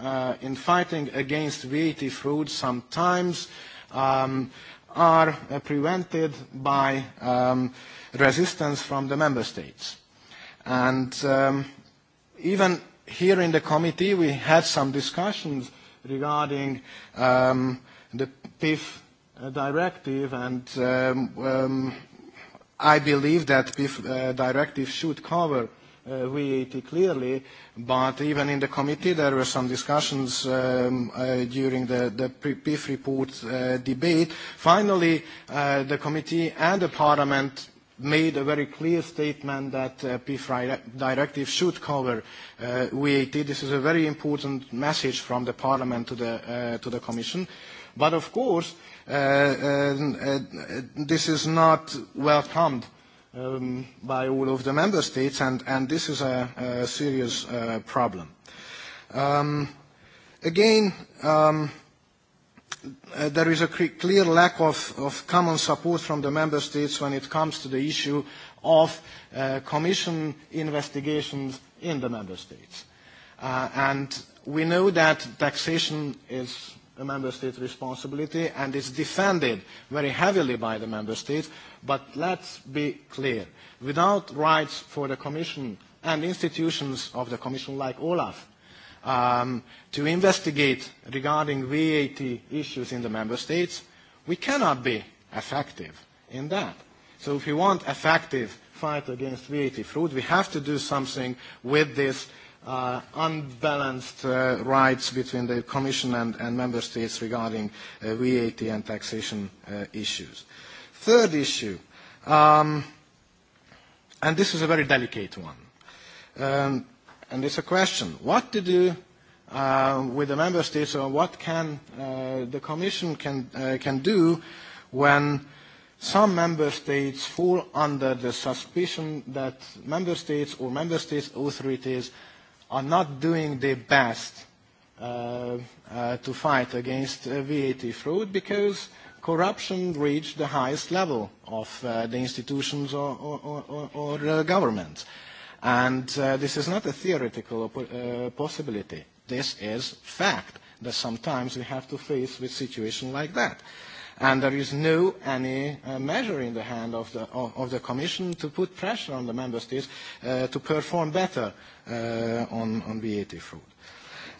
[SPEAKER 14] uh, in fighting against VAT fraud sometimes um, are uh, prevented by um, resistance from the member states. And um, even here in the committee, we had some discussions regarding um, the PIF uh, directive, and um, um, I believe that PIF uh, directive should cover Uh, VAT clearly, but even in the committee there were some discussions um, uh, during the, the PIF report uh, debate. Finally, uh, the committee and the parliament made a very clear statement that uh, PIF directive should cover uh, VAT. This is a very important message from the parliament to the, uh, to the commission. But of course, uh, uh, uh, this is not welcomed uh, um, by all of the member states, and, and this is a, a serious uh, problem. Um, again, um, uh, there is a clear lack of, of common support from the member states when it comes to the issue of uh, commission investigations in the member states. Uh, and we know that taxation is a member state responsibility and is defended very heavily by the member states. But let's be clear. Without rights for the Commission and institutions of the Commission like Olaf um, to investigate regarding VAT issues in the member states, we cannot be effective in that. So if we want effective fight against VAT fraud, we have to do something with this uh, unbalanced uh, rights between the Commission and, and Member States regarding uh, VAT and taxation uh, issues. Third issue, um, and this is a very delicate one, um, and it's a question, what to do uh, with the Member States or what can uh, the Commission can, uh, can do when some member states fall under the suspicion that member states or member states authorities are not doing their best uh, uh, to fight against uh, VAT fraud because corruption reached the highest level of uh, the institutions or, or, or, or uh, governments. And uh, this is not a theoretical uh, possibility. This is fact that sometimes we have to face with situations like that. Uh, And there is no any uh, measure in the hand of the, of the Commission to put pressure on the Member States uh, to perform better uh, on, on VAT fraud.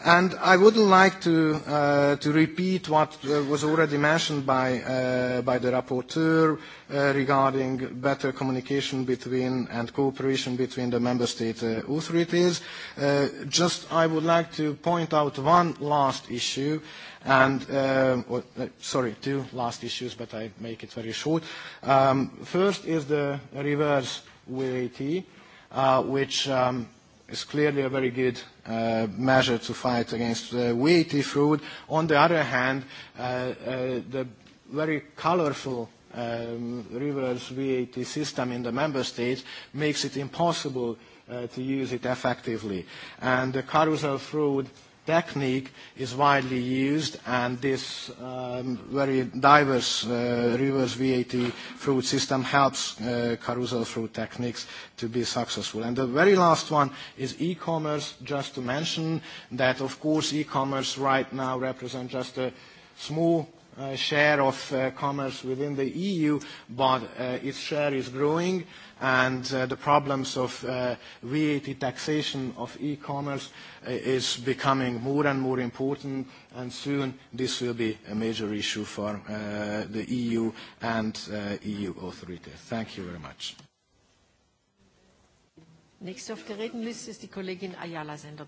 [SPEAKER 14] And I wouldn't like to, uh, to repeat what uh, was already mentioned by, uh, by the rapporteur uh, regarding better communication between and cooperation between the member state uh, authorities. Uh, just I would like to point out one last issue, and uh, or, oh, uh, sorry, two last issues, but I make it very short. Um, first is the reverse VAT, uh, which um, is clearly a very good uh, measure to fight against uh, VAT fraud. On the other hand, uh, uh, the very colorful um, reverse VAT system in the member states makes it impossible uh, to use it effectively. And the carousel fraud uh, technique is widely used, and this um, very diverse uh, reverse VAT fruit system helps uh, carousel fruit techniques to be successful. And the very last one is e-commerce, just to mention that, of course, e-commerce right now represents just a small uh, share of uh, commerce within the EU, but uh, its share is growing and uh, the problems of uh, VAT taxation of e-commerce uh, is becoming more and more important, and soon this will be a major issue for uh, the EU and uh, EU authorities. Thank you very much.
[SPEAKER 1] Nächste auf der Redenliste ist die Kollegin Ayala Sender.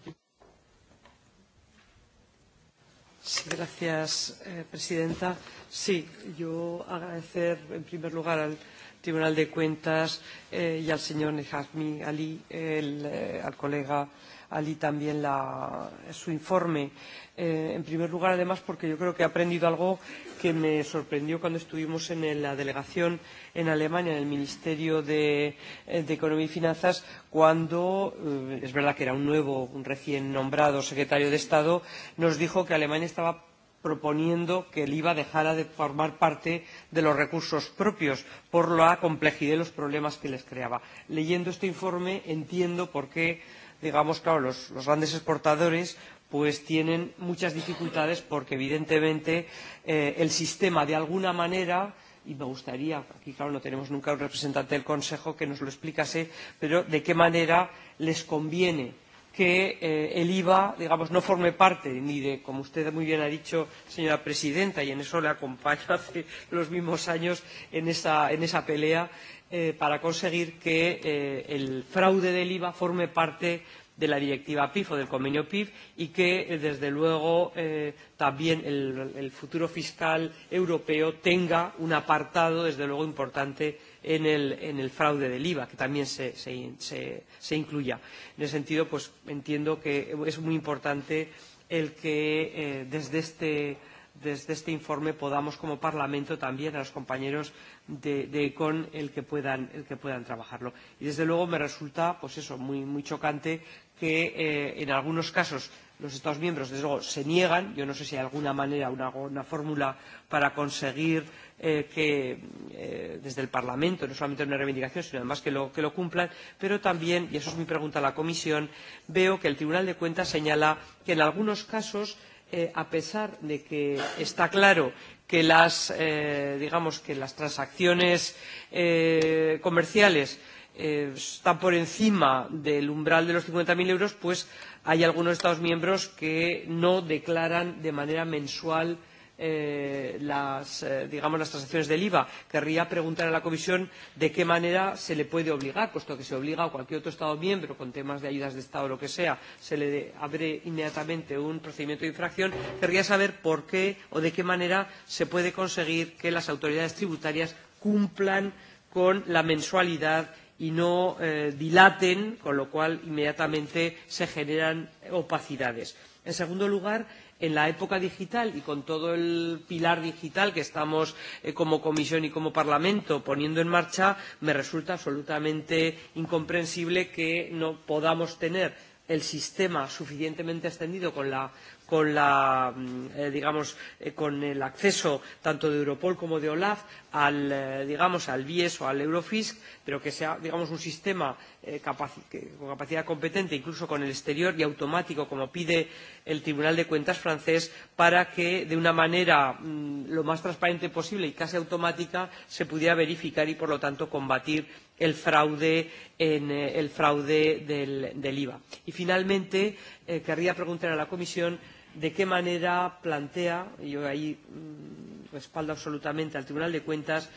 [SPEAKER 4] Sí, gracias, eh, Presidenta. Sí, yo agradecer en primer lugar al Tribunal de Cuentas eh, y al señor Nejazmi Ali, el, eh, al colega Ali también la, su informe. Eh, en primer lugar, además, porque yo creo que he aprendido algo que me sorprendió cuando estuvimos en la delegación en Alemania, en el Ministerio de, eh, de Economía y Finanzas, cuando, eh, es verdad que era un nuevo, un recién nombrado secretario de Estado, nos dijo que Alemania estaba proponiendo que el IVA dejara de formar parte de los recursos propios por la complejidad de los problemas que les creaba. Leyendo este informe entiendo por qué, digamos, claro, los, los grandes exportadores pues tienen muchas dificultades porque evidentemente eh, el sistema de alguna manera y me gustaría, aquí claro no tenemos nunca un representante del Consejo que nos lo explicase, pero de qué manera les conviene que eh, el IVA, digamos, no forme parte ni de, como usted muy bien ha dicho, señora presidenta, y en eso le acompaño hace los mismos años en esa, en esa pelea, eh, para conseguir que eh, el fraude del IVA forme parte de la directiva PIF o del convenio PIF y que, eh, desde luego, eh, también el, el futuro fiscal europeo tenga un apartado, desde luego, importante en el, en el fraude del IVA, que también se, se, se, se incluya. En ese sentido, pues entiendo que es muy importante el que eh, desde este desde este informe podamos como Parlamento también a los compañeros de, de ECON el que, puedan, el que puedan trabajarlo. Y desde luego me resulta pues eso, muy, muy chocante que eh, en algunos casos los Estados miembros desde luego se niegan, yo no sé si hay alguna manera, una, una fórmula para conseguir Eh, que eh, desde el Parlamento, no solamente una reivindicación, sino además que lo, que lo cumplan, pero también, y eso es mi pregunta a la Comisión, veo que el Tribunal de Cuentas señala que en algunos casos eh, a pesar de que está claro que las, eh, digamos que las transacciones eh, comerciales eh, están por encima del umbral de los 50.000 euros, pues hay algunos Estados miembros que no declaran de manera mensual eh, eh, las, eh, digamos, las transacciones del IVA. Querría preguntar a la Comisión de qué manera se le puede obligar, puesto que se obliga a cualquier otro Estado miembro con temas de ayudas de Estado o lo que sea, se le abre inmediatamente un procedimiento de infracción. Querría saber por qué o de qué manera se puede conseguir que las autoridades tributarias cumplan con la mensualidad y no eh, dilaten, con lo cual inmediatamente se generan opacidades. En segundo lugar, en la época digital y con todo el pilar digital que estamos eh, como Comisión y como Parlamento poniendo en marcha, me resulta absolutamente incomprensible que no podamos tener el sistema suficientemente extendido con la con la mm, eh, digamos eh, con el acceso tanto de Europol como de Olaf al eh, digamos al BIES o al Eurofisc, pero que sea digamos un sistema Eh, capaci con capacidad competente, incluso con el exterior y automático, como pide el Tribunal de Cuentas francés, para que de una manera mmm, lo más transparente posible y casi automática se pudiera verificar y, por lo tanto, combatir el fraude, en, eh, el fraude del, del IVA. Y, finalmente, eh, querría preguntar a la Comisión de qué manera plantea, y yo ahí mmm, respaldo absolutamente al Tribunal de Cuentas,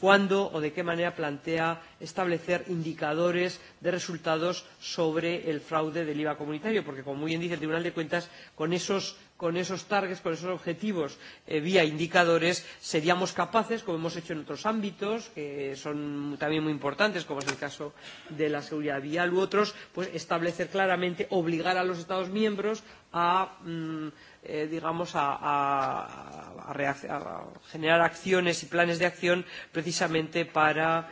[SPEAKER 4] cuándo o de qué manera plantea establecer indicadores de resultados sobre el fraude del IVA comunitario, porque como muy bien dice el Tribunal de Cuentas, con esos con esos targets, con esos objetivos eh, vía indicadores, seríamos capaces, como hemos hecho en otros ámbitos, que son también muy importantes, como es el caso de la seguridad vial u otros, pues establecer claramente, obligar a los Estados miembros a, mm, eh, digamos, a, a, a, a generar acciones y planes de acción precisamente para,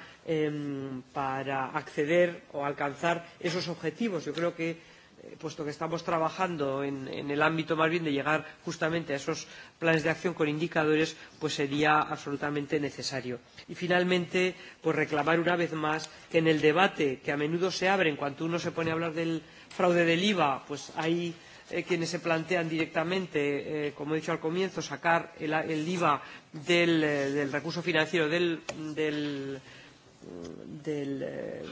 [SPEAKER 4] para acceder o alcanzar esos objetivos. Yo creo que Eh, puesto que estamos trabajando en, en el ámbito más bien de llegar justamente a esos planes de acción con indicadores, pues sería absolutamente necesario. Y finalmente, pues reclamar una vez más que en el debate que a menudo se abre en cuanto uno se pone a hablar del fraude del IVA, pues hay eh, quienes se plantean directamente, eh, como he dicho al comienzo, sacar el, el IVA del, eh, del recurso financiero del, del del eh,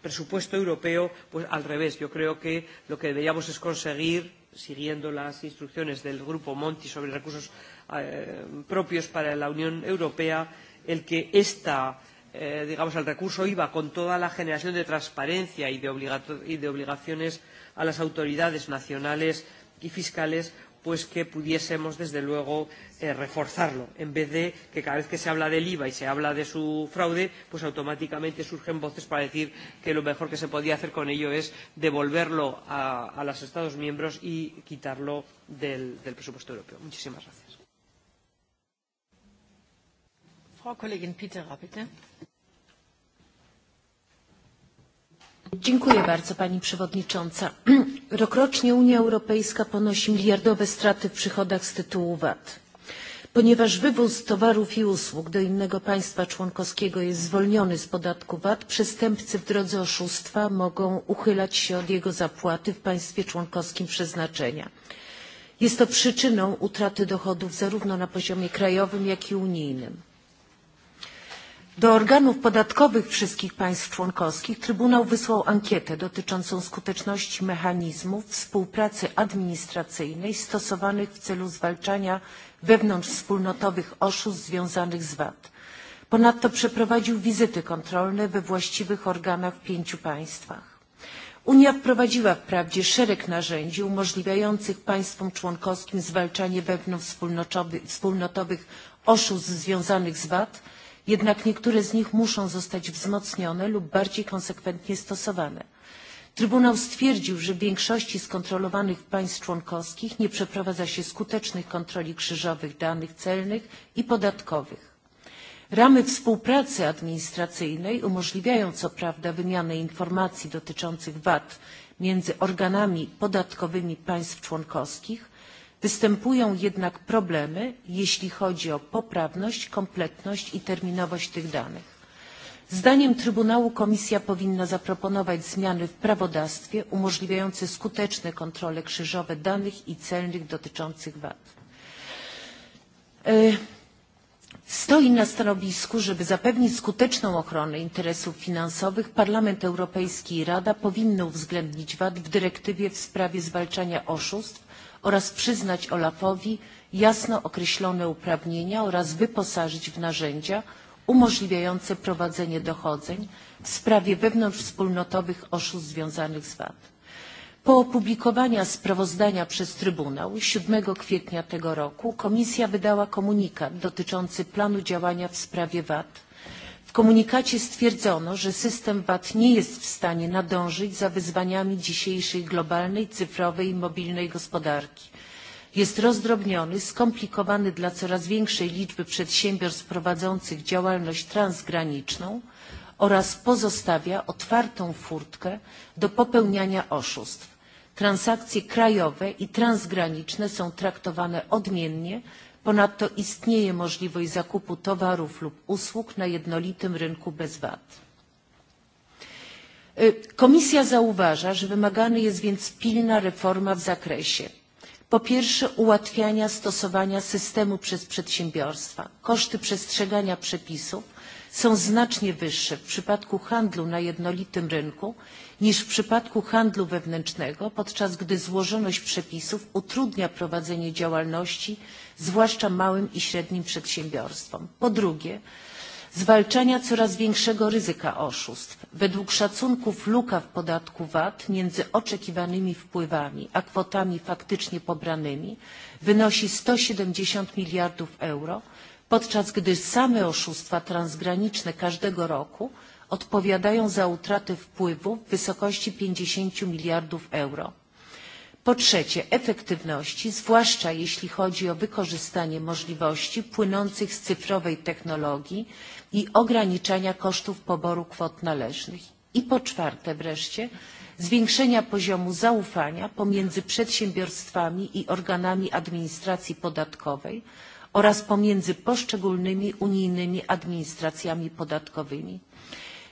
[SPEAKER 4] presupuesto europeo, pues al revés. Yo creo que lo que deberíamos es conseguir, siguiendo las instrucciones del Grupo Monti sobre recursos eh, propios para la Unión Europea, el que esta, eh, digamos, el recurso IVA con toda la generación de transparencia y de, y de obligaciones a las autoridades nacionales y fiscales pues que pudiésemos desde luego eh, reforzarlo en vez de que cada vez que se habla del IVA y se habla de su fraude pues automáticamente surgen voces para decir que lo mejor que se podía hacer con ello es devolverlo a, a los Estados miembros y quitarlo del, del presupuesto europeo. Muchísimas gracias.
[SPEAKER 1] Frau Kollegin Pitera, bitte.
[SPEAKER 15] Dziękuję bardzo Pani Przewodnicząca. Rokrocznie Unia Europejska ponosi miliardowe straty w przychodach z tytułu VAT. Ponieważ wywóz towarów i usług do innego państwa członkowskiego jest zwolniony z podatku VAT, przestępcy w drodze oszustwa mogą uchylać się od jego zapłaty w państwie członkowskim przeznaczenia. Jest to przyczyną utraty dochodów zarówno na poziomie krajowym, jak i unijnym. Do organów podatkowych wszystkich państw członkowskich Trybunał wysłał ankietę dotyczącą skuteczności mechanizmów współpracy administracyjnej stosowanych w celu zwalczania wewnątrzwspólnotowych oszustw związanych z VAT. Ponadto przeprowadził wizyty kontrolne we właściwych organach w pięciu państwach. Unia wprowadziła wprawdzie szereg narzędzi umożliwiających państwom członkowskim zwalczanie wewnątrzwspólnotowych oszustw związanych z VAT, jednak niektóre z nich muszą zostać wzmocnione lub bardziej konsekwentnie stosowane. Trybunał stwierdził, że w większości skontrolowanych państw członkowskich nie przeprowadza się skutecznych kontroli krzyżowych danych celnych i podatkowych. Ramy współpracy administracyjnej umożliwiają co prawda wymianę informacji dotyczących VAT między organami podatkowymi państw członkowskich, Występują jednak problemy, jeśli chodzi o poprawność, kompletność i terminowość tych danych. Zdaniem Trybunału Komisja powinna zaproponować zmiany w prawodawstwie umożliwiające skuteczne kontrole krzyżowe danych i celnych dotyczących VAT. E, stoi na stanowisku, żeby zapewnić skuteczną ochronę interesów finansowych, Parlament Europejski i Rada powinny uwzględnić VAT w dyrektywie w sprawie zwalczania oszustw oraz przyznać Olafowi jasno określone uprawnienia oraz wyposażyć w narzędzia umożliwiające prowadzenie dochodzeń w sprawie wewnątrzwspólnotowych oszustw związanych z VAT. Po opublikowaniu sprawozdania przez Trybunał 7 kwietnia tego roku Komisja wydała komunikat dotyczący planu działania w sprawie VAT – komunikacie stwierdzono, że system VAT nie jest w stanie nadążyć za wyzwaniami dzisiejszej globalnej, cyfrowej i mobilnej gospodarki. Jest rozdrobniony, skomplikowany dla coraz większej liczby przedsiębiorstw prowadzących działalność transgraniczną oraz pozostawia otwartą furtkę do popełniania oszustw. Transakcje krajowe i transgraniczne są traktowane odmiennie Ponadto istnieje możliwość zakupu towarów lub usług na jednolitym rynku bez VAT. Komisja zauważa, że wymagana jest więc pilna reforma w zakresie po pierwsze ułatwiania stosowania systemu przez przedsiębiorstwa. Koszty przestrzegania przepisów są znacznie wyższe w przypadku handlu na jednolitym rynku niż w przypadku handlu wewnętrznego, podczas gdy złożoność przepisów utrudnia prowadzenie działalności, zwłaszcza małym i średnim przedsiębiorstwom. Po drugie, zwalczania coraz większego ryzyka oszustw. Według szacunków luka w podatku VAT między oczekiwanymi wpływami a kwotami faktycznie pobranymi wynosi 170 miliardów euro, podczas gdy same oszustwa transgraniczne każdego roku odpowiadają za utratę wpływów w wysokości 50 miliardów euro. Po trzecie, efektywności, zwłaszcza jeśli chodzi o wykorzystanie możliwości płynących z cyfrowej technologii i ograniczania kosztów poboru kwot należnych. I po czwarte wreszcie, zwiększenia poziomu zaufania pomiędzy przedsiębiorstwami i organami administracji podatkowej oraz pomiędzy poszczególnymi unijnymi administracjami podatkowymi.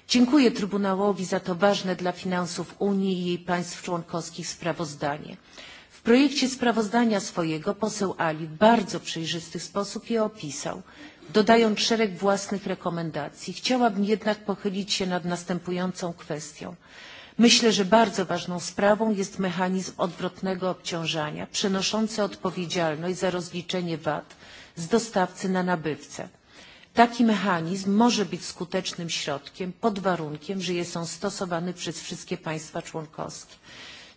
[SPEAKER 15] Dziękuję Trybunałowi za to ważne dla finansów Unii i jej państw członkowskich sprawozdanie. W projekcie sprawozdania swojego poseł Ali w bardzo przejrzysty sposób je opisał, dodając szereg własnych rekomendacji. Chciałabym jednak pochylić się nad następującą kwestią. Myślę, że bardzo ważną sprawą jest mechanizm odwrotnego obciążania, przenoszący odpowiedzialność za rozliczenie VAT z dostawcy na nabywcę. Taki mechanizm może być skutecznym środkiem pod warunkiem, że jest on stosowany przez wszystkie państwa członkowskie.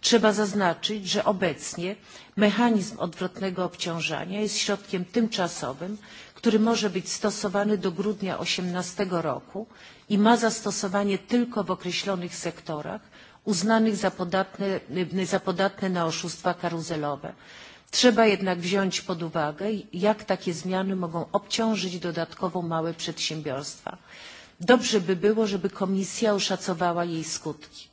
[SPEAKER 15] Trzeba zaznaczyć, że obecnie mechanizm odwrotnego obciążania jest środkiem tymczasowym, który może być stosowany do grudnia 2018 roku i ma zastosowanie tylko w określonych sektorach uznanych za podatne, za podatne na oszustwa karuzelowe Trzeba jednak wziąć pod uwagę, jak takie zmiany mogą obciążyć dodatkowo małe przedsiębiorstwa. Dobrze by było, żeby Komisja oszacowała jej skutki.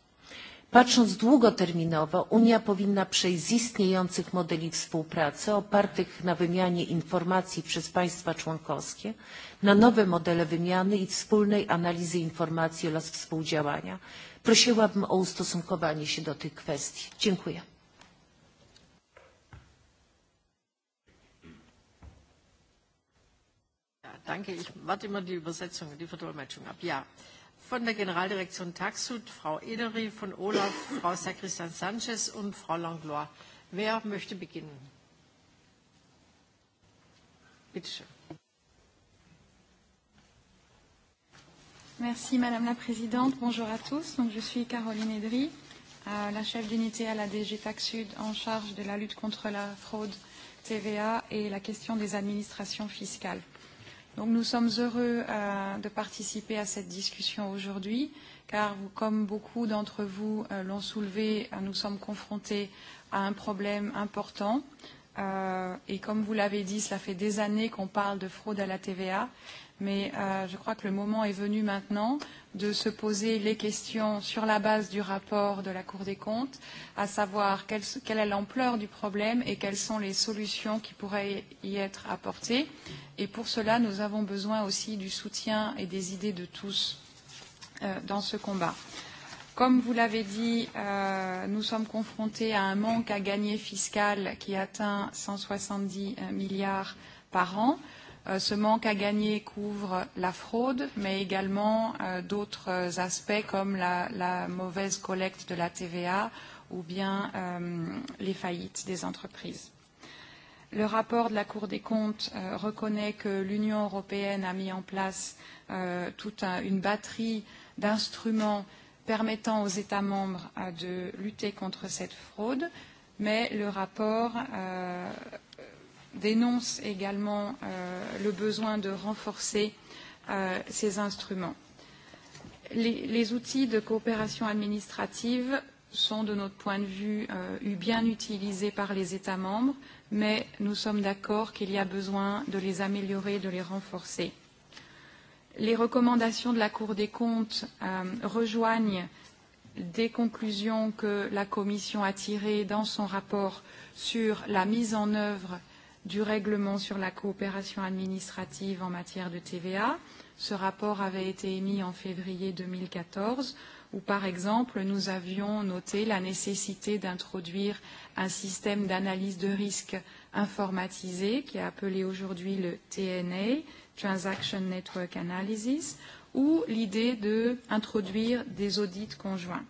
[SPEAKER 15] Patrząc długoterminowo, Unia powinna przejść z istniejących modeli współpracy opartych na wymianie informacji przez państwa członkowskie na nowe modele wymiany i wspólnej analizy informacji oraz współdziałania. Prosiłabym o ustosunkowanie się do tych kwestii. Dziękuję.
[SPEAKER 1] Danke. Ich warte immer die Übersetzung, die Verdolmetschung ab. Ja. Von der Generaldirektion Taxud, Frau Ederi, von Olaf, Frau Sacristan Sanchez und Frau Langlois. Wer möchte beginnen? Bitte schön.
[SPEAKER 16] Merci Madame la Présidente. Bonjour à tous. Donc, je suis Caroline Edry, euh, la chef d'unité à la DG Tax Sud en charge de la lutte contre la fraude TVA et la question des administrations fiscales. Donc nous sommes heureux euh, de participer à cette discussion aujourd'hui, car vous, comme beaucoup d'entre vous euh, l'ont soulevé, euh, nous sommes confrontés à un problème important. Euh, et comme vous l'avez dit, cela fait des années qu'on parle de fraude à la TVA, mais euh, je crois que le moment est venu maintenant de se poser les questions sur la base du rapport de la Cour des comptes, à savoir quelle, est l'ampleur du problème et quelles sont les solutions qui pourraient y être apportées. Et pour cela, nous avons besoin aussi du soutien et des idées de tous euh, dans ce combat. Comme vous l'avez dit, euh, nous sommes confrontés à un manque à gagner fiscal qui atteint 170 euh, milliards par an. Euh, ce manque à gagner couvre la fraude, mais également euh, d'autres euh, aspects comme la, la mauvaise collecte de la TVA ou bien euh, les faillites des entreprises. Le rapport de la Cour des comptes euh, reconnaît que l'Union européenne a mis en place euh, toute un, une batterie d'instruments permettant aux États membres euh, de lutter contre cette fraude, mais le rapport euh, dénonce également euh, le besoin de renforcer euh, ces instruments. Les, les outils de coopération administrative sont, de notre point de vue, euh, bien utilisés par les États membres, mais nous sommes d'accord qu'il y a besoin de les améliorer, de les renforcer. Les recommandations de la Cour des comptes euh, rejoignent des conclusions que la Commission a tirées dans son rapport sur la mise en œuvre euh, du règlement sur la coopération administrative en matière de TVA. Ce rapport avait été émis en février 2014 où, par exemple, nous avions noté la nécessité d'introduire un système d'analyse de risque informatisé qui est appelé aujourd'hui le TNA, Transaction Network Analysis, ou l'idée d'introduire de des audits conjoints.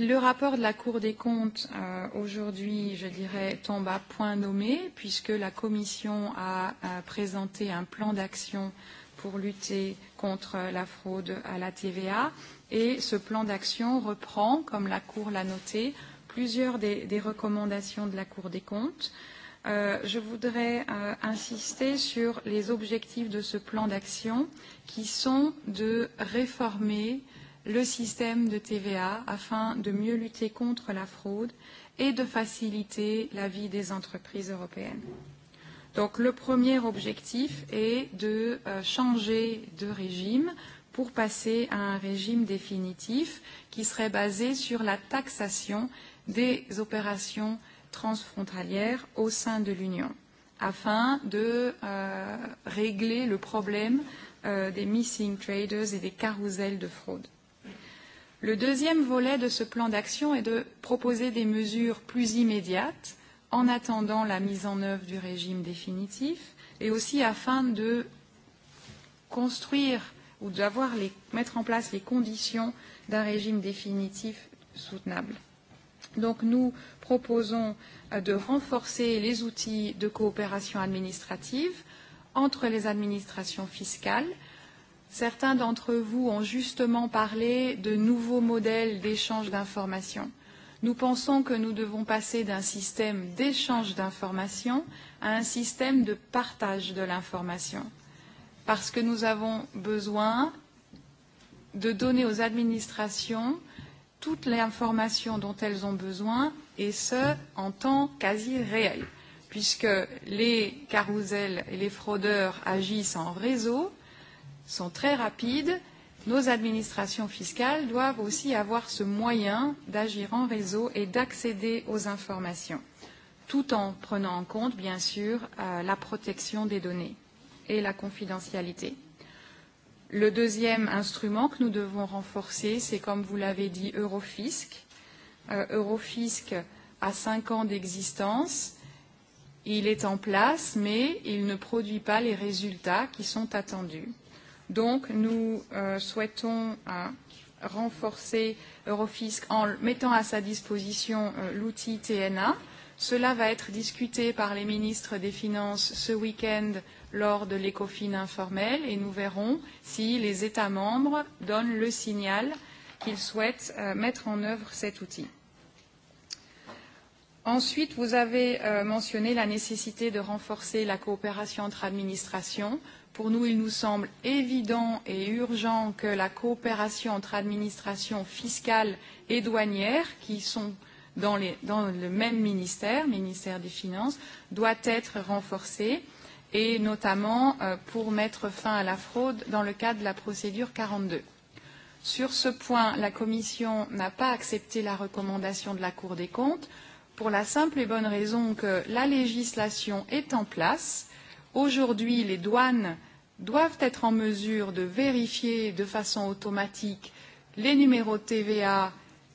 [SPEAKER 16] Le rapport de la Cour des comptes euh, aujourd'hui, je dirais, tombe à point nommé puisque la Commission a, a présenté un plan d'action pour lutter contre la fraude à la TVA et ce plan d'action reprend, comme la Cour l'a noté, plusieurs des, des recommandations de la Cour des comptes. Euh, je voudrais euh, insister sur les objectifs de ce plan d'action qui sont de réformer euh, le système de TVA afin de mieux lutter contre la fraude et de faciliter la vie des entreprises européennes. Donc le premier objectif est de euh, changer de régime pour passer à un régime définitif qui serait basé sur la taxation des opérations transfrontalières au sein de l'Union afin de euh, régler le problème euh, des missing traders et des carousels de fraude. Le deuxième volet de ce plan d'action est de proposer des mesures plus immédiates en attendant la mise en œuvre du régime définitif et aussi afin de construire ou d'avoir les, mettre en place les conditions d'un régime définitif soutenable. Donc nous proposons euh, de renforcer les outils de coopération administrative entre les administrations fiscales Certains d'entre vous ont justement parlé de nouveaux modèles d'échange d'informations. Nous pensons que nous devons passer d'un système d'échange d'informations à un système de partage de l'information, parce que nous avons besoin de donner aux administrations toute l'information dont elles ont besoin, et ce, en temps quasi réel, puisque les carousels et les fraudeurs agissent en réseau, sont très rapides, nos administrations fiscales doivent aussi avoir ce moyen d'agir en réseau et d'accéder aux informations, tout en prenant en compte, bien sûr, euh, la protection des données et la confidentialité. Le deuxième instrument que nous devons renforcer, c'est, comme vous l'avez dit, Eurofisc. Euh, Eurofisc a cinq ans d'existence. Il est en place, mais il ne produit pas les résultats qui sont attendus. Donc, nous euh, souhaitons euh, renforcer Eurofisc en mettant à sa disposition euh, l'outil TNA. Cela va être discuté par les ministres des Finances ce week-end lors de l'ECOFIN informel et nous verrons si les États membres donnent le signal qu'ils souhaitent euh, mettre en œuvre cet outil. Ensuite, vous avez euh, mentionné la nécessité de renforcer la coopération entre administrations. Pour nous, il nous semble évident et urgent que la coopération entre administrations fiscales et douanières, qui sont dans, les, dans le même ministère, ministère des Finances, doit être renforcée, et notamment euh, pour mettre fin à la fraude dans le cadre de la procédure 42. Sur ce point, la Commission n'a pas accepté la recommandation de la Cour des comptes pour la simple et bonne raison que la législation est en place Aujourd'hui, les douanes doivent être en mesure de vérifier de façon automatique les numéros de TVA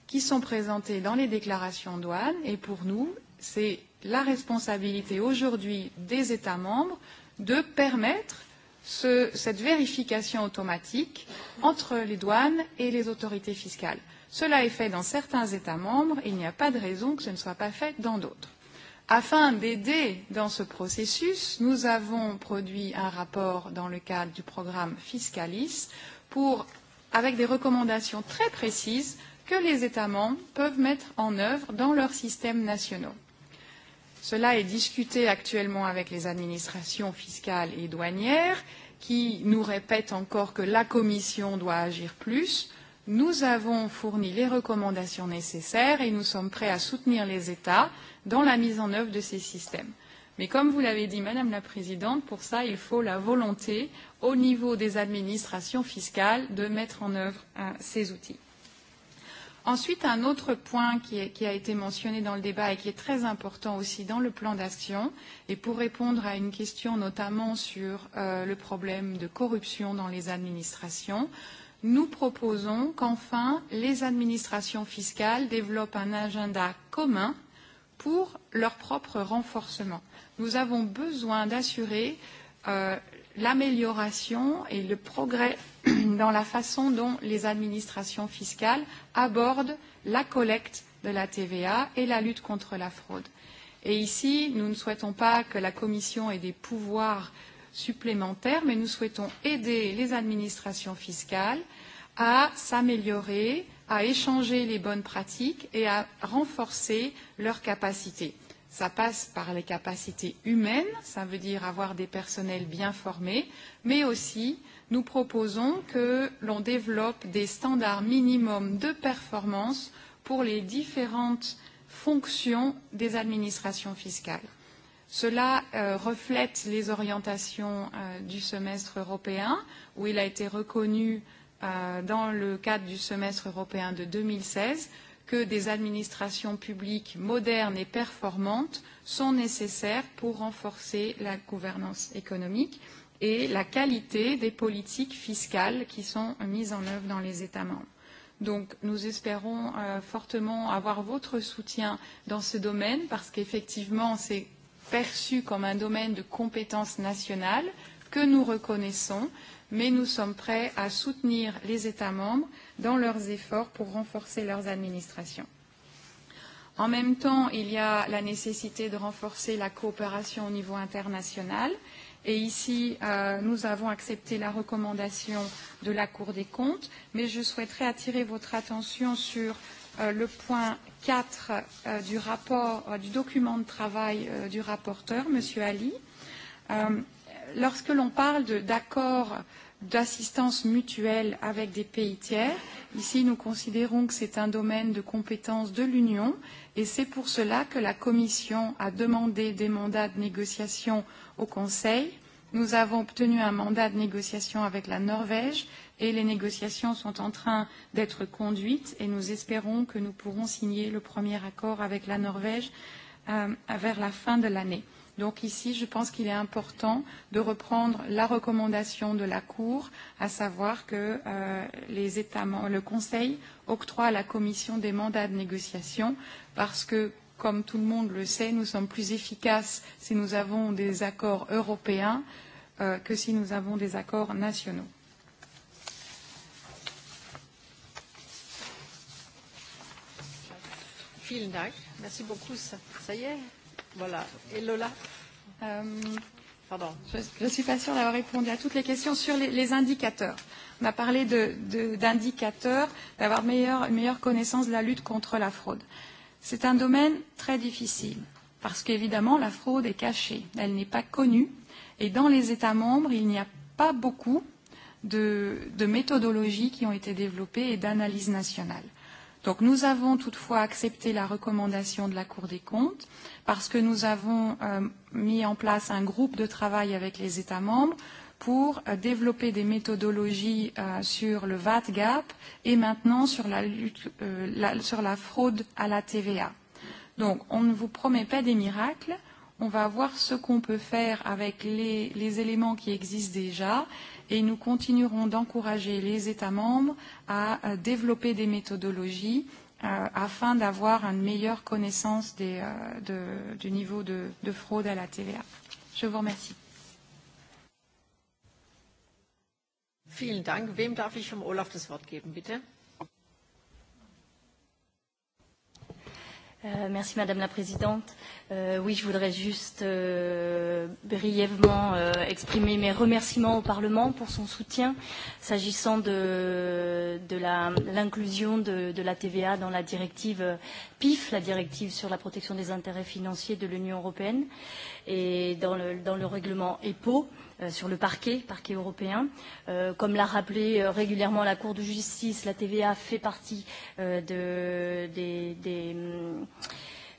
[SPEAKER 16] qui sont présentés dans les déclarations douanes et pour nous, c'est la responsabilité aujourd'hui des États membres de permettre ce, cette vérification automatique entre les douanes et les autorités fiscales. Cela est fait dans certains États membres et il n'y a pas de raison que ce ne soit pas fait dans d'autres. Afin d'aider dans ce processus, nous avons produit un rapport dans le cadre du programme Fiscalis pour, avec des recommandations très précises que les États membres peuvent mettre en œuvre dans leurs systèmes nationaux. Cela est discuté actuellement avec les administrations fiscales et douanières qui nous répètent encore que la Commission doit agir plus. Nous avons fourni les recommandations nécessaires et nous sommes prêts à soutenir les États dans la mise en œuvre de ces systèmes. Mais comme vous l'avez dit, Madame la Présidente, pour ça, il faut la volonté au niveau des administrations fiscales de mettre en œuvre hein, euh, ces outils. Ensuite, un autre point qui, est, qui a été mentionné dans le débat et qui est très important aussi dans le plan d'action, et pour répondre à une question notamment sur euh, le problème de corruption dans les administrations, nous proposons qu'enfin les administrations fiscales développent un agenda commun pour leur propre renforcement. Nous avons besoin d'assurer euh, l'amélioration et le progrès dans la façon dont les administrations fiscales abordent la collecte de la TVA et la lutte contre la fraude. Et ici, nous ne souhaitons pas que la Commission ait des pouvoirs supplémentaires, mais nous souhaitons aider les administrations fiscales euh, à s'améliorer, à échanger les bonnes pratiques et à renforcer leurs capacités. Ça passe par les capacités humaines, ça veut dire avoir des personnels bien formés, mais aussi nous proposons que l'on développe des standards minimums de performance pour les différentes fonctions des administrations fiscales. Cela euh, reflète les orientations euh, du semestre européen, où il a été reconnu euh, Euh, dans le cadre du semestre européen de 2016 que des administrations publiques modernes et performantes sont nécessaires pour renforcer la gouvernance économique et la qualité des politiques fiscales qui sont mises en œuvre dans les États membres. Donc nous espérons euh, fortement avoir votre soutien dans ce domaine parce qu'effectivement c'est perçu comme un domaine de compétences nationales que nous reconnaissons mais nous sommes prêts à soutenir les États membres dans leurs efforts pour renforcer leurs administrations. En même temps, il y a la nécessité de renforcer la coopération au niveau international. Et ici, euh, nous avons accepté la recommandation de la Cour des comptes, mais je souhaiterais attirer votre attention sur euh, le point 4 euh, du rapport, euh, du document de travail euh, du rapporteur, M. Ali. Euh, lorsque l'on parle d'accords d'assistance mutuelle avec des pays tiers, ici nous considérons que c'est un domaine de compétence de l'Union et c'est pour cela que la Commission a demandé des mandats de négociation au Conseil. Nous avons obtenu un mandat de négociation avec la Norvège et les négociations sont en train d'être conduites et nous espérons que nous pourrons signer le premier accord avec la Norvège euh, vers la fin de l'année. Donc ici, je pense qu'il est important de reprendre la recommandation de la Cour, à savoir que euh, les États, le Conseil octroie à la Commission des mandats de négociation parce que, comme tout le monde le sait, nous sommes plus efficaces si nous avons des accords européens euh, que si nous avons des accords nationaux.
[SPEAKER 1] Merci beaucoup. Ça y est, Voilà. Et Lola euh, Pardon.
[SPEAKER 16] Je ne suis pas sûre d'avoir répondu à toutes les questions sur les, les indicateurs. On a parlé d'indicateurs, d'avoir meilleur, une meilleure connaissance de la lutte contre la fraude. C'est un domaine très difficile parce qu'évidemment, la fraude est cachée, elle n'est pas connue. Et dans les États membres, il n'y a pas beaucoup de, de méthodologies qui ont été développées et d'analyses nationales. Donc nous avons toutefois accepté la recommandation de la Cour des comptes parce que nous avons euh, mis en place un groupe de travail avec les États membres pour euh, développer des méthodologies euh, sur le VAT gap et maintenant sur la, lutte, euh, la, sur la fraude à la TVA. Donc on ne vous promet pas des miracles, on va voir ce qu'on peut faire avec les, les éléments qui existent déjà et nous continuerons d'encourager les États membres à euh, développer des méthodologies euh, afin d'avoir une meilleure connaissance des, euh, de, du niveau de, de fraude à la TVA. Je vous remercie.
[SPEAKER 1] Vielen Dank. Wem darf ich vom Olaf das Wort geben, bitte?
[SPEAKER 17] Euh, merci Madame la Présidente. Euh, oui, je voudrais juste euh, brièvement euh, exprimer mes remerciements au Parlement pour son soutien s'agissant de, de l'inclusion de, de la TVA dans la directive euh, PIF, la directive sur la protection des intérêts financiers de l'Union européenne, et dans le, dans le règlement EPO. Euh, Euh, sur le parquet, parquet européen. Euh, comme l'a rappelé euh, régulièrement la Cour de justice, la TVA fait partie euh, de, des, des,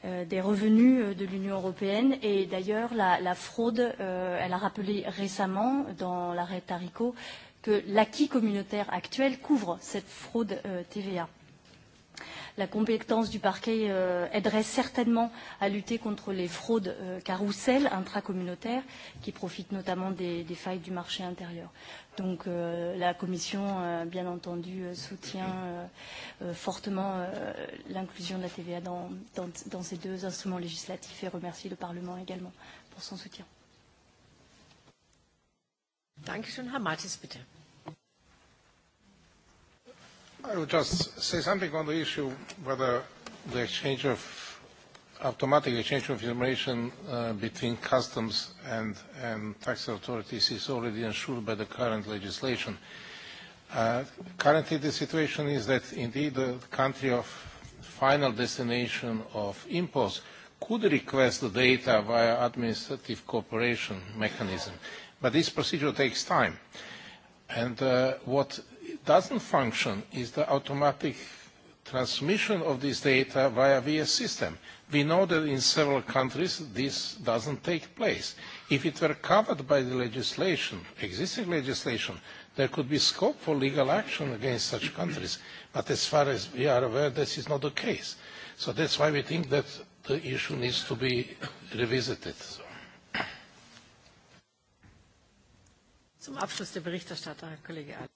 [SPEAKER 17] euh, des revenus euh, de l'Union européenne et d'ailleurs la, la fraude, euh, elle a rappelé récemment dans l'arrêt Tarico que l'acquis communautaire actuel couvre cette fraude euh, TVA. La compétence du parquet euh, aiderait certainement à lutter contre les fraudes euh, carousel intracommunautaires qui profitent notamment des, des failles du marché intérieur. Donc euh, la Commission, euh, bien entendu, euh, soutient euh, euh, fortement euh, l'inclusion de la TVA dans, dans, dans ces deux instruments législatifs et remercie le Parlement également pour son soutien. Dankeschön, Herr Martis, bitte.
[SPEAKER 12] I would just say something on the issue whether the exchange of automatic exchange of information uh, between customs and, and tax authorities is already ensured by the current legislation. Uh, currently, the situation is that indeed the country of final destination of imports could request the data via administrative cooperation mechanism, but this procedure takes time. And uh, what doesn't function is the automatic transmission of this data via VS system. We know that in several countries this doesn't take place. If it were covered by the legislation, existing legislation, there could be scope for legal action against such countries. But as far as we are aware, this is not the case. So that's why we think that the issue needs to be revisited.
[SPEAKER 1] Zum Abschluss der Berichterstatter, Herr Kollege Al.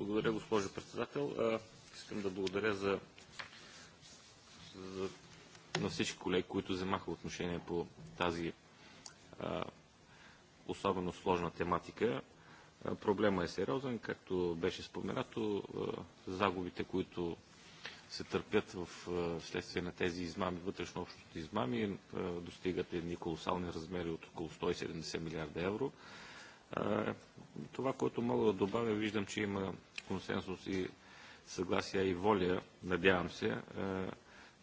[SPEAKER 13] Благодаря, госпожо председател. Искам да благодаря за, за на всички колеги, които вземаха отношение по тази а, особено сложна тематика. проблема е сериозен, както беше споменато. А, загубите, които се търпят в следствие на тези измами, вътрешно общото измами, достигат едни колосални размери от около 170 милиарда евро. Това, което мога да добавя, виждам, че има консенсус и съгласие и воля, надявам се,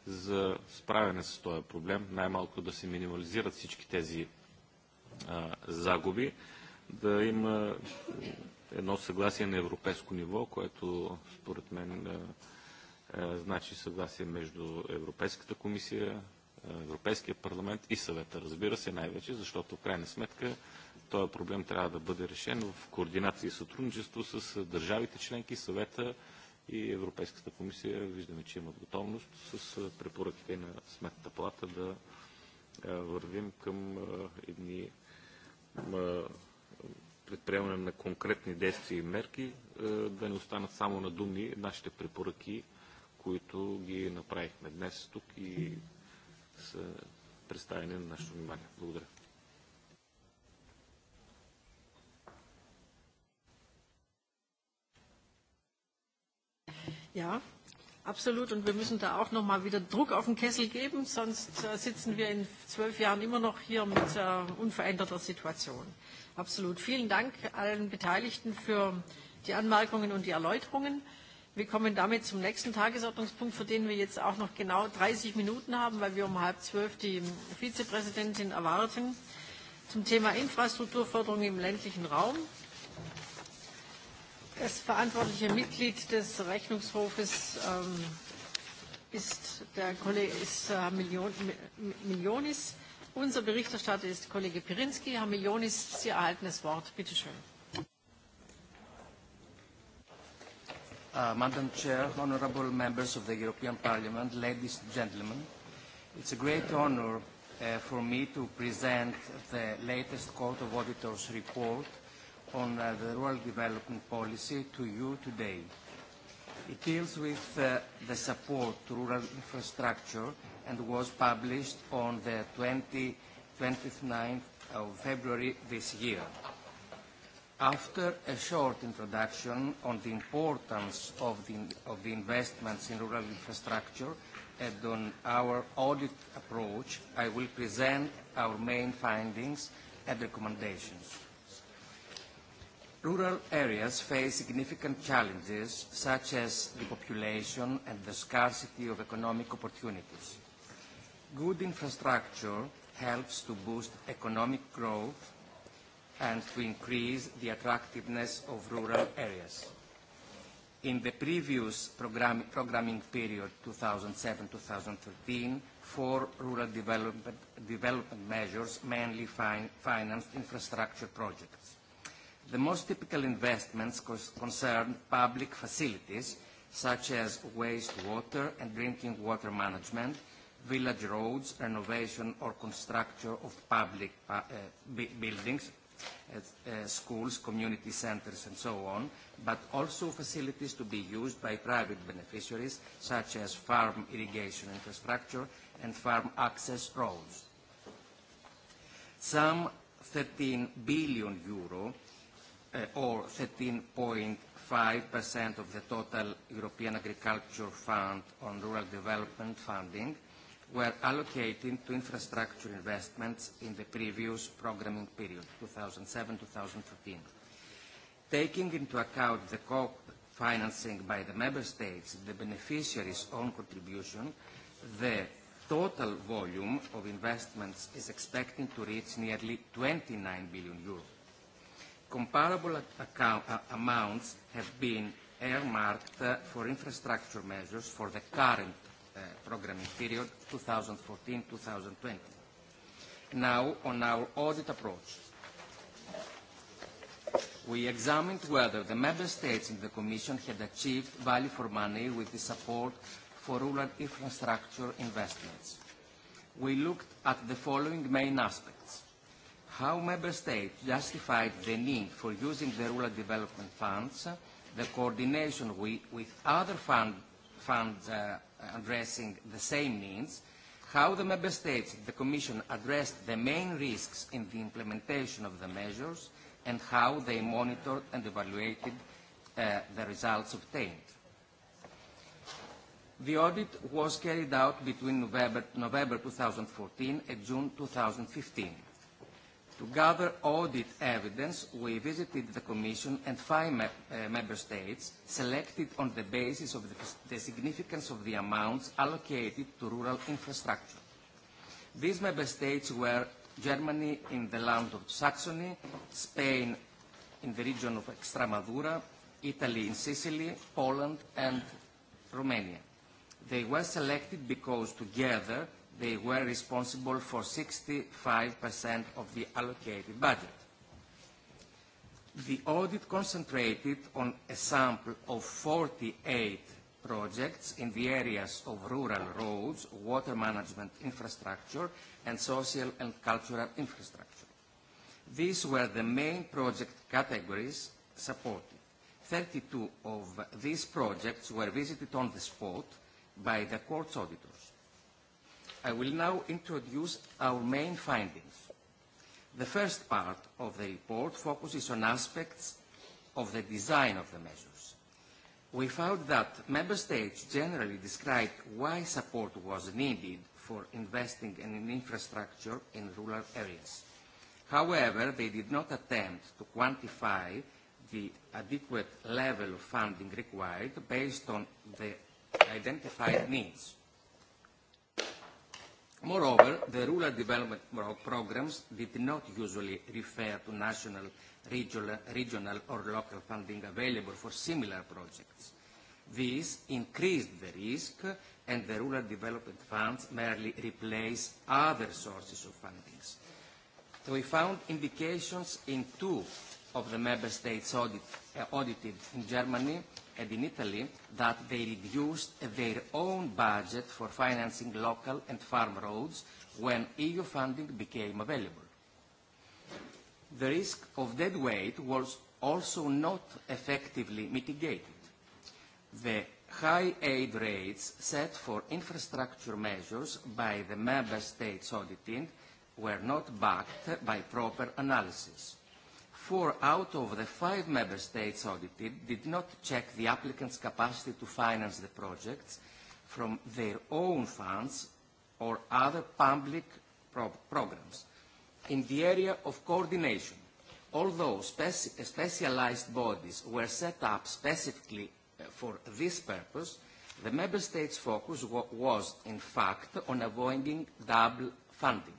[SPEAKER 13] за справяне с този проблем, най-малко да се минимализират всички тези загуби, да има едно съгласие на европейско ниво, което според мен значи съгласие между Европейската комисия, Европейския парламент и съвета, разбира се, най-вече, защото в крайна сметка този проблем трябва да бъде решен в координация и сътрудничество с държавите членки, съвета и Европейската комисия. Виждаме, че имат готовност с препоръките на Сметната плата да вървим към едни предприемане на конкретни действия и мерки, да не останат само на думи нашите препоръки, които ги направихме днес тук и са представени на нашето внимание. Благодаря.
[SPEAKER 1] Ja, absolut. Und wir müssen da auch nochmal wieder Druck auf den Kessel geben, sonst äh, sitzen wir in zwölf Jahren immer noch hier mit äh, unveränderter Situation. Absolut. Vielen Dank allen Beteiligten für die Anmerkungen und die Erläuterungen. Wir kommen damit zum nächsten Tagesordnungspunkt, für den wir jetzt auch noch genau 30 Minuten haben, weil wir um halb zwölf die Vizepräsidentin erwarten, zum Thema Infrastrukturförderung im ländlichen Raum. Das verantwortliche Mitglied des Rechnungshofes ähm, ist der Kollege ist, äh, Herr Million, Millionis. Unser Berichterstatter ist Kollege Pirinski. Herr Millionis, Sie erhalten das Wort. Bitte schön.
[SPEAKER 18] Uh, Madam Chair, honorable members of the European Parliament, ladies and gentlemen, it's a great honor uh, for me to present the latest Court of Auditors report on uh, the rural development policy to you today. It deals with uh, the support to rural infrastructure and was published on the 20, 29th of February this year. After a short introduction on the importance of the, of the investments in rural infrastructure and on our audit approach, I will present our main findings and recommendations rural areas face significant challenges such as depopulation and the scarcity of economic opportunities. Good infrastructure helps to boost economic growth and to increase the attractiveness of rural areas. In the previous program, programming period, 2007-2013, four rural development, development measures mainly fin financed infrastructure projects. The most typical investments concern public facilities, such as wastewater and drinking water management, village roads, renovation or construction of public uh, buildings, uh, uh, schools, community centers, and so on, but also facilities to be used by private beneficiaries, such as farm irrigation infrastructure and farm access roads. Some 13 billion euro uh, or 13.5% of the total European Agriculture Fund on Rural Development funding, were allocated to infrastructure investments in the previous programming period, 2007-2013. Taking into account the co-financing by the Member States, the beneficiaries' own contribution, the total volume of investments is expected to reach nearly 29 billion euros comparable account, uh, amounts have been earmarked uh, for infrastructure measures for the current uh, programming period 2014-2020. Now, on our audit approach, we examined whether the Member States in the Commission had achieved value for money with the support for rural infrastructure investments. We looked at the following main aspects how member states justified the need for using the rural development funds, the coordination with, with other fund, funds uh, addressing the same needs, how the member states the Commission addressed the main risks in the implementation of the measures, and how they monitored and evaluated uh, the results obtained. The audit was carried out between November, November 2014 and June 2015. To gather audit evidence, we visited the Commission and five me uh, Member States, selected on the basis of the, the significance of the amounts allocated to rural infrastructure. These Member States were Germany in the land of Saxony, Spain in the region of Extremadura, Italy in Sicily, Poland and Romania. They were selected because together they were responsible for 65% of the allocated budget. The audit concentrated on a sample of 48 projects in the areas of rural roads, water management infrastructure, and social and cultural infrastructure. These were the main project categories supported. 32 of these projects were visited on the spot by the court's auditor. I will now introduce our main findings. The first part of the report focuses on aspects of the design of the measures. We found that Member States generally described why support was needed for investing in infrastructure in rural areas. However, they did not attempt to quantify the adequate level of funding required based on the identified needs. Moreover, the rural development programs did not usually refer to national, regional, regional or local funding available for similar projects. This increased the risk and the rural development funds merely replace other sources of fundings. we found indications in two of the member states audit, uh, audited in Germany and in Italy that they reduced their own budget for financing local and farm roads when EU funding became available. The risk of dead weight was also not effectively mitigated. The high aid rates set for infrastructure measures by the member states auditing were not backed by proper analysis four out of the five member states audited did not check the applicant's capacity to finance the projects from their own funds or other public pro programs. In the area of coordination, although speci specialized bodies were set up specifically uh, for this purpose, the member states' focus was, in fact, on avoiding double funding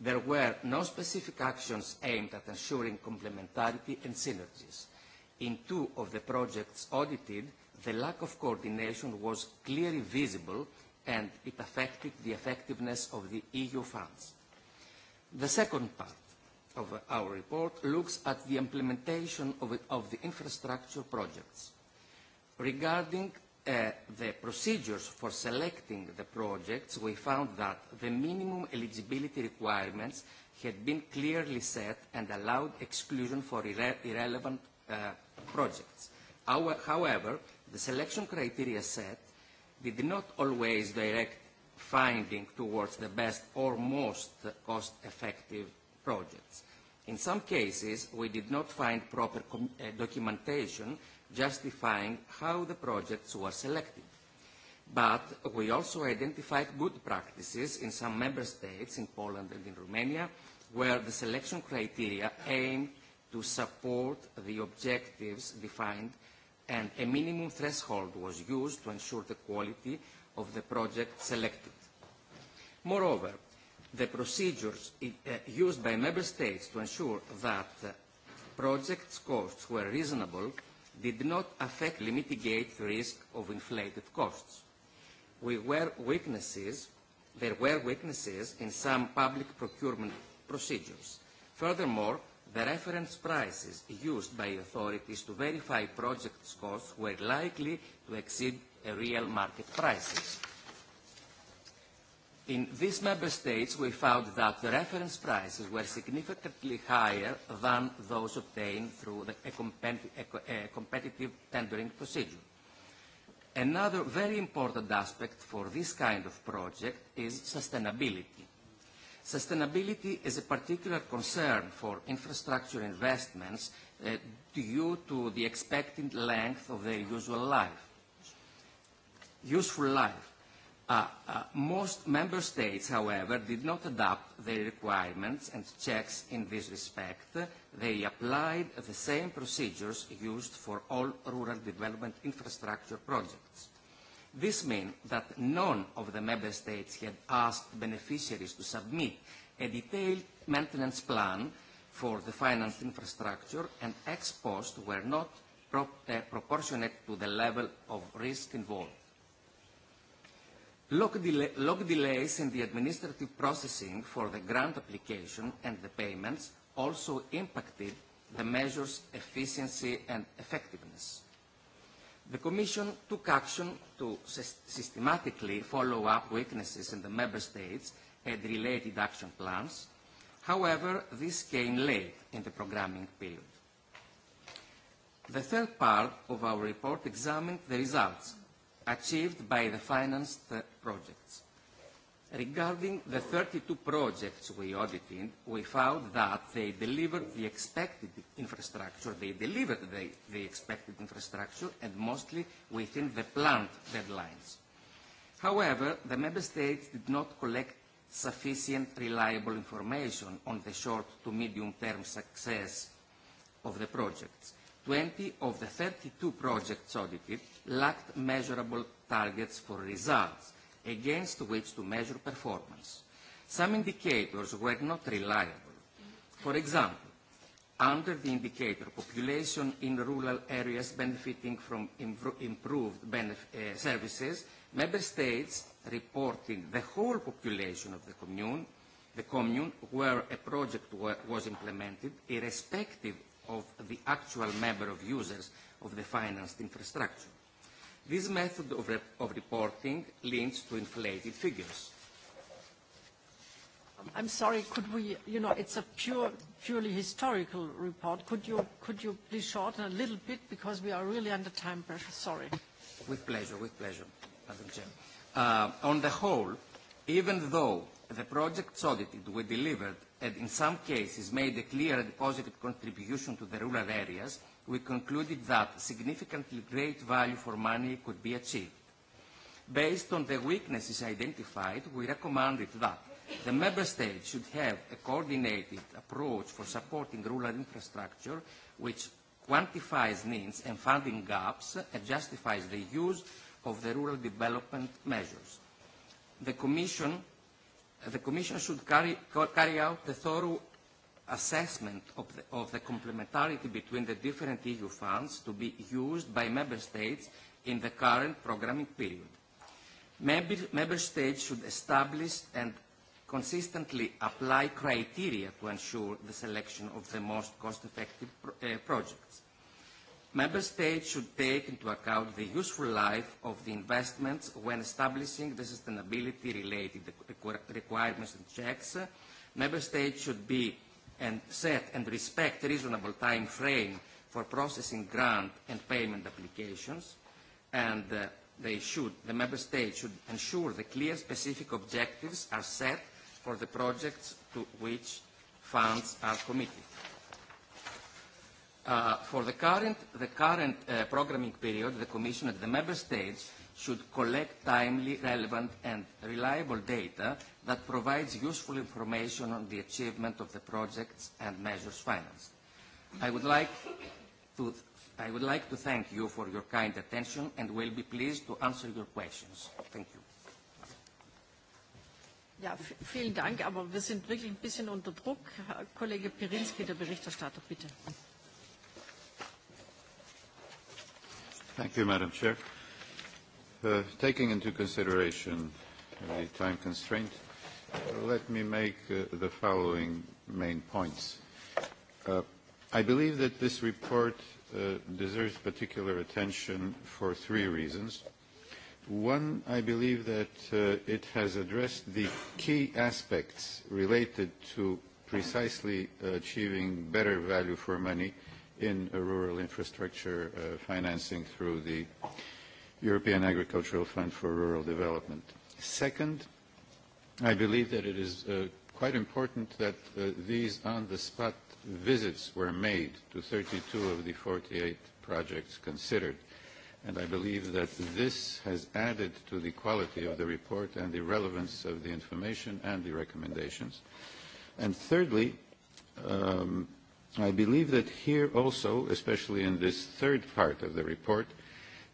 [SPEAKER 18] there were no specific actions aimed at ensuring complementarity and synergies. In two of the projects audited, the lack of coordination was clearly visible and it affected the effectiveness of the EU funds. The second part of our report looks at the implementation of, it, of the infrastructure projects. Regarding uh, the procedures for selecting the projects, we found that the minimum eligibility requirements had been clearly set and allowed exclusion for irre irrelevant uh, projects. Our, however, the selection criteria set did not always direct finding towards the best or most cost-effective projects. In some cases, we did not find proper uh, documentation justifying how the projects were selected. But we also identified good practices in some member states, in Poland and in Romania, where the selection criteria aim to support the objectives defined and a minimum threshold was used to ensure the quality of the project selected. Moreover, the procedures uh, used by member states to ensure that uh, projects' costs were reasonable did not effectively mitigate the risk of inflated costs. We were weaknesses, there were weaknesses in some public procurement procedures. Furthermore, the reference prices used by authorities to verify project costs were likely to exceed real market prices. In these member states, we found that the reference prices were significantly higher than those obtained through the, a, competi a, a competitive tendering procedure. Another very important aspect for this kind of project is sustainability. Sustainability is a particular concern for infrastructure investments uh, due to the expected length of their usual life, useful life. Uh, uh, most member states, however, did not adapt their requirements and checks in this respect. They applied the same procedures used for all rural development infrastructure projects. This means that none of the member states had asked beneficiaries to submit a detailed maintenance plan for the financed infrastructure and ex post were not pro uh, proportionate to the level of risk involved. Log, log delays in the administrative processing for the grant application and the payments also impacted the measure's efficiency and effectiveness. The Commission took action to systematically follow up weaknesses in the Member States and related action plans. However, this came late in the programming period. The third part of our report examined the results achieved by the financed uh, projects. Regarding the 32 projects we audited, we found that they delivered the expected infrastructure, they delivered the, the expected infrastructure and mostly within the planned deadlines. However, the Member States did not collect sufficient reliable information on the short to medium-term success of the projects. 20 of the 32 projects audited lacked measurable targets for results against which to measure performance. Some indicators were not reliable. For example, under the indicator population in rural areas benefiting from improved benef uh, services, member states reporting the whole population of the commune, the commune where a project wa was implemented, irrespective of the actual number of users of the financed infrastructure. This method of, re of reporting leads to inflated figures.
[SPEAKER 1] I'm sorry, could we, you know, it's a pure, purely historical report. Could you, could you please shorten a little bit because we are really under time pressure. Sorry.
[SPEAKER 18] With pleasure, with pleasure, Madam Chair. Uh, on the whole, even though the projects audited were delivered and in some cases made a clear and positive contribution to the rural areas, we concluded that significantly great value for money could be achieved. Based on the weaknesses identified, we recommended that the Member States should have a coordinated approach for supporting rural infrastructure which quantifies needs and funding gaps and justifies the use of the rural development measures. The Commission, the commission should carry, carry out a thorough assessment of the, of the complementarity between the different EU funds to be used by Member States in the current programming period. Member, member States should establish and consistently apply criteria to ensure the selection of the most cost-effective pro uh, projects. Member States should take into account the useful life of the investments when establishing the sustainability-related requirements and checks. Member States should be and set and respect reasonable time frame for processing grant and payment applications, and uh, they should, the Member States should ensure the clear specific objectives are set for the projects to which funds are committed. Uh, for the current, the current uh, programming period, the Commission and the Member States should collect timely, relevant and reliable data that provides useful information on the achievement of the projects and measures financed. I would like to, I would like to thank you for your kind attention and will be pleased to answer your questions. Thank
[SPEAKER 8] you.
[SPEAKER 1] Ja, vielen Dank, aber wir sind wirklich ein bisschen unter Druck. Herr Kollege Pirinski, der Berichterstatter, bitte.
[SPEAKER 19] Thank you, Madam Chair. Uh, taking into consideration the time constraint, let me make uh, the following main points. Uh, I believe that this report uh, deserves particular attention for three reasons. One, I believe that uh, it has addressed the key aspects related to precisely achieving better value for money in rural infrastructure uh, financing through the European Agricultural Fund for Rural Development. Second, I believe that it is uh, quite important that uh, these on-the-spot visits were made to 32 of the 48 projects considered. And I believe that this has added to the quality of the report and the relevance of the information and the recommendations. And thirdly, um, I believe that here also, especially in this third part of the report, uh,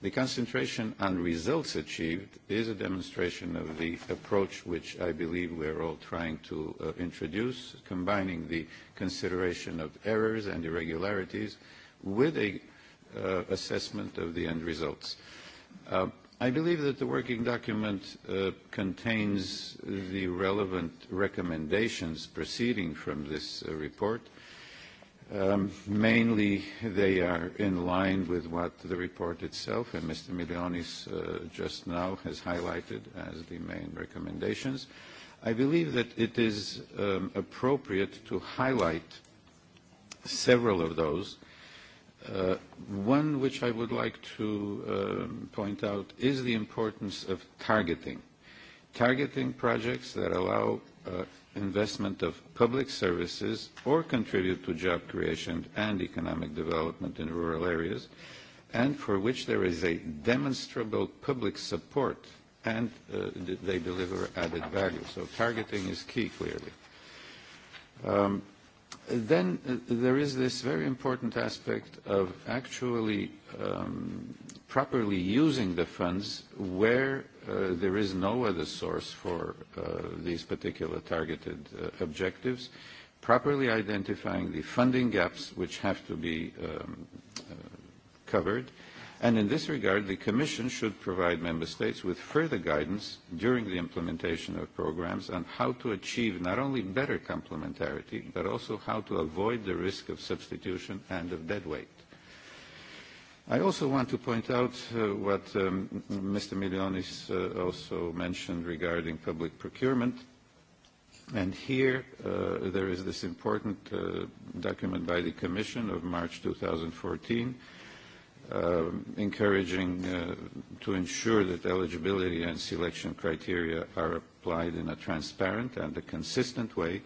[SPEAKER 19] The concentration on results achieved is a demonstration of the approach which I believe we're all trying to uh, introduce, combining the consideration of errors and irregularities with an uh, assessment of the end results. Uh, I believe that the working document uh, contains the relevant recommendations proceeding from this uh, report – Um, mainly, they are in line with what the report itself and Mr. Milionis uh, just now has highlighted as the main recommendations. I believe that it is um, appropriate to highlight several of those. Uh, one which I would like to um, point out is the importance of targeting. Targeting projects that allow uh, investment of public services or contribute to job creation and economic development in rural areas, and for which there is a demonstrable public support and uh, they deliver added value. So targeting is key, clearly. Um, then uh, there is this very important aspect of actually um, properly using the funds where Uh, there is no other source for uh, these particular targeted uh, objectives, properly identifying the funding gaps which have to be um, uh, covered. And in this regard, the Commission should provide Member States with further guidance during the implementation of programs on how to achieve not only better complementarity, but also how to avoid the risk of substitution and of deadweight. I also want to point out uh, what um, Mr. Milionis uh, also mentioned regarding public procurement. And here uh, there is this important uh, document by the Commission of March 2014 uh, encouraging uh, to ensure that eligibility and selection criteria are applied in a transparent and a consistent way.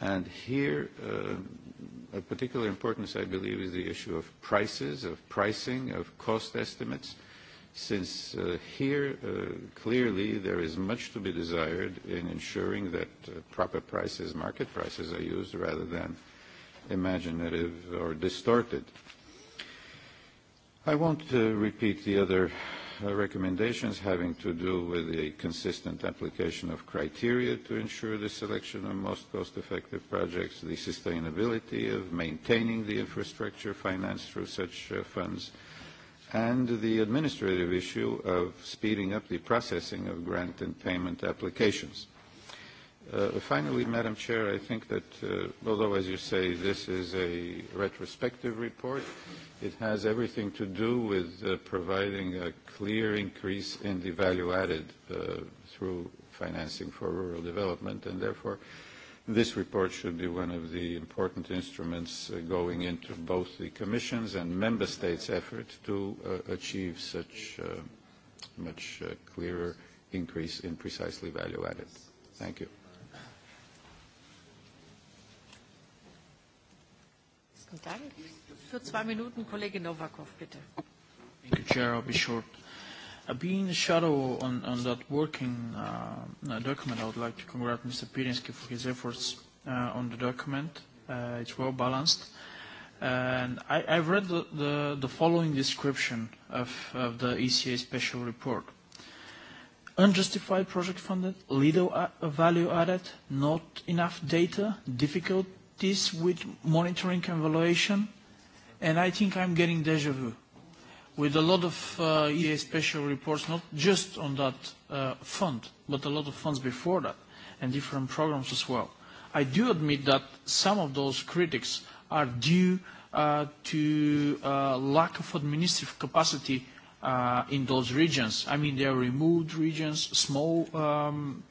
[SPEAKER 19] And here uh, Of particular importance, I believe, is the issue of prices, of pricing, of cost estimates, since uh, here uh, clearly there is much to be desired in ensuring that uh, proper prices, market prices are used rather than imaginative or distorted. I won't uh, repeat the other Uh, recommendations having to do with the consistent application of criteria to ensure the selection of most cost-effective projects, the sustainability of maintaining the infrastructure financed through such uh, funds, and the administrative issue of speeding up the processing of grant and payment applications. Uh, finally, Madam Chair, I think that, uh, although, as you say, this is a retrospective report, uh, It has everything to do with uh, providing a clear increase in the value added uh, through financing for rural development, and therefore this report should be one of the important instruments uh, going into both the Commission's and Member States' effort to uh, achieve such uh, much uh, clearer increase in precisely value added. Thank you.
[SPEAKER 1] Thank you. Für zwei Minuten Kollege Novakov, bitte.
[SPEAKER 20] Thank you, Chair. I'll be short. Uh, being a shadow on, on that working uh, uh, document, I would like to congratulate Mr. Pirinsky for his efforts uh, on the document. Uh, it's well balanced. And I, I've read the, the, the following description of, of the ECA special report. Unjustified project funded, little value added, not enough data, difficulties with monitoring and evaluation, And I think I'm getting deja vu with a lot of uh, EA special reports, not just on that uh, fund, but a lot of funds before that and different programs as well. I do admit that some of those critics are due uh, to uh, lack of administrative capacity uh, in those regions. I mean, they are removed regions, small, um,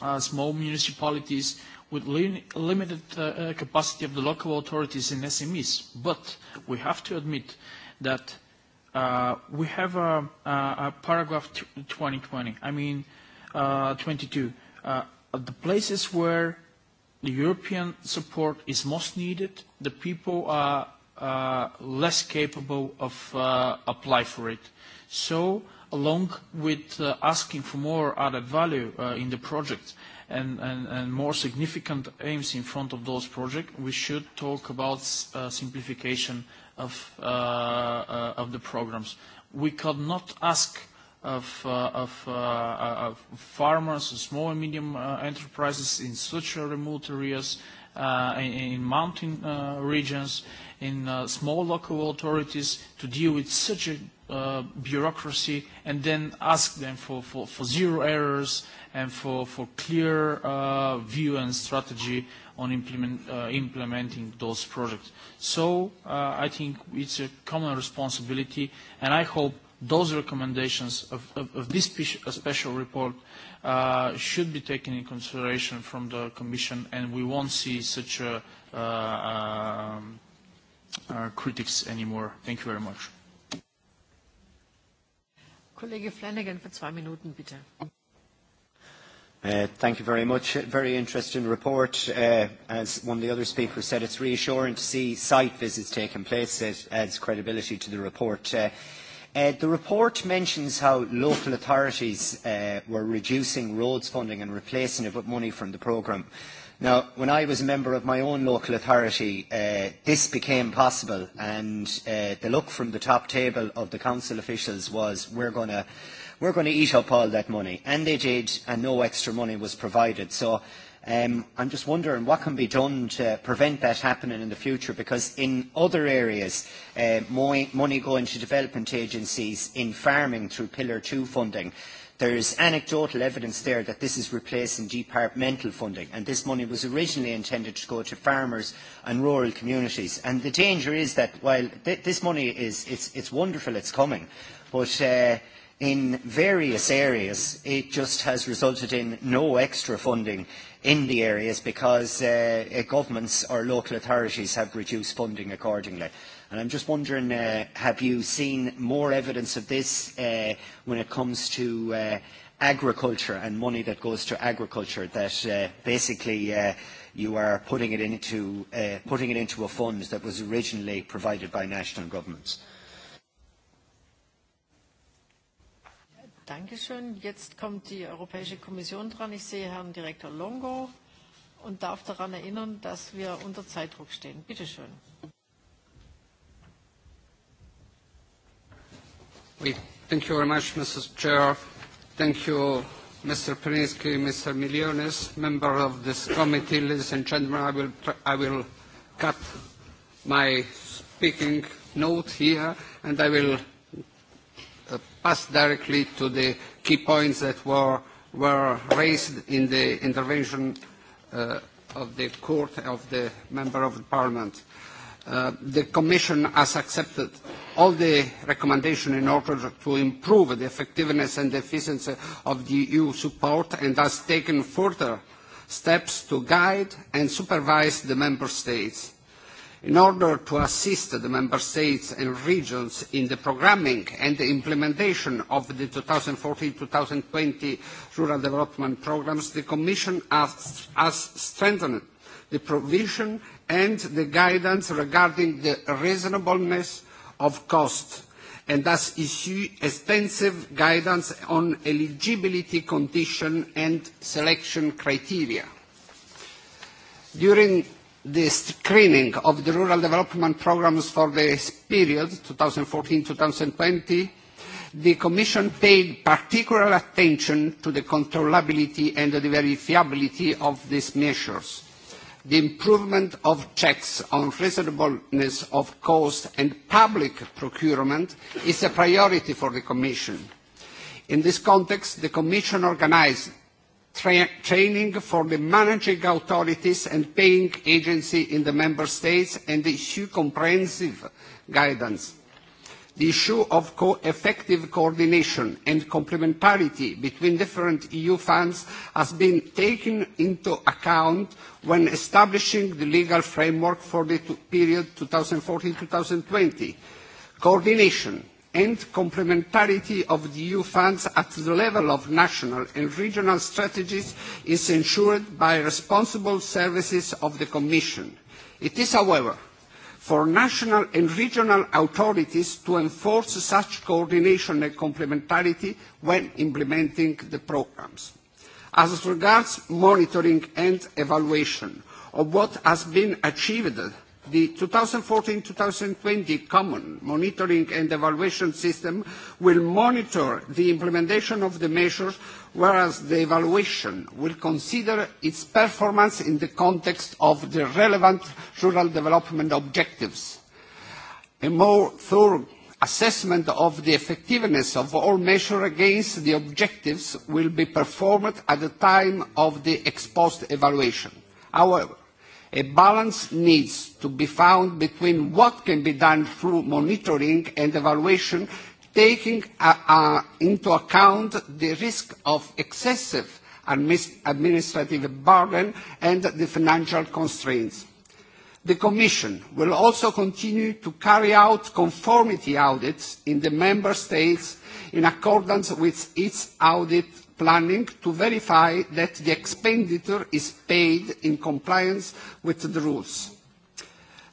[SPEAKER 20] uh, small municipalities with limited uh, uh, capacity of the local authorities and SMEs. But we have to admit that uh, we have a, a, a paragraph 2020, I mean uh, 22, uh, the places where the European support is most needed, the people are uh, less capable of uh, apply for it. So along with uh, asking for more added value uh, in the project, uh, and, and, and more significant aims in front of those projects, we should talk about uh, simplification of, uh, uh, of the programs. We could not ask of, uh, of, uh, uh of farmers, small and medium uh, enterprises in such remote areas, uh, in, in mountain uh, regions, in uh, small local authorities to deal with such a Uh, bureaucracy and then ask them for, for, for zero errors and for, for clear uh, view and strategy on implement, uh, implementing those projects. So uh, I think it's a common responsibility and I hope those recommendations of, of, of this uh, special report uh, should be taken in consideration from the Commission and we won't see such a, uh, um, uh, critics anymore. Thank you very much.
[SPEAKER 1] Kollege Flanagan für zwei Minuten, bitte.
[SPEAKER 11] Uh, thank you very much. Very interesting report. Uh, as one of the other speakers said, it's reassuring to see site visits taking place. It adds credibility to the report. Uh, Uh, the report mentions how local authorities uh, were reducing roads funding and replacing it with money from the programme. Now, when I was a member of my own local authority, uh, this became possible, and uh, the look from the top table of the council officials was, we're going to we're going to eat up all that money. And they did, and no extra money was provided. So um, I'm just wondering what can be done to prevent that happening in the future, because in other areas, uh, money going to development agencies in farming through Pillar 2 funding, There is anecdotal evidence there that this is replacing departmental funding, and this money was originally intended to go to farmers and rural communities. And the danger is that while th this money is it's, it's wonderful, it's coming, but uh, in various areas it just has resulted in no extra funding in the areas because uh, governments or local authorities have reduced funding accordingly. And I'm just wondering, uh, have you seen more evidence of this uh, when it comes to uh, agriculture and money that goes to agriculture, that uh, basically uh, you are putting it, into, uh, putting it into a fund that was originally provided by national governments?
[SPEAKER 1] Dankeschön. Jetzt kommt die Europäische Kommission dran. Ich sehe Herrn Direktor Longo und darf daran erinnern, dass wir unter Zeitdruck stehen. Bitte schön.
[SPEAKER 21] Oui. Thank you very much, Mrs. Chair. Thank you, Mr. Perinsky, Mr. Miliones, member of this committee, ladies and gentlemen. I will, I will cut my speaking note here and I will uh, pass directly to the key points that were, were raised in the intervention uh, of the court of the member of the parliament. Uh, the Commission has accepted all the recommendations in order to improve the effectiveness and efficiency of the EU support and has taken further steps to guide and supervise the Member States. In order to assist the Member States and regions in the programming and the implementation of the 2014-2020 Rural Development Programmes, the Commission has, has strengthened the provision and the guidance regarding the reasonableness of costs, and thus issue extensive guidance on eligibility condition and selection criteria. During the screening of the rural development programs for the period 2014-2020, the Commission paid particular attention to the controllability and the verifiability of these measures the improvement of checks on reasonableness of cost and public procurement is a priority for the Commission. In this context, the Commission organised tra training for the managing authorities and paying agency in the Member States and issued comprehensive guidance the issue of co effective coordination and complementarity between different EU funds has been taken into account when establishing the legal framework for the period 2014-2020. Coordination and complementarity of the EU funds at the level of national and regional strategies is ensured by responsible services of the Commission. It is, however, for national and regional authorities to enforce such coordination and complementarity when implementing the programs. As regards monitoring and evaluation of what has been achieved The 2014-2020 Common Monitoring and Evaluation System will monitor the implementation of the measures, whereas the evaluation will consider its performance in the context of the relevant rural development objectives. A more thorough assessment of the effectiveness of all measures against the objectives will be performed at the time of the ex post evaluation. However, a balance needs to be found between what can be done through monitoring and evaluation, taking uh, uh, into account the risk of excessive administrative burden and the financial constraints. The Commission will also continue to carry out conformity audits in the Member States in accordance with its audit planning to verify that the expenditure is paid in compliance with the rules.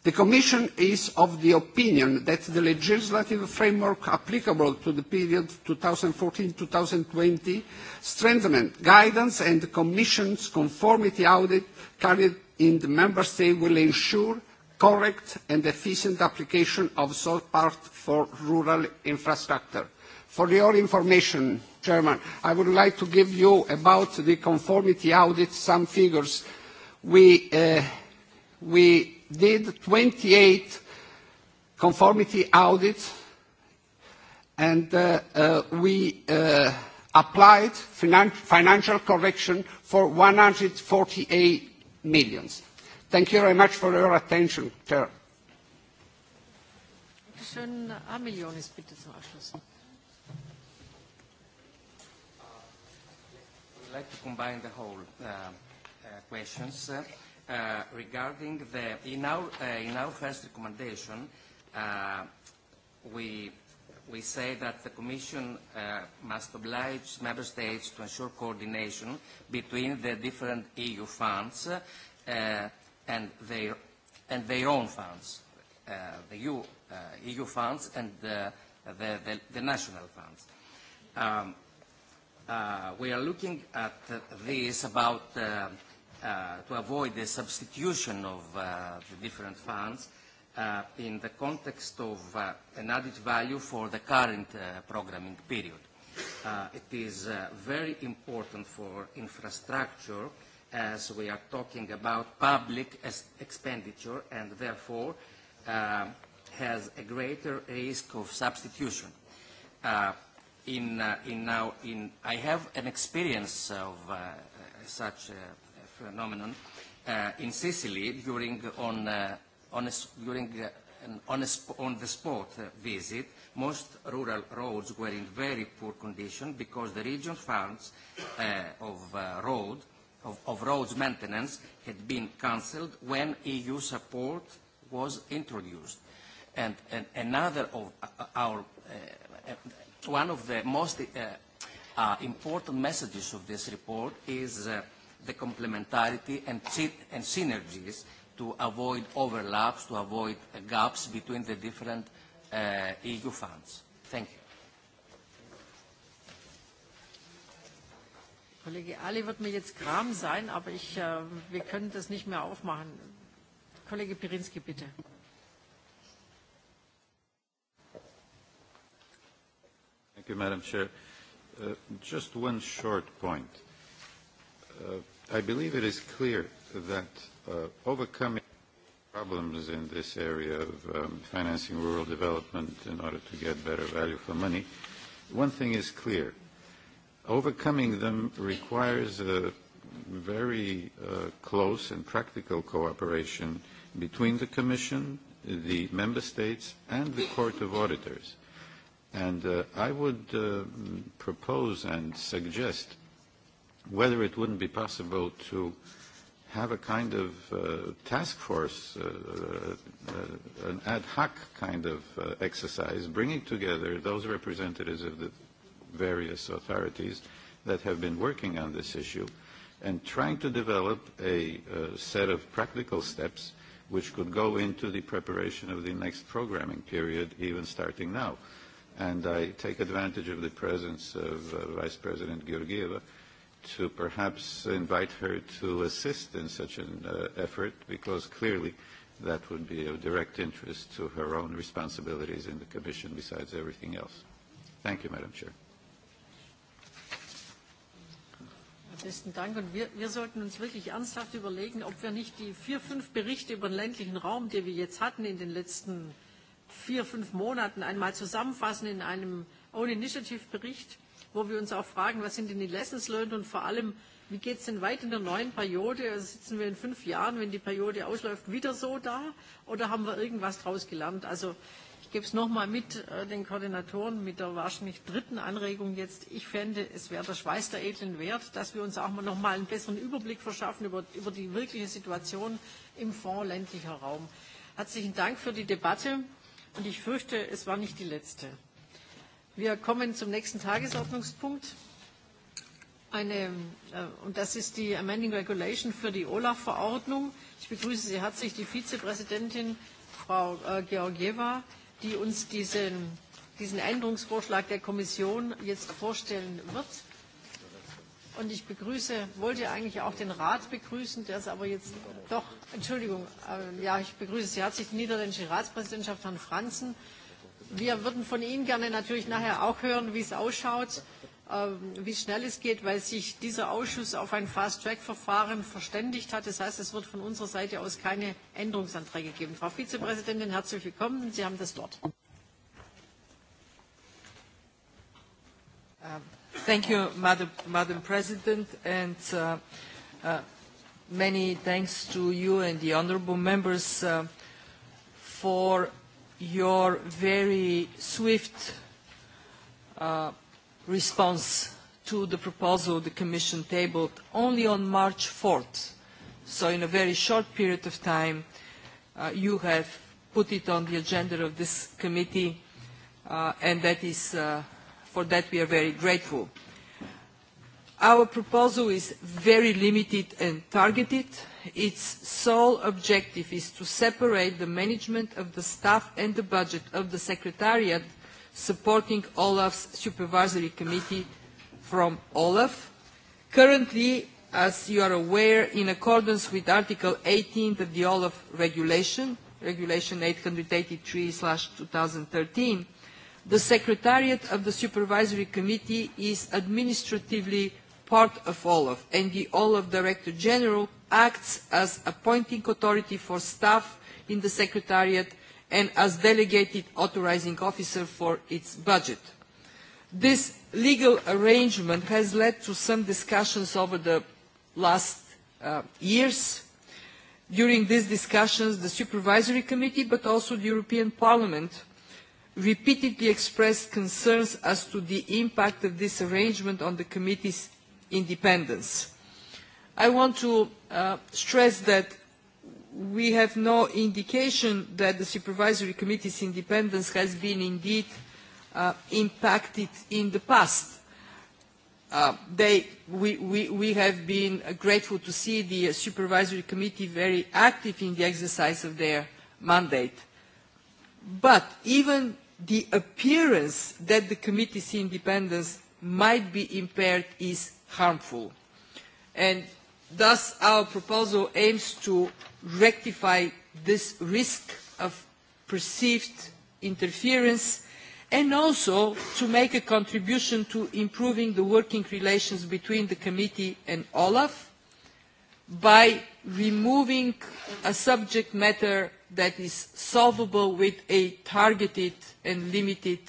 [SPEAKER 21] The Commission is of the opinion that the legislative framework applicable to the period 2014-2020 strengthened guidance and the Commission's conformity audit carried in the Member State will ensure correct and efficient application of support for rural infrastructure. For your information, Chairman, I would like to give you about the conformity audit some figures. We, uh, we did 28 conformity audits and uh, uh, we uh, applied finan financial correction for 148 millions. Thank you very much for your attention, Chair.
[SPEAKER 1] Schön, Herr bitte zum Abschluss.
[SPEAKER 18] like to combine the whole uh, uh, questions. Uh, uh, regarding the, in our, uh, in our first recommendation, uh, we, we say that the Commission uh, must oblige Member States to ensure coordination between the different EU funds uh, and, their, and their own funds, uh, the EU, uh, EU funds and the, the, the national funds. Um, uh, we are looking at this about uh, uh, to avoid the substitution of uh, the different funds uh, in the context of uh, an added value for the current uh, programming period. Uh, it is uh, very important for infrastructure as we are talking about public expenditure and therefore uh, has a greater risk of substitution. Uh, in, uh, in now in I have an experience of uh, such a phenomenon uh, in Sicily during on uh, on a, during uh, an on, a sp on the spot uh, visit most rural roads were in very poor condition because the region funds uh, of uh, road of, of roads maintenance had been cancelled when EU support was introduced and, and another of uh, our uh, one of the most uh, uh, important messages of this report is uh, the complementarity and, and synergies to avoid overlaps, to avoid uh, gaps between the different uh, EU
[SPEAKER 1] funds. Thank you. Kollege Ali wird mir jetzt Kram sein, aber ich, äh, wir können das nicht mehr aufmachen. Kollege Pirinski, bitte.
[SPEAKER 19] Thank you, Madam Chair. Uh, just one short point. Uh, I believe it is clear that uh, overcoming problems in this area of um, financing rural development in order to get better value for money, one thing is clear. Overcoming them requires a very uh, close and practical cooperation between the Commission, the Member States, and the Court of Auditors. And uh, I would uh, propose and suggest whether it wouldn't be possible to have a kind of uh, task force, uh, uh, an ad hoc kind of uh, exercise, bringing together those representatives of the various authorities that have been working on this issue and trying to develop a uh, set of practical steps which could go into the preparation of the next programming period, even starting now. Uh, And I take advantage of the presence of uh, Vice President Georgieva to perhaps invite her to assist in such an uh, effort, because clearly that would be of direct interest to her own responsibilities in the Commission besides everything else. Thank you, Madam Chair.
[SPEAKER 1] Besten Dank. Und wir, wir sollten uns wirklich ernsthaft überlegen, ob wir nicht die vier, fünf Berichte über den ländlichen Raum, die wir jetzt hatten in den letzten vier, fünf Monaten einmal zusammenfassen in einem Own Initiative Bericht, wo wir uns auch fragen, was sind denn die Lessons learned und vor allem, wie geht es denn weit in der neuen Periode? Also sitzen wir in fünf Jahren, wenn die Periode ausläuft, wieder so da oder haben wir irgendwas daraus gelernt? Also ich gebe es nochmal mit äh, den Koordinatoren, mit der wahrscheinlich dritten Anregung jetzt. Ich fände, es wäre der Schweiß der edlen Wert, dass wir uns auch mal nochmal einen besseren Überblick verschaffen über, über die wirkliche Situation im Fonds ländlicher Raum. Herzlichen Dank für die Debatte. Und ich fürchte, es war nicht die letzte. Wir kommen zum nächsten Tagesordnungspunkt. Eine, äh, und das ist die Amending Regulation für die OLAF-Verordnung. Ich begrüße Sie herzlich die Vizepräsidentin, Frau äh, Georgieva, die uns diesen, diesen Änderungsvorschlag der Kommission jetzt vorstellen wird. Und ich begrüße, wollte eigentlich auch den Rat begrüßen, der ist aber jetzt doch, Entschuldigung, äh, ja, ich begrüße sehr herzlich die niederländische Ratspräsidentschaft, Herrn Franzen. Wir würden von Ihnen gerne natürlich nachher auch hören, wie es ausschaut, äh, wie schnell es geht, weil sich dieser Ausschuss auf ein Fast-Track-Verfahren verständigt hat. Das heißt, es wird von unserer Seite aus keine Änderungsanträge geben. Frau Vizepräsidentin, herzlich willkommen. Sie haben das Wort.
[SPEAKER 22] Ähm, Thank you, Madam, Madam President, and uh, uh, many thanks to you and the honourable members uh, for your very swift uh, response to the proposal the Commission tabled only on March 4th. So in a very short period of time, uh, you have put it on the agenda of this committee, uh, and that is uh, For that we are very grateful. Our proposal is very limited and targeted. Its sole objective is to separate the management of the staff and the budget of the Secretariat supporting Olaf's Supervisory Committee from Olaf. Currently, as you are aware, in accordance with Article 18 of the Olaf Regulation, Regulation 883/2013, The Secretariat of the Supervisory Committee is administratively part of OLAF and the OLAF Director General acts as appointing authority for staff in the Secretariat and as delegated authorizing officer for its budget. This legal arrangement has led to some discussions over the last uh, years. During these discussions, the Supervisory Committee, but also the European Parliament, repeatedly expressed concerns as to the impact of this arrangement on the committee's independence. I want to uh, stress that we have no indication that the Supervisory Committee's independence has been indeed uh, impacted in the past. Uh, they, we, we, we have been grateful to see the Supervisory Committee very active in the exercise of their mandate. But even the appearance that the committee's independence might be impaired is harmful. And thus our proposal aims to rectify this risk of perceived interference and also to make a contribution to improving the working relations between the committee and Olaf by removing a subject matter that is solvable with a targeted and limited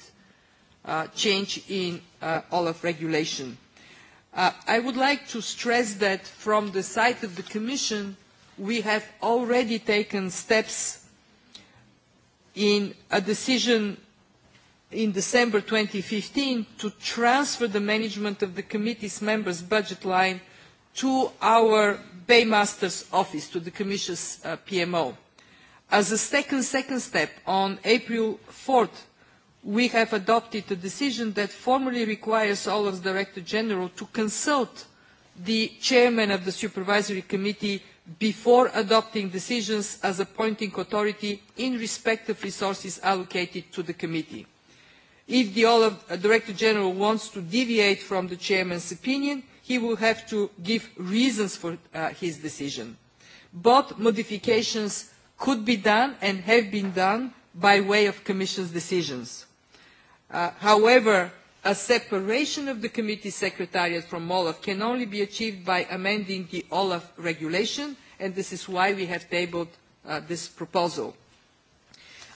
[SPEAKER 22] uh, change in uh, all of regulation. Uh, I would like to stress that from the side of the Commission, we have already taken steps in a decision in December 2015 to transfer the management of the committee's members' budget line to our Baymaster's office, to the Commission's uh, PMO. As a second, second step, on April 4th, we have adopted a decision that formally requires Olaf's Director General to consult the chairman of the Supervisory Committee before adopting decisions as appointing authority in respect of resources allocated to the committee. If the Olaf uh, Director General wants to deviate from the chairman's opinion, he will have to give reasons for uh, his decision. Both modifications could be done and have been done by way of Commission's decisions. Uh, however, a separation of the committee secretariat from olaf can only be achieved by amending the olaf regulation and this is why we have tabled uh, this proposal.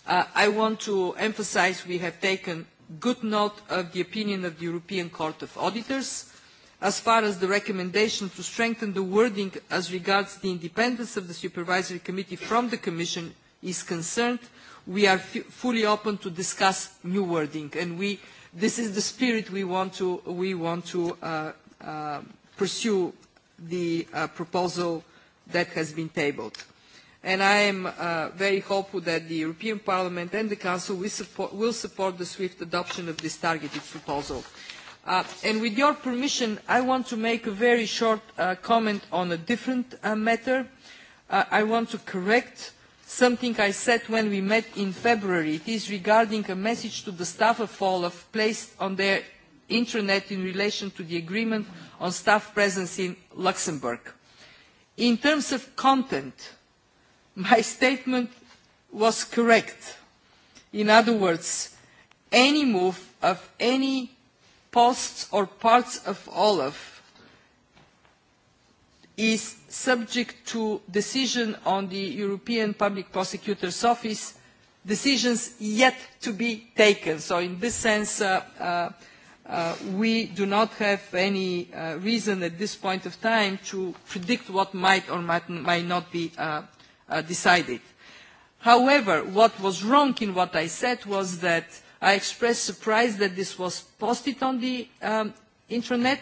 [SPEAKER 22] Uh, i want to emphasise we have taken good note of the opinion of the european court of auditors as far as the recommendation to strengthen the wording as regards the independence of the Supervisory Committee from the Commission is concerned, we are f fully open to discuss new wording. And we, this is the spirit we want to, we want to uh, uh, pursue the uh, proposal that has been tabled. And I am uh, very hopeful that the European Parliament and the Council will support, will support the swift adoption of this targeted proposal. Uh, and with your permission, I want to make a very short uh, comment on a different uh, matter. Uh, I want to correct something I said when we met in February. It is regarding a message to the staff of Olaf placed on their intranet in relation to the agreement on staff presence in Luxembourg. In terms of content, my statement was correct. In other words, any move of any posts or parts of Olaf is subject to decision on the European Public Prosecutor's Office, decisions yet to be taken. So in this sense, uh, uh, uh, we do not have any uh, reason at this point of time to predict what might or might, might not be uh, uh, decided. However, what was wrong in what I said was that I expressed surprise that this was posted on the um, internet.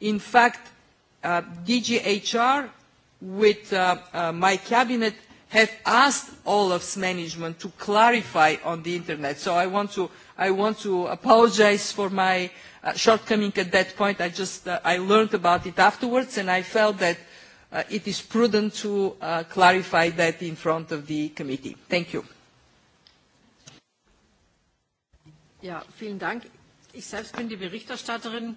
[SPEAKER 22] In fact, uh, DGHR with uh, uh, my cabinet have asked Olaf's management to clarify on the internet. So I want to, I want to apologize for my uh, shortcoming at that point. I just, uh, I learned about it afterwards and I felt that uh, it is prudent to uh, clarify that in front of the committee. Thank you.
[SPEAKER 1] Ja, vielen Dank. Ich selbst bin die Berichterstatterin.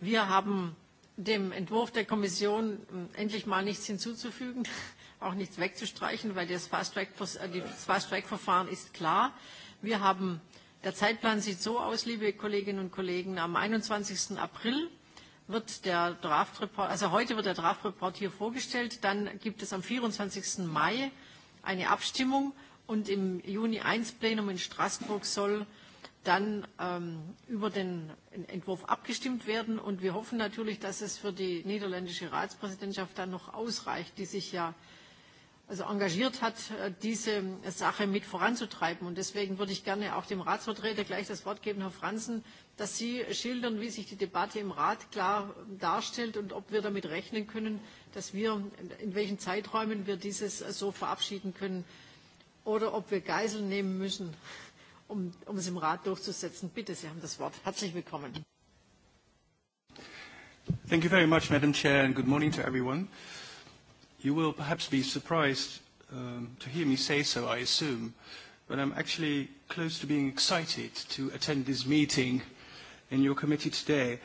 [SPEAKER 1] Wir haben dem Entwurf der Kommission hm, endlich mal nichts hinzuzufügen, auch nichts wegzustreichen, weil das Fast-Track-Verfahren äh, ist klar. Wir haben, der Zeitplan sieht so aus, liebe Kolleginnen und Kollegen, am 21. April wird der Draft Report, also heute wird der Draft Report hier vorgestellt, dann gibt es am 24. Mai eine Abstimmung und im Juni 1 Plenum in Straßburg soll äh, dann ähm, über den Entwurf abgestimmt werden. Und wir hoffen natürlich, dass es für die niederländische Ratspräsidentschaft dann noch ausreicht, die sich ja also engagiert hat, äh, diese Sache mit voranzutreiben. Und deswegen würde ich gerne auch dem Ratsvertreter gleich das Wort geben, Herr Franzen, dass Sie schildern, wie sich die Debatte im Rat klar darstellt und ob wir damit rechnen können, dass wir, in welchen Zeiträumen wir dieses so verabschieden können oder ob wir Geiseln nehmen müssen um, um es im Rat durchzusetzen. Bitte, Sie haben das Wort. Herzlich willkommen.
[SPEAKER 23] Thank you very much, Madam Chair, and good morning to everyone. You will perhaps be surprised um, to hear me say so, I assume, but I'm actually close to being excited to attend this meeting in your committee today.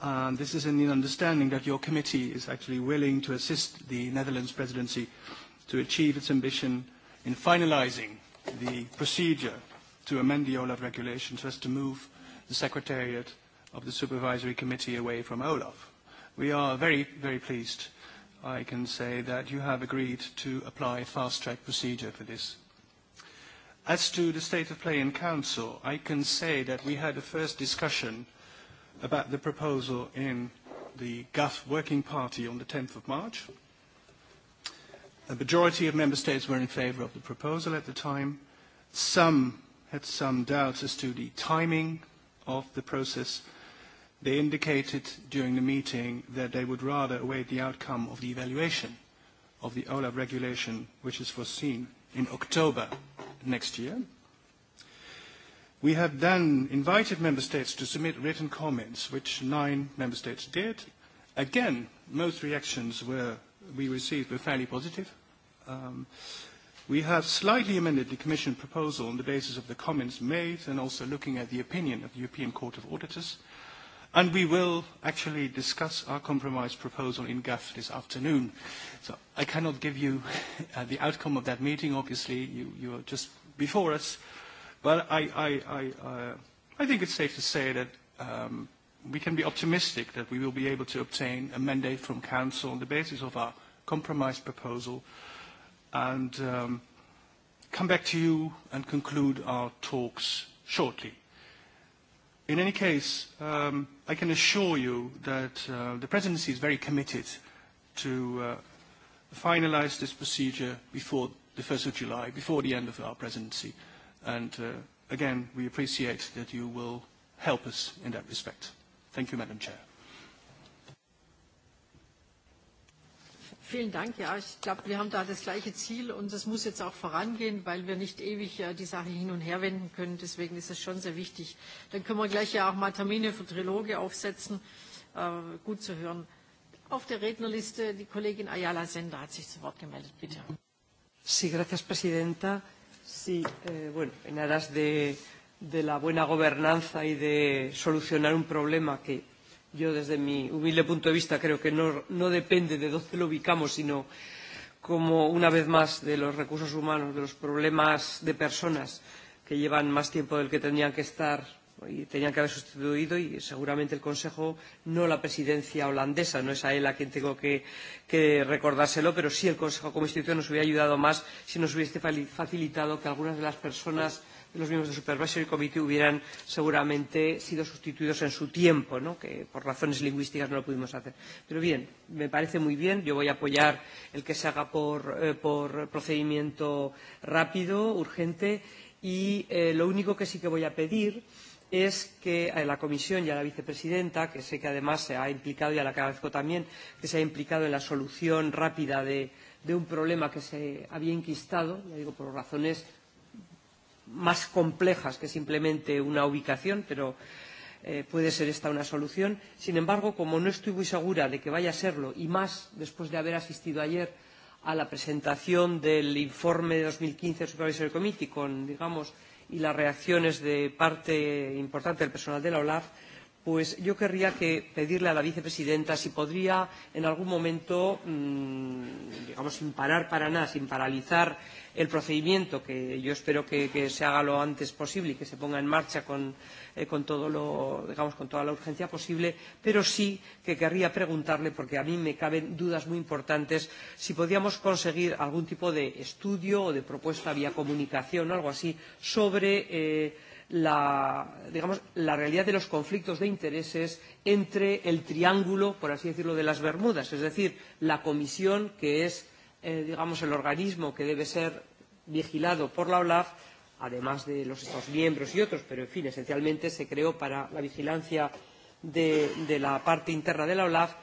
[SPEAKER 23] Um, this is in the understanding that your committee is actually willing to assist the Netherlands presidency to achieve its ambition in finalizing the procedure to amend the OLAF regulation so as to move the Secretariat of the Supervisory Committee away from OLAF. We are very, very pleased, I can say, that you have agreed to apply fast-track procedure for this. As to the state of play in Council, I can say that we had a first discussion about the proposal in the GAF Working Party on the 10th of March. A majority of member states were in favour of the proposal at the time. Some had some doubts as to the timing of the process. They indicated during the meeting that they would rather await the outcome of the evaluation of the OLAP regulation, which is foreseen in October next year. We have then invited member states to submit written comments, which nine member states did. Again, most reactions were, we received were fairly positive. Um, We have slightly amended the Commission proposal on the basis of the comments made and also looking at the opinion of the European Court of Auditors. And we will actually discuss our compromise proposal in GAF this afternoon. So I cannot give you uh, the outcome of that meeting, obviously. You, you are just before us. But I, I, I, uh, I think it's safe to say that um, we can be optimistic that we will be able to obtain a mandate from Council on the basis of our compromise proposal and um, come back to you and conclude our talks shortly. In any case, um, I can assure you that uh, the presidency is very committed to uh, finalize this procedure before the 1st of July, before the end of our presidency. And uh, again, we appreciate that you will help us in that respect. Thank you, Madam Chair.
[SPEAKER 1] Vielen Dank. Ja, ich glaube, wir haben da das gleiche Ziel und das muss jetzt auch vorangehen, weil wir nicht ewig äh, die Sache hin und her wenden können. Deswegen ist es schon sehr wichtig. Dann können wir gleich ja auch mal Termine für Triloge aufsetzen. Äh, gut zu hören. Auf der Rednerliste die Kollegin Ayala Sender hat sich zu Wort gemeldet. Bitte.
[SPEAKER 4] Sí, gracias, Presidenta. Sí, eh, bueno, en aras de, de la buena gobernanza y de solucionar un problema que Yo, desde mi humilde punto de vista, creo que no, no depende de dónde lo ubicamos, sino como una vez más de los recursos humanos, de los problemas de personas que llevan más tiempo del que tendrían que estar y tenían que haber sustituido y seguramente el Consejo, no la presidencia holandesa, no es a él a quien tengo que, que recordárselo, pero sí el Consejo como institución nos hubiera ayudado más si nos hubiese facilitado que algunas de las personas de los miembros de Supervisory Committee hubieran seguramente sido sustituidos en su tiempo, ¿no? que por razones lingüísticas no lo pudimos hacer. Pero bien, me parece muy bien. Yo voy a apoyar el que se haga por, eh, por procedimiento rápido, urgente, y eh, lo único que sí que voy a pedir es que a eh, la comisión y a la vicepresidenta, que sé que además se ha implicado y a la que agradezco también que se ha implicado en la solución rápida de, de un problema que se había inquistado, ya digo, por razones más complejas que simplemente una ubicación, pero eh, puede ser esta una solución. Sin embargo, como no estoy muy segura de que vaya a serlo, y más después de haber asistido ayer a la presentación del informe de 2015 del Supervisory Committee con, digamos, y las reacciones de parte importante del personal de la OLAF, eh, pues yo querría que pedirle a la vicepresidenta si podría en algún momento, mm, digamos, sin parar para nada, sin paralizar el procedimiento, que yo espero que, que se haga lo antes posible y que se ponga en marcha con, eh, con, todo lo, digamos, con toda la urgencia posible, pero sí que querría preguntarle, porque a mí me caben dudas muy importantes, si podríamos conseguir algún tipo de estudio o de propuesta vía comunicación o algo así sobre. Eh, la, digamos, la realidad de los conflictos de intereses entre el triángulo, por así decirlo, de las Bermudas, es decir, la comisión, que es eh, digamos, el organismo que debe ser vigilado por la OLAF, además de los Estados miembros y otros, pero en fin, esencialmente se creó para la vigilancia de, de la parte interna de la OLAF,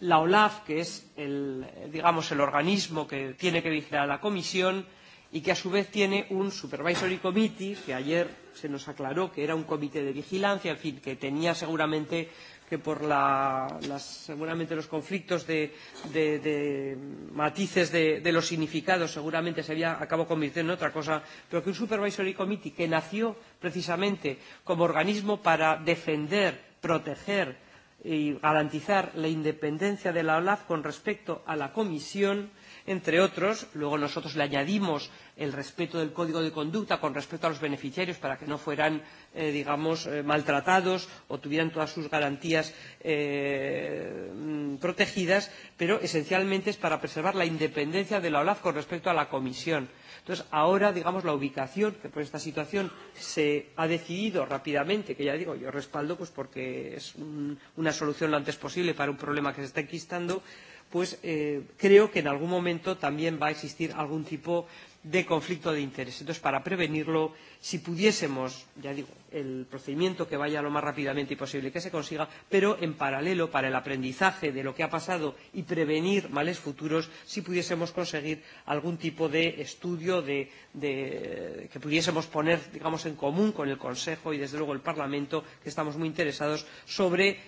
[SPEAKER 4] la OLAF, que es el, digamos, el organismo que tiene que vigilar a la Comisión y que a su vez tiene un Supervisory Committee, que ayer se nos aclaró que era un comité de vigilancia, en fin, que tenía seguramente que por la, las, seguramente los conflictos de, de, de matices de, de los significados seguramente se había acabado convirtiendo en otra cosa, pero que un Supervisory Committee que nació precisamente como organismo para defender, proteger y garantizar la independencia de la OLAF con respecto a la Comisión, entre otros, luego nosotros le añadimos el respeto del código de conducta con respecto a los beneficiarios para que no fueran, eh, digamos, eh, maltratados o tuvieran todas sus garantías eh, mm, protegidas, pero esencialmente es para preservar la independencia de la OLAF con respecto a la Comisión. Entonces, ahora, digamos, la ubicación, que por esta situación se ha decidido rápidamente, que ya digo, yo respaldo, pues porque es un, una solución lo antes posible para un problema que se está enquistando, pues eh, creo que en algún momento también va a existir algún tipo de conflicto de interés. Entonces, para prevenirlo, si pudiésemos, ya digo, el procedimiento que vaya lo más rápidamente posible que se consiga, pero en paralelo, para el aprendizaje de lo que ha pasado y prevenir males futuros, si pudiésemos conseguir algún tipo de estudio de, de, que pudiésemos poner, digamos, en común con el Consejo y, desde luego, el Parlamento, que estamos muy interesados, sobre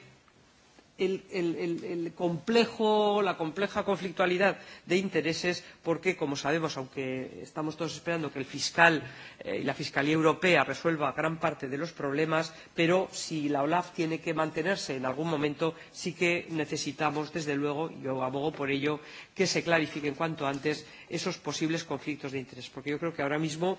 [SPEAKER 4] el, el, el, el complejo, la compleja conflictualidad de intereses, porque, como sabemos, aunque estamos todos esperando que el fiscal eh, y eh, la Fiscalía Europea resuelva gran parte de los problemas, pero si la OLAF tiene que mantenerse en algún momento, sí que necesitamos, desde luego, y yo abogo por ello, que se clarifiquen cuanto antes esos posibles conflictos de interés, porque yo creo que ahora mismo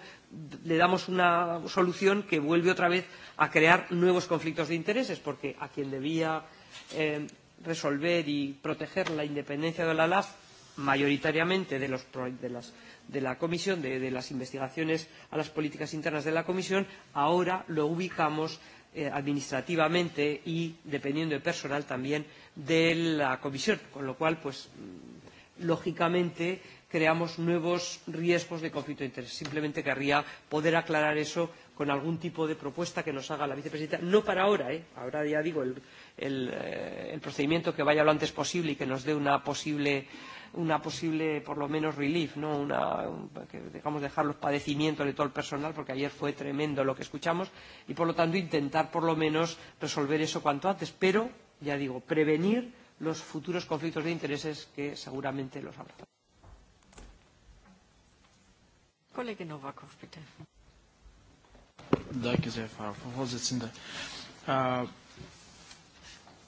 [SPEAKER 4] le damos una solución que vuelve otra vez a crear nuevos conflictos de intereses, porque a quien debía eh, resolver y proteger la independencia de la LAF, mayoritariamente de, los, de, las, de la Comisión, de, de las investigaciones a las políticas internas de la Comisión, ahora lo ubicamos eh, administrativamente y, dependiendo de personal, también de la Comisión, con lo cual, pues, mm, lógicamente, creamos nuevos riesgos de conflicto de interés. Simplemente querría poder aclarar eso con algún tipo de propuesta que nos haga la vicepresidenta, no para ahora, ¿eh? ahora ya digo, el, el, eh, el procedimiento que vaya lo antes posible y que nos dé una posible una posible, por lo menos, relief, ¿no? una, un, que dejamos dejar los padecimientos de todo el personal, porque ayer fue tremendo lo que escuchamos, y por lo tanto intentar, por lo menos, resolver eso cuanto antes, pero, ya digo, prevenir los futuros conflictos de intereses que seguramente los habrá.
[SPEAKER 1] Kollege Novakov, bitte.
[SPEAKER 20] Danke sehr, Frau Vorsitzende. Äh,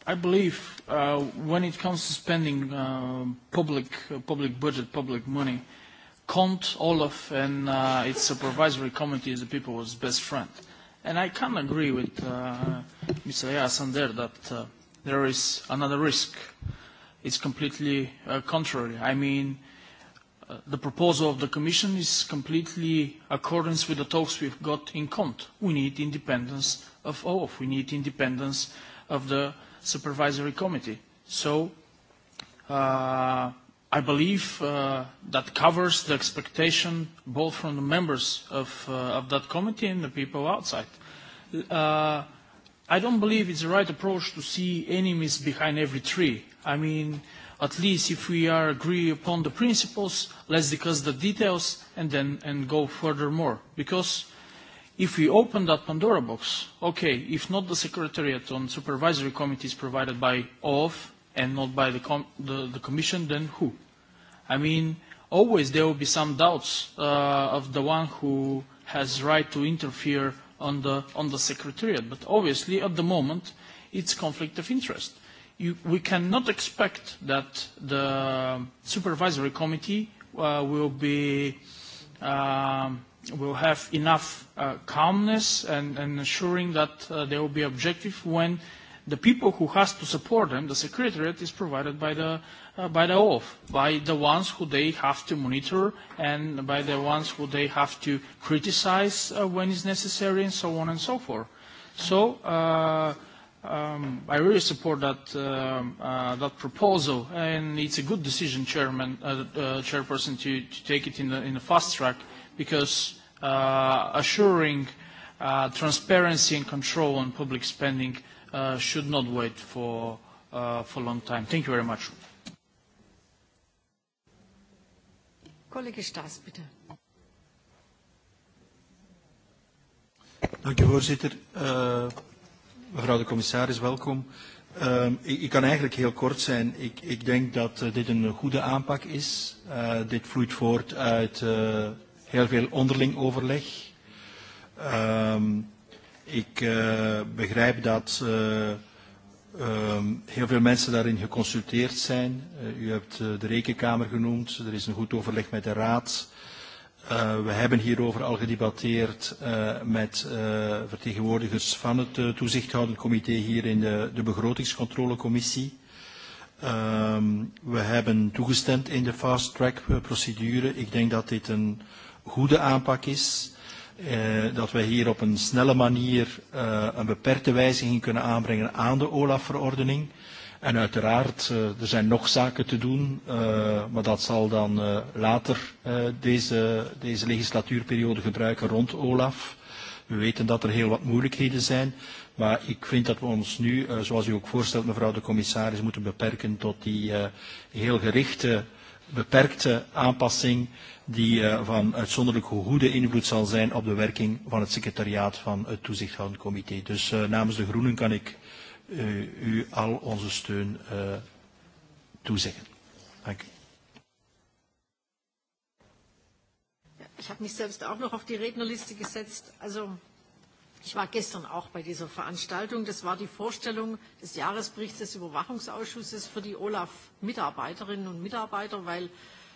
[SPEAKER 20] I believe uh, when it comes to spending uh, public, uh, public budget, public money, Comte, Olaf, and uh, its supervisory committee is the people's best friend. And I can agree with uh, Mr. Yasander that uh, there is another risk. It's completely uh, contrary. I mean, uh, the proposal of the Commission is completely accordance with the talks we've got in Comte. We need independence of Olaf. We need independence of the supervisory committee. So uh, I believe uh, that covers the expectation both from the members of, uh, of that committee and the people outside. Uh, I don't believe it's the right approach to see enemies behind every tree. I mean, at least if we are agree upon the principles, let's discuss the details and then and go furthermore. Because uh, If we open that Pandora box, okay, if not the Secretariat on Supervisory Committees provided by OF and not by the, com the, the Commission, then who? I mean, always there will be some doubts uh, of the one who has right to interfere on the, on the Secretariat. But obviously, at the moment, it's conflict of interest. You, we cannot expect that the Supervisory Committee uh, will be... Um, uh, will have enough uh, calmness and, and ensuring that uh, they will be objective when the people who has to support them, the secretariat, is provided by the, uh, by the OAF, by the ones who they have to monitor and by the ones who they have to criticize uh, when it's necessary and so on and so forth. So uh, um, I really support that, uh, uh, that proposal and it's a good decision, Chairman, uh, uh, Chairperson, to, to take it in the, in the fast track. Uh, because uh, assuring uh, transparency and control on public spending uh, should not wait for, uh, for a long time. Thank you very much.
[SPEAKER 1] Kollege Staes, bitte.
[SPEAKER 24] Dank u voorzitter. Uh, mevrouw de commissaris, welkom. Uh, ik, ik kan eigenlijk heel kort zijn. Ik, ik denk dat uh, dit een goede aanpak is. Uh, dit vloeit voort uit uh, heel veel onderling overleg. Um, ik uh, begrijp dat uh, um, heel veel mensen daarin geconsulteerd zijn. Uh, u hebt uh, de rekenkamer genoemd. Er is een goed overleg met de raad. Uh, we hebben hierover al gedebatteerd uh, met uh, vertegenwoordigers van het uh, toezichthoudend comité hier in de, de begrotingscontrolecommissie. Um, we hebben toegestemd in de fast track procedure. Ik denk dat dit een uh, goede aanpak is. Eh, dat wij hier op een snelle manier eh, een beperkte wijziging kunnen aanbrengen aan de OLAF-verordening. En uiteraard, eh, er zijn nog zaken te doen, eh, maar dat zal dan eh, later eh, deze, deze legislatuurperiode gebruiken rond OLAF. We weten dat er heel wat moeilijkheden zijn, maar ik vind dat we ons nu, eh, zoals u ook voorstelt mevrouw de commissaris, moeten beperken tot die eh, heel gerichte beperkte aanpassing die uh, van uitzonderlijk goede invloed zal zijn op de werking van het secretariaat van het toezichthoudend comité. Dus uh, namens de Groenen kan ik uh, u al onze steun uh, toezeggen. Dank u.
[SPEAKER 1] Ich habe mich selbst auch noch die Rednerliste gesetzt. Also Ich war gestern auch bei dieser Veranstaltung. Das war die Vorstellung des Jahresberichts des Überwachungsausschusses für die OLAF-Mitarbeiterinnen und Mitarbeiter, weil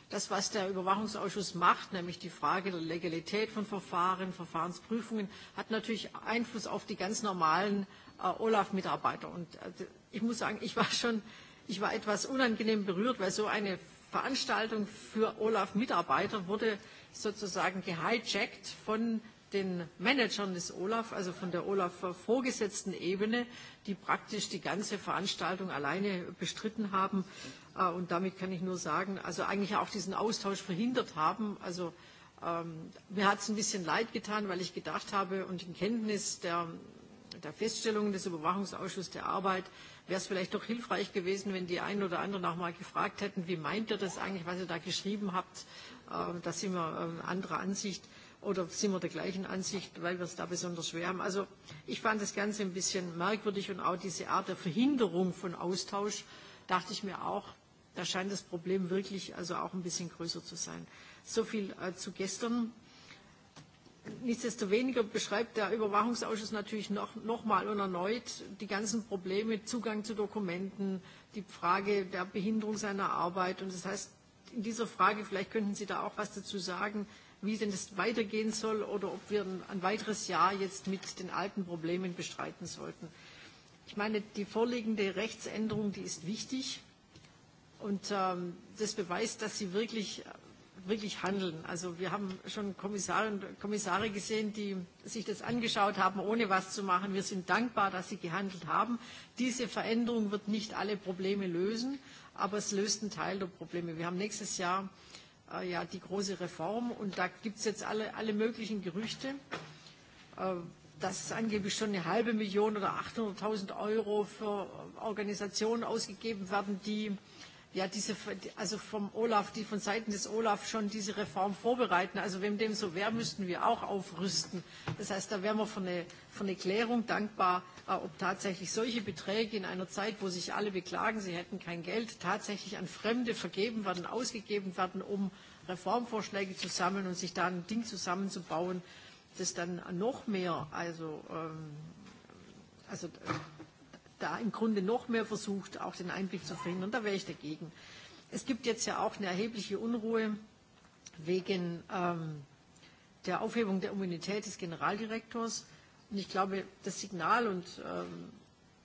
[SPEAKER 1] das, was der Überwachungsausschuss macht, nämlich die Frage der Legalität von Verfahren, Verfahrensprüfungen, hat natürlich Einfluss auf die ganz normalen äh, OLAF-Mitarbeiter. Und äh, ich muss sagen, ich war schon, ich war etwas unangenehm berührt, weil so eine Veranstaltung für OLAF-Mitarbeiter wurde sozusagen gehijackt von den Managern des Olaf, also von der Olaf vorgesetzten Ebene, die praktisch die ganze Veranstaltung alleine bestritten haben. Äh, und damit kann ich nur sagen, also eigentlich auch diesen Austausch verhindert haben. Also ähm, mir hat es ein bisschen leid getan, weil ich gedacht habe und in Kenntnis der, der Feststellungen des Überwachungsausschusses der Arbeit wäre es vielleicht doch hilfreich gewesen, wenn die einen oder anderen auch mal gefragt hätten, wie meint ihr das eigentlich, was ihr da geschrieben habt. Äh, da sind wir äh, anderer Ansicht. Oder sind wir der gleichen Ansicht, weil wir es da besonders schwer haben? Also ich fand das Ganze ein bisschen merkwürdig und auch diese Art der Verhinderung von Austausch dachte ich mir auch, da scheint das Problem wirklich also auch ein bisschen größer zu sein. So viel äh, zu gestern. Nichtsdestoweniger beschreibt der Überwachungsausschuss natürlich noch, noch mal und erneut die ganzen Probleme, Zugang zu Dokumenten, die Frage der Behinderung seiner Arbeit. Und das heißt, in dieser Frage, vielleicht könnten Sie da auch was dazu sagen, wie denn das weitergehen soll oder ob wir ein weiteres Jahr jetzt mit den alten Problemen bestreiten sollten. Ich meine, die vorliegende Rechtsänderung, die ist wichtig und ähm, das beweist, dass sie wirklich wirklich handeln. Also wir haben schon Kommissare, und Kommissare gesehen, die sich das angeschaut haben, ohne was zu machen. Wir sind dankbar, dass sie gehandelt haben. Diese Veränderung wird nicht alle Probleme lösen, aber es löst einen Teil der Probleme. Wir haben nächstes Jahr äh, ja, die große Reform. Und da gibt es jetzt alle, alle möglichen Gerüchte, äh, dass angeblich schon eine halbe Million oder 800.000 Euro für äh, Organisationen ausgegeben werden, die äh, ja, diese, also vom Olaf, die von Seiten des Olaf schon diese Reform vorbereiten. Also wenn dem so wäre, müssten wir auch aufrüsten. Das heißt, da wären wir von eine, von eine Klärung dankbar, äh, ob tatsächlich solche Beträge in einer Zeit, wo sich alle beklagen, sie hätten kein Geld, tatsächlich an Fremde vergeben werden, ausgegeben werden, um Reformvorschläge zu sammeln und sich da ein Ding zusammenzubauen, das dann noch mehr, also, ähm, also äh, da im Grunde noch mehr versucht, auch den Einblick zu verhindern. Da wäre ich dagegen. Es gibt jetzt ja auch eine erhebliche Unruhe wegen ähm, der Aufhebung der Immunität des Generaldirektors. Und ich glaube, das Signal, und ähm,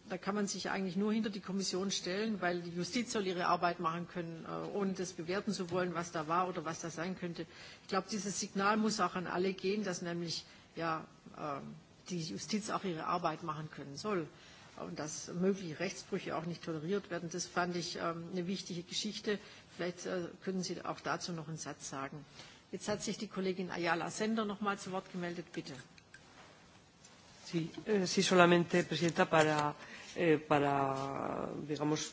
[SPEAKER 1] da kann man sich eigentlich nur hinter die Kommission stellen, weil die Justiz soll ihre Arbeit machen können, äh, ohne das bewerten zu wollen, was da war oder was da sein könnte. Ich glaube, dieses Signal muss auch an alle gehen, dass nämlich ja, äh, die Justiz auch ihre Arbeit machen können soll und dass mögliche Rechtsbrüche auch nicht toleriert werden. Das fand ich ähm, eine wichtige Geschichte. Vielleicht äh, können Sie auch dazu noch einen Satz sagen. Jetzt hat sich die Kollegin Ayala Sender noch mal zu Wort gemeldet. Bitte.
[SPEAKER 4] Sí, eh, sí solamente, Presidenta, para eh, para, digamos,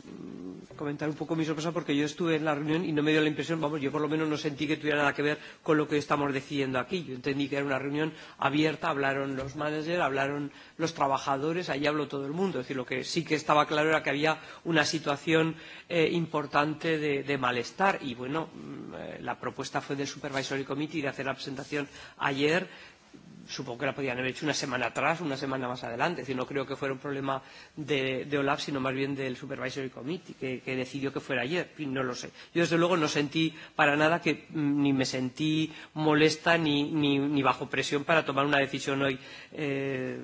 [SPEAKER 4] comentar un poco mi sorpresa, porque yo estuve en la reunión y no me dio la impresión, vamos, yo por lo menos no sentí que tuviera nada que ver con lo que estamos decidiendo aquí. Yo entendí que era una reunión abierta, hablaron los managers, hablaron los trabajadores, allí habló todo el mundo. Es decir, lo que sí que estaba claro era que había una situación eh, importante de, de malestar. Y bueno, mm, eh, la propuesta fue del Supervisory Committee de hacer la presentación ayer supongo que la podían haber hecho una semana atrás, una semana más adelante. Es decir, no creo que fuera un problema de, de OLAF, sino más bien del Supervisory Committee, que, que decidió que fuera ayer. En no lo sé. Yo, desde luego, no sentí para nada que mm, ni me sentí molesta ni, ni, ni bajo presión para tomar una decisión hoy eh,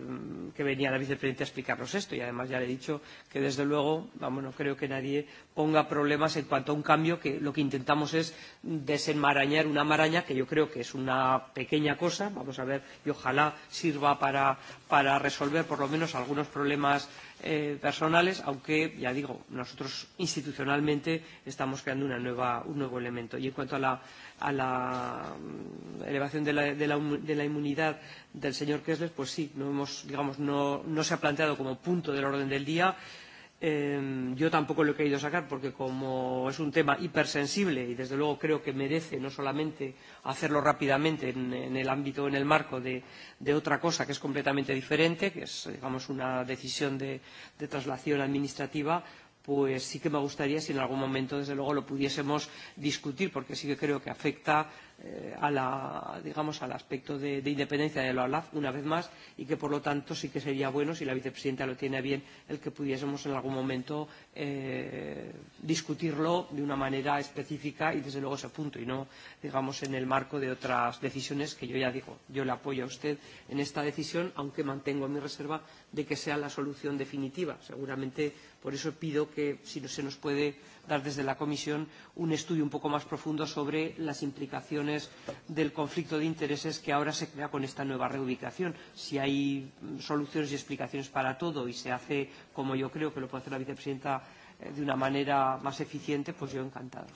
[SPEAKER 4] que venía la vicepresidenta a explicarnos esto. Y además ya le he dicho que, desde luego, vamos, no creo que nadie ponga problemas en cuanto a un cambio que lo que intentamos es desenmarañar una maraña que yo creo que es una pequeña cosa. Vamos a ver, yo ojalá sirva para, para resolver por lo menos algunos problemas eh, personales, aunque, ya digo, nosotros institucionalmente estamos creando una nueva, un nuevo elemento. Y en cuanto a la, a la mm, elevación de la, de, la, de la inmunidad del señor Kessler, pues sí, no, hemos, digamos, no, no se ha planteado como punto del orden del día. Eh, Eh, yo tampoco lo he querido sacar porque como es un tema hipersensible y desde luego creo que merece no solamente hacerlo rápidamente en, en el ámbito, en el marco de, de otra cosa que es completamente diferente, que es digamos una decisión de, de traslación administrativa, pues sí que me gustaría si en algún momento desde luego lo pudiésemos discutir porque sí que creo que afecta eh, a la, digamos, al aspecto de, de independencia de la OLAF una vez más y que por lo tanto sí que sería bueno si la vicepresidenta lo tiene bien el que pudiésemos en algún momento eh, discutirlo de una manera específica y desde luego ese punto y no digamos en el marco de otras decisiones que yo ya digo yo le apoyo a usted en esta decisión aunque mantengo mi reserva de que sea la solución definitiva seguramente por eso pido que si no se nos puede dar desde la Comisión un estudio un poco más profundo sobre las implicaciones del conflicto de intereses que ahora se crea con esta nueva reubicación. Si hay soluciones y explicaciones para todo y se hace como yo creo que lo puede hacer la vicepresidenta eh, de una manera más eficiente, pues yo encantado.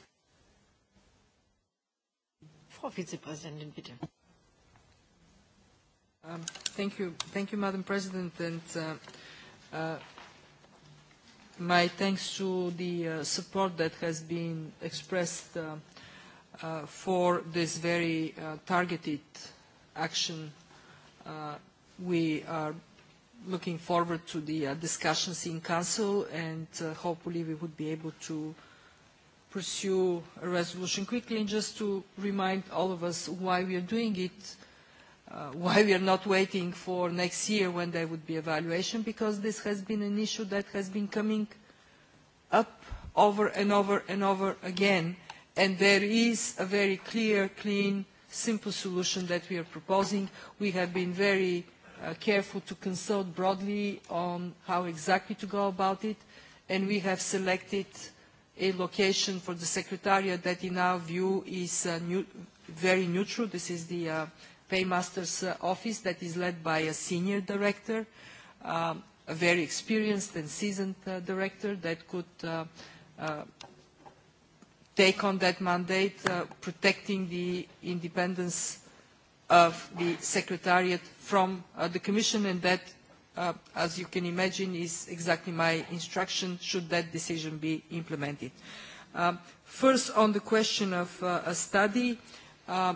[SPEAKER 22] Frau Vizepräsidentin, bitte. Um, thank you, thank you, Madam President, and uh, uh, my thanks to the uh, support that has been expressed uh, uh, for this very uh, targeted action. Uh, we are looking forward to the uh, discussions in Council and uh, hopefully we would be able to pursue a resolution quickly. And just to remind all of us why we are doing it, Uh, why we are not waiting for next year when there would be evaluation, because this has been an issue that has been coming up over and over and over again. And there is a very clear, clean, simple solution that we are proposing. We have been very uh, careful to consult broadly on how exactly to go about it, and we have selected a location for the Secretariat that in our view is uh, new, very neutral. This is the uh, Paymaster's uh, Office that is led by a senior director, uh, a very experienced and seasoned uh, director that could uh, uh, take on that mandate, uh, protecting the independence of the Secretariat from uh, the Commission, and that, uh, as you can imagine, is exactly my instruction should that decision be implemented. Uh, first, on the question of uh, a study, uh,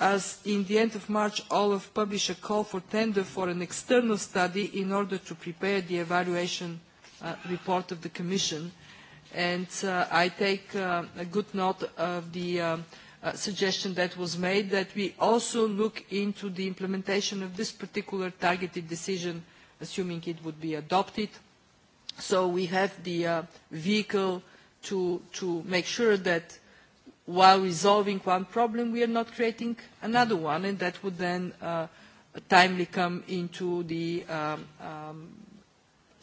[SPEAKER 22] as in the end of March, Olaf published a call for tender for an external study in order to prepare the evaluation uh, report of the Commission. And uh, I take uh, a good note of the uh, uh, suggestion that was made that we also look into the implementation of this particular targeted decision, assuming it would be adopted. So we have the uh, vehicle to, to make sure that while resolving one problem, we are not creating another one, and that would then uh, timely come into the um, um,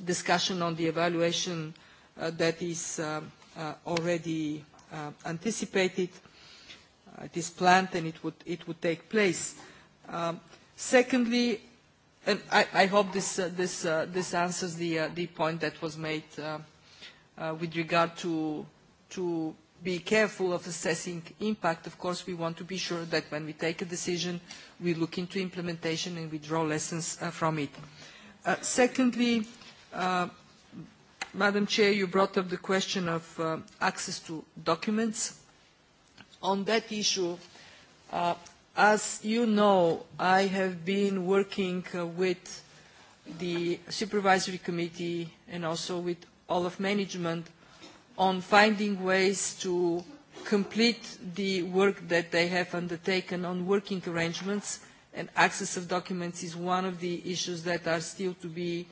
[SPEAKER 22] discussion on the evaluation uh, that is uh, uh, already uh, anticipated. Uh, it is planned and it would, it would take place. Um, secondly, and I, I hope this, uh, this, uh, this answers the, uh, the point that was made uh, uh, with regard to, to be careful of assessing impact. Of course, we want to be sure that when we take a decision, we look into implementation and we draw lessons uh, from it. Uh, secondly, uh, Madam Chair, you brought up the question of uh, access to documents. On that issue, uh, as you know, I have been working uh, with the Supervisory Committee and also with all of management – on finding ways to complete the work that they have undertaken on working arrangements and access of documents is one of the issues that are still to be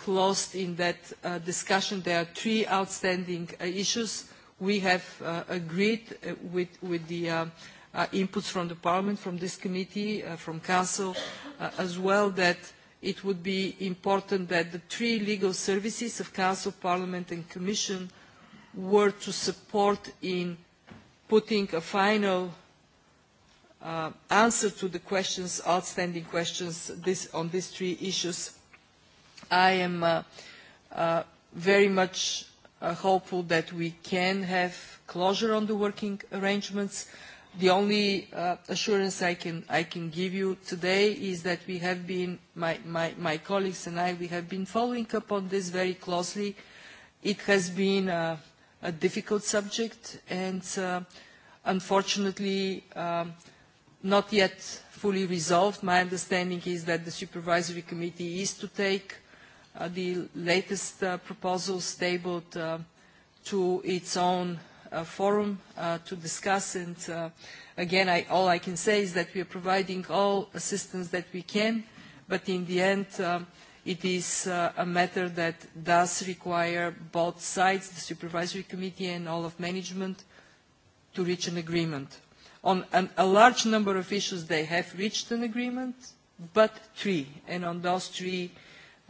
[SPEAKER 22] closed in that uh, discussion. There are three outstanding uh, issues. We have uh, agreed uh, with, with the uh, uh, inputs from the Parliament, from this committee, uh, from Council, uh, as well that it would be important that the three legal services of Council, Parliament and Commission uh, were to support in putting a final uh, answer to the questions, outstanding questions this, on these three issues, I am uh, uh, very much uh, hopeful that we can have closure on the working arrangements. The only uh, assurance I can, I can give you today is that we have been, my, my, my colleagues and I, we have been following up on this very closely. It has been a uh, a difficult subject and uh, unfortunately um, not yet fully resolved. My understanding is that the Supervisory Committee is to take uh, the latest uh, proposals tabled uh, to its own uh, forum uh, to discuss and uh, again I, all I can say is that we are providing all assistance that we can but in the end uh, It is uh, a matter that does require both sides, the Supervisory Committee and all of management, to reach an agreement. On an, a large number of issues, they have reached an agreement, but three. And on those three,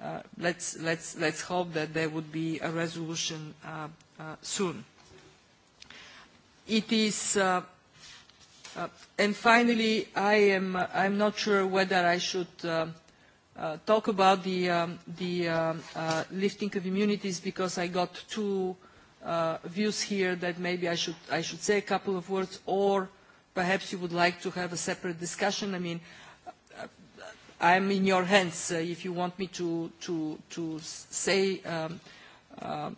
[SPEAKER 22] uh, let's, let's, let's hope that there would be a resolution uh, uh, soon. It is, uh, uh, and finally, I am, I'm not sure whether I should uh, uh, talk about the, um, the uh, uh, lifting of immunities because I got two uh, views here that maybe I should, I should say a couple of words or perhaps you would like to have a separate discussion. I mean, uh, I'm in your hands uh, if you want me to, to, to say, um, um,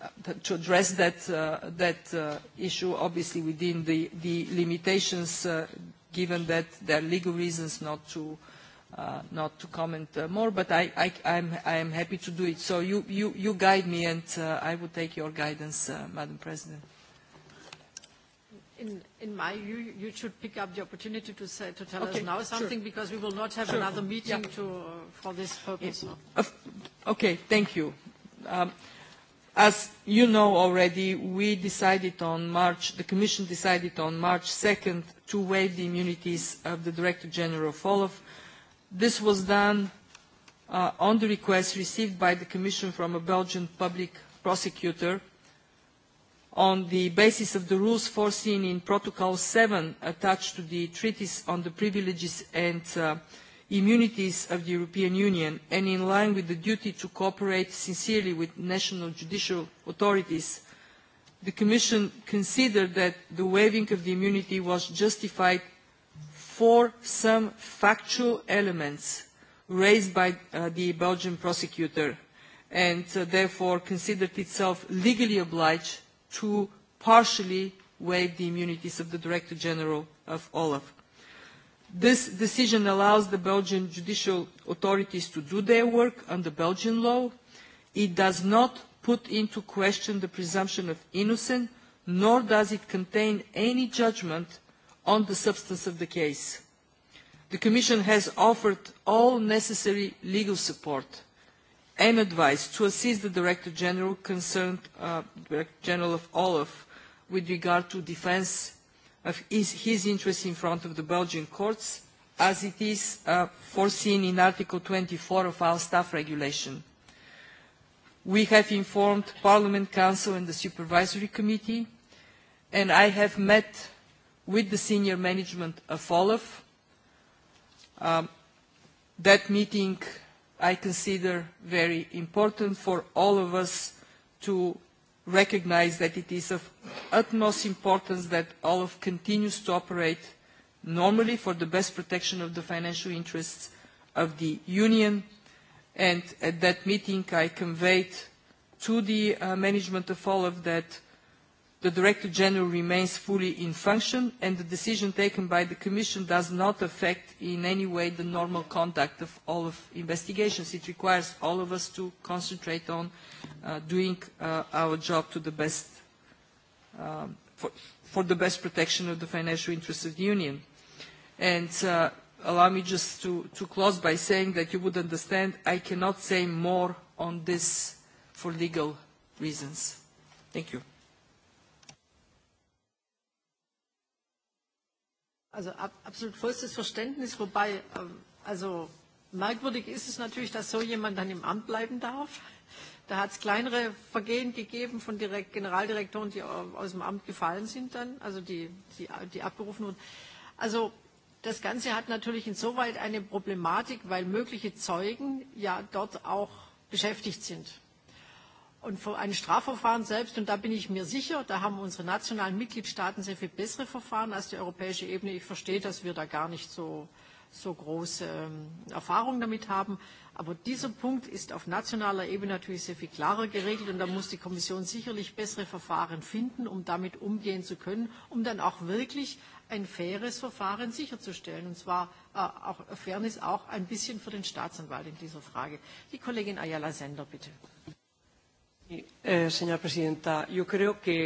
[SPEAKER 22] uh, to address that, uh, that uh, issue, obviously within the, the limitations uh, given that there are legal reasons not to uh, uh, not to comment uh, more, but I, I, I'm, I'm happy to do it. So you, you, you guide me, and uh, I will take your guidance, uh, Madam President.
[SPEAKER 1] In, in my view, you should pick up the opportunity to, say, to tell okay, us now something sure. because we will not have sure. another meeting yeah. to, uh, for this purpose. Yeah.
[SPEAKER 22] Uh, okay, thank you. Um, as you know already, we decided on March, the Commission decided on March 2nd to waive the immunities of the Director General of Olaf This was done uh, on the request received by the Commission from a Belgian public prosecutor on the basis of the rules foreseen in Protocol 7 attached to the Treaties on the Privileges and uh, Immunities of the European Union and in line with the duty to cooperate sincerely with national judicial authorities, the Commission considered that the waiving of the immunity was justified for some factual elements raised by uh, the Belgian prosecutor and uh, therefore considered itself legally obliged to partially waive the immunities of the Director General of Olaf. This decision allows the Belgian judicial authorities to do their work under Belgian law. It does not put into question the presumption of innocence, nor does it contain any judgment on the substance of the case. The Commission has offered all necessary legal support and advice to assist the Director General concerned, uh, Director General of Olaf, with regard to defence of his, his interests in front of the Belgian courts, as it is uh, foreseen in Article 24 of our staff regulation. We have informed Parliament, Council and the Supervisory Committee, and I have met with the senior management of Olaf. Um, that meeting I consider very important for all of us to recognize that it is of utmost importance that Olaf continues to operate normally for the best protection of the financial interests of the Union. And at that meeting I conveyed to the uh, management of Olaf that The Director General remains fully in function and the decision taken by the Commission does not affect in any way the normal conduct of all of investigations. It requires all of us to concentrate on uh, doing uh, our job to the best, um, for, for the best protection of the financial interests of the Union. And uh, allow me just to, to close by saying that you would understand I cannot say more on this for legal reasons. Thank you.
[SPEAKER 1] Also ab, absolut vollstes Verständnis, wobei, ähm, also merkwürdig ist es natürlich, dass so jemand dann im Amt bleiben darf. Da hat es kleinere Vergehen gegeben von Direkt Generaldirektoren, die aus dem Amt gefallen sind dann, also die, die, die abgerufen wurden. Also das Ganze hat natürlich insoweit eine Problematik, weil mögliche Zeugen ja dort auch beschäftigt sind und für ein Strafverfahren selbst, und da bin ich mir sicher, da haben unsere nationalen Mitgliedstaaten sehr viel bessere Verfahren als die europäische Ebene. Ich verstehe, dass wir da gar nicht so, so große ähm, Erfahrung damit haben. Aber dieser Punkt ist auf nationaler Ebene natürlich sehr viel klarer geregelt und da muss die Kommission sicherlich bessere Verfahren finden, um damit umgehen zu können, um dann auch wirklich ein faires Verfahren sicherzustellen. Und zwar äh, auch Fairness auch ein bisschen für den Staatsanwalt in dieser Frage. Die Kollegin Ayala Sender, bitte.
[SPEAKER 4] Eh, señora presidenta, yo creo que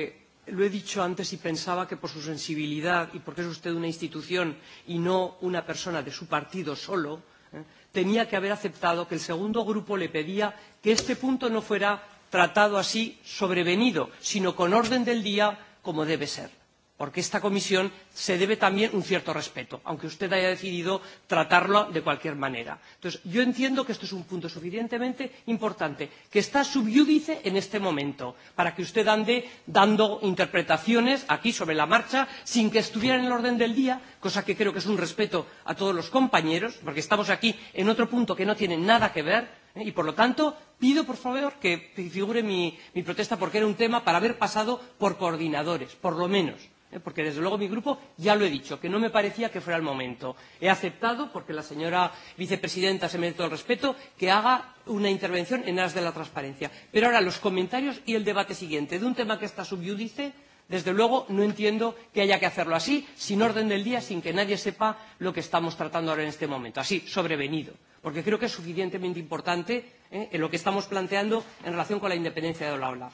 [SPEAKER 4] lo he dicho antes y pensaba que por su sensibilidad y porque es usted una institución y no una persona de su partido solo, eh, tenía que haber aceptado que el segundo grupo le pedía que este punto no fuera tratado así sobrevenido, sino con orden del día como debe ser porque esta comisión se debe también un cierto respeto, aunque usted haya decidido tratarla de cualquier manera. Entonces, yo entiendo que esto es un punto suficientemente importante, que está subyúdice en este momento, para que usted ande dando interpretaciones aquí sobre la marcha, sin que estuviera en el orden del día, cosa que creo que es un respeto a todos los compañeros, porque estamos aquí en otro punto que no tiene nada que ver, ¿eh? y por lo tanto pido por favor que figure mi, mi protesta porque era un tema para haber pasado por coordinadores, por lo menos. ¿eh? porque desde luego mi grupo ya lo he dicho, que no me parecía que fuera el momento. He aceptado, porque la señora vicepresidenta se merece todo el respeto, que haga una intervención en aras de la transparencia. Pero ahora los comentarios y el debate siguiente de un tema que está subyudice, desde luego no entiendo que haya que hacerlo así, sin orden del día, sin que nadie sepa lo que estamos tratando ahora en este momento, así, sobrevenido, porque creo que es suficientemente importante eh, en lo que estamos planteando en relación con la independencia de la OLAF.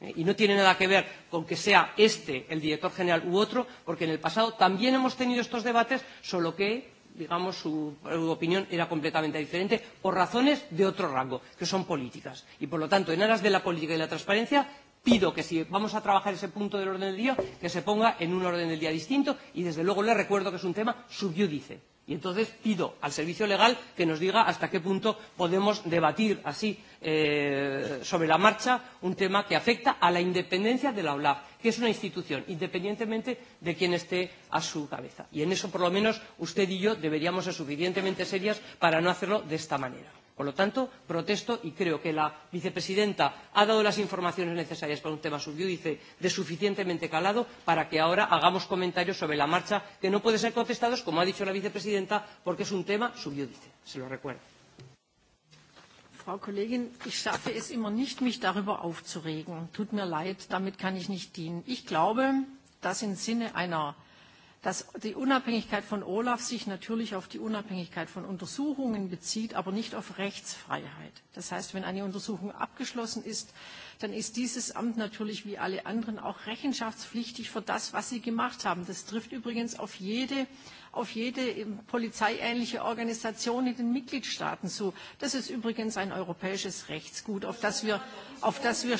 [SPEAKER 4] ¿eh? Y no tiene nada que ver con que sea este el director general u otro, porque en el pasado también hemos tenido estos debates, solo que, digamos, su, su opinión era completamente diferente por razones de otro rango, que son políticas. Y, por lo tanto, en aras de la política y la transparencia, pido que si vamos a trabajar ese punto del orden del día, que se ponga en un orden del día distinto y, desde luego, le recuerdo que es un tema sub Y entonces pido al servicio legal que nos diga hasta qué punto podemos debatir así eh, sobre la marcha un tema que afecta a la independencia de la OLAF, que es una institución, independientemente de quien esté a su cabeza. Y en eso, por lo menos, usted y yo deberíamos ser suficientemente serias para no hacerlo de esta manera. Por lo tanto, protesto y creo que la vicepresidenta ha dado las informaciones necesarias para un tema subyúdice de suficientemente calado para que ahora hagamos comentarios sobre la marcha que no pueden ser contestados, como ha dicho la vicepresidenta, porque es un tema subyúdice. Se lo recuerdo.
[SPEAKER 1] Frau Kollegin, ich schaffe es immer nicht, mich darüber aufzuregen. Tut mir leid, damit kann ich nicht dienen. Ich glaube, dass im Sinne einer dass die Unabhängigkeit von Olaf sich natürlich auf die Unabhängigkeit von Untersuchungen bezieht, aber nicht auf Rechtsfreiheit. Das heißt, wenn eine Untersuchung abgeschlossen ist, dann ist dieses Amt natürlich wie alle anderen auch rechenschaftspflichtig für das, was sie gemacht haben. Das trifft übrigens auf jede auf jede polizeiähnliche Organisation in den Mitgliedstaaten zu. Das ist übrigens ein europäisches Rechtsgut, auf das wir, auf das wir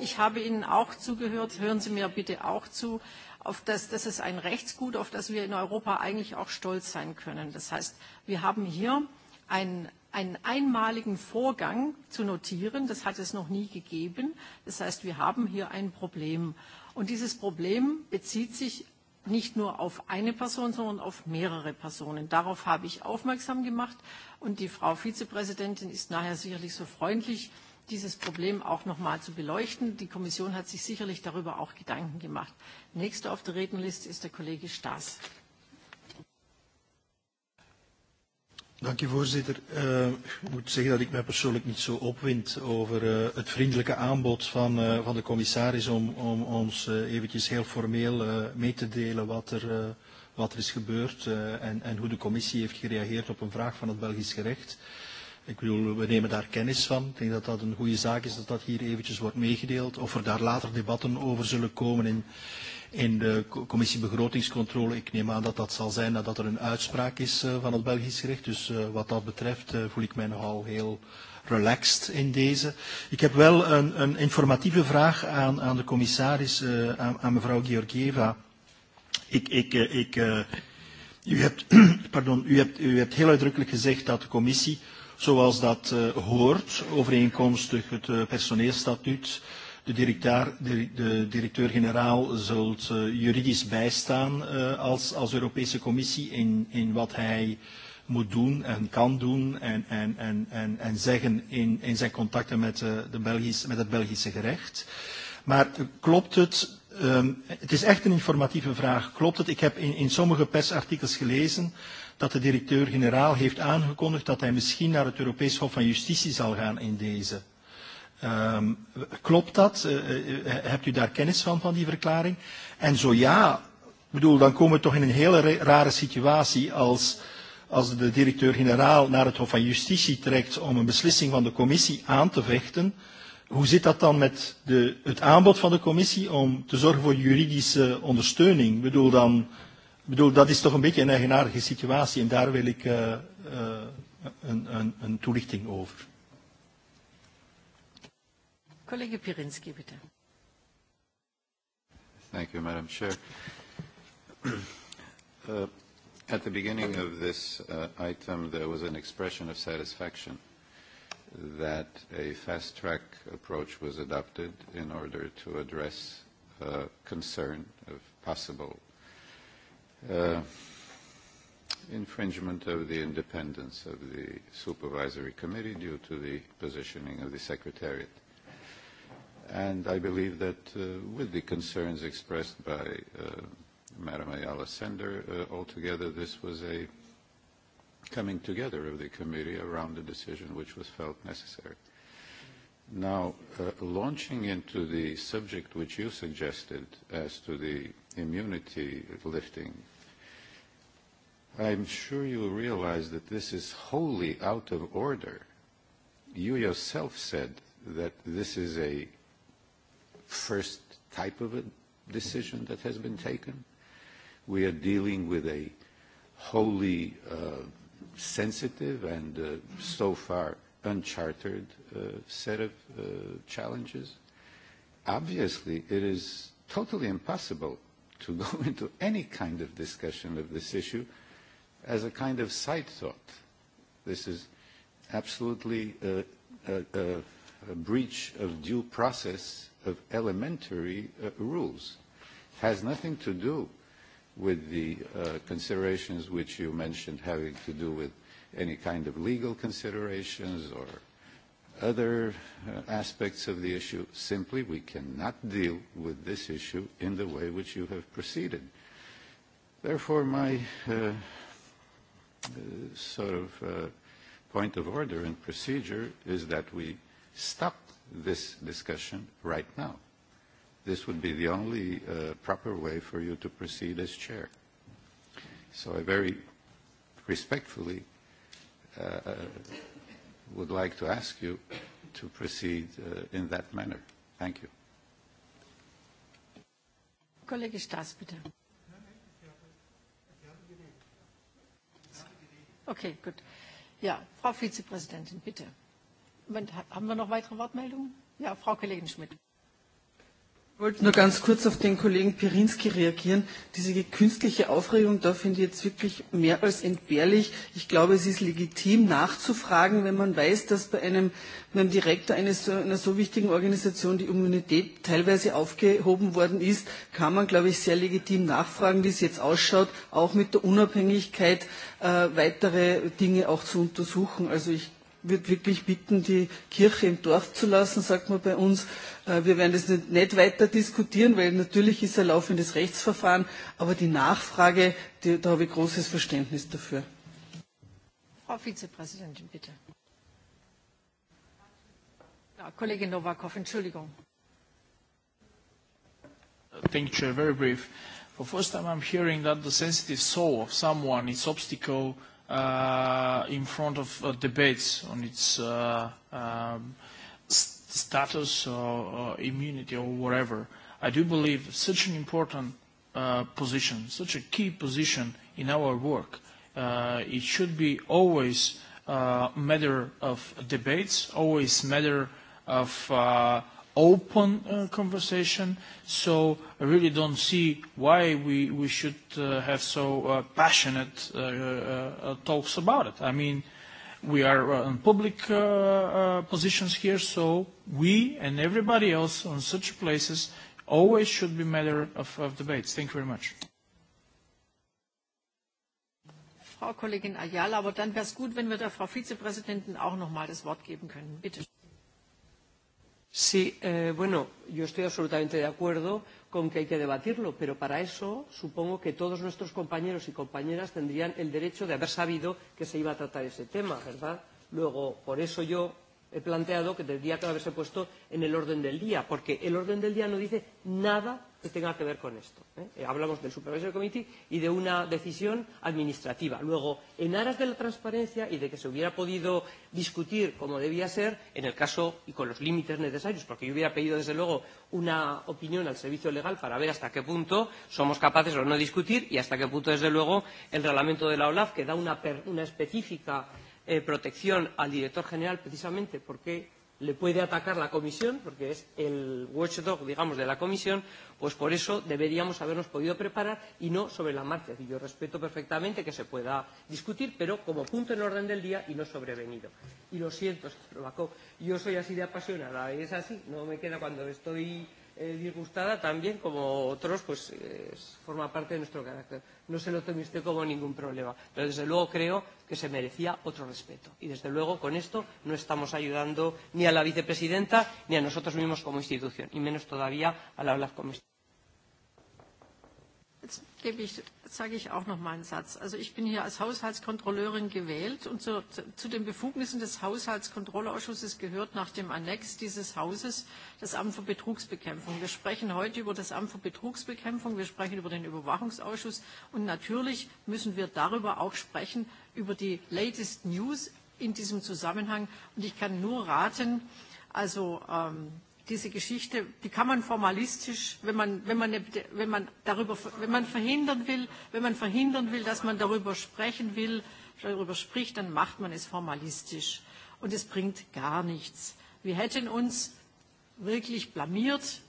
[SPEAKER 1] ich habe Ihnen auch zugehört, hören Sie mir bitte auch zu auf das, das ist ein Rechtsgut, auf das wir in Europa eigentlich auch stolz sein können. Das heißt, wir haben hier ein einen einmaligen Vorgang zu notieren. Das hat es noch nie gegeben. Das heißt, wir haben hier ein Problem. Und dieses Problem bezieht sich nicht nur auf eine Person, sondern auf mehrere Personen. Darauf habe ich aufmerksam gemacht. Und die Frau Vizepräsidentin ist nachher sicherlich so freundlich, äh, dieses Problem auch noch mal zu beleuchten. Die Kommission hat sich sicherlich darüber auch Gedanken gemacht. Nächster auf der Redenliste ist der Kollege Staes.
[SPEAKER 24] Dank u voorzitter. Uh, ik moet zeggen dat ik mij persoonlijk niet zo opwind over uh, het vriendelijke aanbod van, uh, van de commissaris om, om ons uh, eventjes heel formeel uh, mee te delen wat er, uh, wat er is gebeurd uh, en, en hoe de commissie heeft gereageerd op een vraag van het Belgisch gerecht. Uh, Ik bedoel, we nemen daar kennis van. Ik denk dat dat een goede zaak is dat dat hier eventjes wordt meegedeeld. Of er daar later debatten over zullen komen in, in de commissie begrotingscontrole. Ik neem aan dat dat zal zijn nadat er een uitspraak is eh, van het Belgisch gerecht. Dus eh, wat dat betreft eh, voel ik mij nogal heel relaxed in deze. Ik heb wel een, een informatieve vraag aan, aan de commissaris, aan, aan mevrouw Georgieva. Ik, ik, uh, ik, u, hebt, pardon, u, hebt, u hebt heel uitdrukkelijk gezegd dat de commissie zoals dat uh, hoort, overeenkomstig het uh, personeelstatuut. De, directaar, de, de directeur-generaal zult uh, juridisch bijstaan uh, als, als Europese Commissie in, in wat hij moet doen en kan doen en, en, en, en, en zeggen in, in zijn contacten met, uh, de Belgisch, met het Belgische gerecht. Maar uh, klopt het Um, het is echt een informatieve vraag. Klopt het? Ik heb in, in sommige persartikels gelezen dat de directeur-generaal heeft aangekondigd dat hij misschien naar het Europees Hof van Justitie zal gaan in deze. Um, klopt dat? Uh, hebt u daar kennis van, van die verklaring? En zo ja, bedoel, dan komen we toch in een hele rare situatie als, als de directeur-generaal naar het Hof van Justitie trekt om een beslissing van de commissie aan te vechten. Hoe zit dat dan met de, het aanbod van de commissie om te zorgen voor juridische ondersteuning? Ik bedoel, dan Ik bedoel, dat is toch een beetje een eigenaardige situatie en daar wil ik uh, uh, een, een, een toelichting over.
[SPEAKER 1] Collega Pirinski, bitte.
[SPEAKER 19] Thank you, Madam Chair. uh, at the beginning of this uh, item, there was an expression of satisfaction that a fast-track approach was adopted in order to address uh, concern of possible Uh, infringement of the independence of the supervisory committee due to the positioning of the secretariat. And I believe that uh, with the concerns expressed by uh, Madam Ayala Sender, uh, altogether this was a coming together of the committee around the decision which was felt necessary. Now, uh, launching into the subject which you suggested as to the immunity lifting I'm sure you realize that this is wholly out of order. You yourself said that this is a first type of a decision that has been taken. We are dealing with a wholly uh, sensitive and uh, so far uncharted uh, set of uh, challenges. Obviously, it is totally impossible to go into any kind of discussion of this issue as a kind of side thought. This is absolutely a, a, a breach of due process of elementary uh, rules. Has nothing to do with the uh, considerations which you mentioned having to do with any kind of legal considerations or other uh, aspects of the issue. Simply, we cannot deal with this issue in the way which you have proceeded. Therefore, my uh, sort of uh, point of order and procedure is that we stop this discussion right now. This would be the only uh, proper way for you to proceed as chair. So I very respectfully uh, would like to ask you to proceed uh, in that manner. Thank you.
[SPEAKER 1] Kollege Staes, bitte. Okay, gut. Ja, Frau Vizepräsidentin, bitte. Moment, haben wir noch weitere Wortmeldungen? Ja, Frau Kollegin Schmidt
[SPEAKER 22] wollte nur ganz kurz auf den Kollegen Pirinski reagieren. Diese künstliche Aufregung, da finde ich jetzt wirklich mehr als entbehrlich. Ich glaube, es ist legitim nachzufragen, wenn man weiß, dass bei einem, einem Direktor eines, einer so wichtigen Organisation die Immunität teilweise aufgehoben worden ist, kann man, glaube ich, sehr legitim nachfragen, wie es jetzt ausschaut, auch mit der Unabhängigkeit, äh, weitere Dinge auch zu untersuchen. Also ich würde wirklich bitten, die Kirche im Dorf zu lassen, sagt man bei uns. Äh, wir werden das nicht, weiter diskutieren, weil natürlich ist ein laufendes Rechtsverfahren, aber die Nachfrage, die, da habe ich großes Verständnis dafür.
[SPEAKER 1] Frau Vizepräsidentin, bitte. Ja, Kollege Nowakow, Entschuldigung.
[SPEAKER 13] Thank
[SPEAKER 20] you, Chair. Very brief. For the first time, I'm hearing that the sensitive soul of someone is obstacle uh, in front of uh, debates on its uh, um, st status or, or immunity or whatever. I do believe such an important uh, position, such a key position in our work, uh, it should be always a uh, matter of debates, always matter of uh, open uh, conversation. So I really don't see why we, we should uh, have so uh, passionate uh, uh, uh talks about it. I mean, we are uh, on public uh, uh, positions here, so we and everybody else on such places always should be matter of, of debates. Thank you very much.
[SPEAKER 1] Frau Kollegin Ayala, aber dann wäre es gut, wenn wir der Frau Vizepräsidentin auch noch mal das Wort geben können. Bitte.
[SPEAKER 4] Sí, eh, bueno, yo estoy absolutamente de acuerdo con que hay que debatirlo, pero para eso supongo que todos nuestros compañeros y compañeras tendrían el derecho de haber sabido que se iba a tratar ese tema, ¿verdad? Luego, por eso yo he planteado que tendría que haberse puesto en el orden del día, porque el orden del día no dice nada que tenga que ver con esto. ¿eh? eh hablamos del Supervisory Committee y de una decisión administrativa. Luego, en aras de la transparencia y de que se hubiera podido discutir como debía ser, en el caso y con los límites necesarios, porque yo hubiera pedido, desde luego, una opinión al servicio legal para ver hasta qué punto somos capaces o no discutir y hasta qué punto, desde luego, el reglamento de la OLAF, que da una, per, una específica eh, protección al director general precisamente porque le puede atacar la comisión, porque es el watchdog, digamos, de la comisión, pues por eso deberíamos habernos podido preparar y no sobre la marcha. Y yo respeto perfectamente que se pueda discutir, pero como punto en orden del día y no sobrevenido. Y lo siento, señor yo soy así de apasionada, es así, no me queda cuando estoy eh, disgustada también, como otros, pues eh, forma parte de nuestro carácter. No se lo tome usted como ningún problema, pero desde luego creo que se merecía otro respeto. Y desde luego con esto no estamos ayudando ni a la vicepresidenta ni a nosotros mismos como institución, y menos todavía a la con usted
[SPEAKER 1] gebe ich, sage ich auch noch mal einen Satz. Also ich bin hier als Haushaltskontrolleurin gewählt und zu, zu den Befugnissen des Haushaltskontrollausschusses gehört nach dem Annex dieses Hauses das Amt für Betrugsbekämpfung. Wir sprechen heute über das Amt für Betrugsbekämpfung, wir sprechen über den Überwachungsausschuss und natürlich müssen wir darüber auch sprechen, über die latest News in diesem Zusammenhang. Und ich kann nur raten, also ähm, diese Geschichte, die kann man formalistisch, wenn man, wenn man, wenn man, darüber, wenn man, verhindern, will, wenn man verhindern will, dass man darüber sprechen will, darüber spricht, dann macht man es formalistisch. Und es bringt gar nichts. Wir hätten uns wirklich blamiert,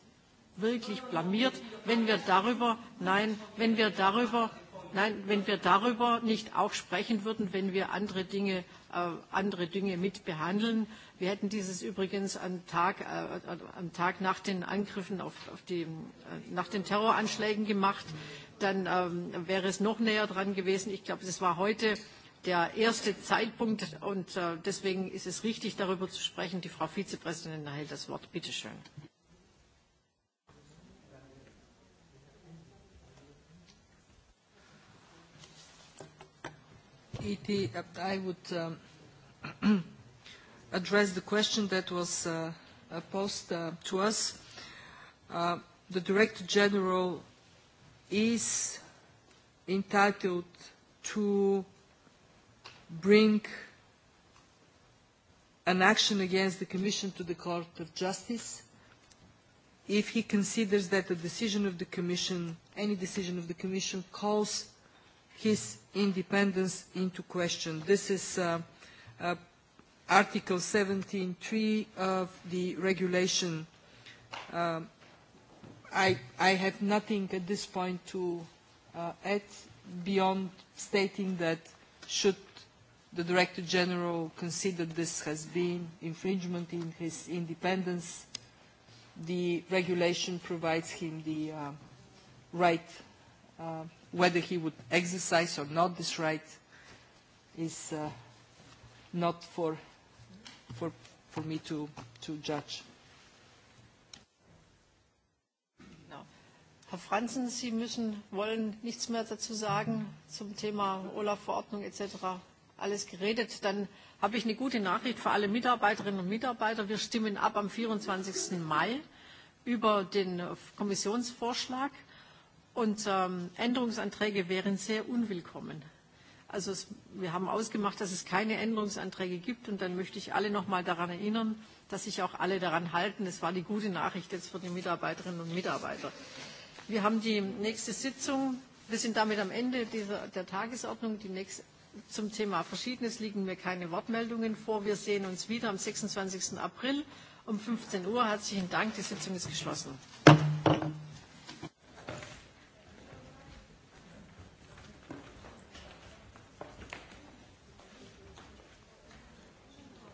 [SPEAKER 1] wirklich blamiert, wenn wir darüber, nein, wenn wir darüber, nein, wenn wir darüber nicht auch sprechen würden, wenn wir andere Dinge, äh, andere Dinge mitbehandeln. Wir hätten dieses übrigens am Tag, äh, am Tag nach den Angriffen auf, auf die, äh, nach den Terroranschlägen gemacht. Dann ähm, wäre es noch näher dran gewesen. Ich glaube, das war heute der erste Zeitpunkt und äh, deswegen ist es richtig, darüber zu sprechen. Die Frau Vizepräsidentin erhält das Wort. Bitte schön.
[SPEAKER 22] It, I would um, address the question that was uh, uh, posed uh, to us. Uh, the Director General is entitled to bring an action against the Commission to the Court of Justice if he considers that a decision of the Commission, any decision of the Commission, calls his independence into question. This is uh, uh, Article 17.3 of the regulation. Um, I, I have nothing at this point to uh, add beyond stating that should the Director General consider this has been infringement in his independence, the regulation provides him the uh, right, uh, whether he would exercise or not this right is uh, not for for, for me to, to judge. Herr
[SPEAKER 1] Franzen, Sie müssen, wollen nichts mehr dazu sagen zum Thema Olaf-Verordnung etc. Alles geredet. Dann habe ich eine gute Nachricht für alle Mitarbeiterinnen und Mitarbeiter. Wir stimmen ab am 24. Mai über den Kommissionsvorschlag. Und ähm, Änderungsanträge wären sehr unwillkommen. Also es, wir haben ausgemacht, dass es keine Änderungsanträge gibt. Und dann möchte ich alle noch mal daran erinnern, dass sich auch alle daran halten. Das war die gute Nachricht jetzt für die Mitarbeiterinnen und Mitarbeiter. Wir haben die nächste Sitzung. Wir sind damit am Ende dieser, der Tagesordnung. Die nächste, zum Thema Verschiedenes liegen mir keine Wortmeldungen vor. Wir sehen uns wieder am 26. April um 15 Uhr. Herzlichen Dank. Die Sitzung ist geschlossen.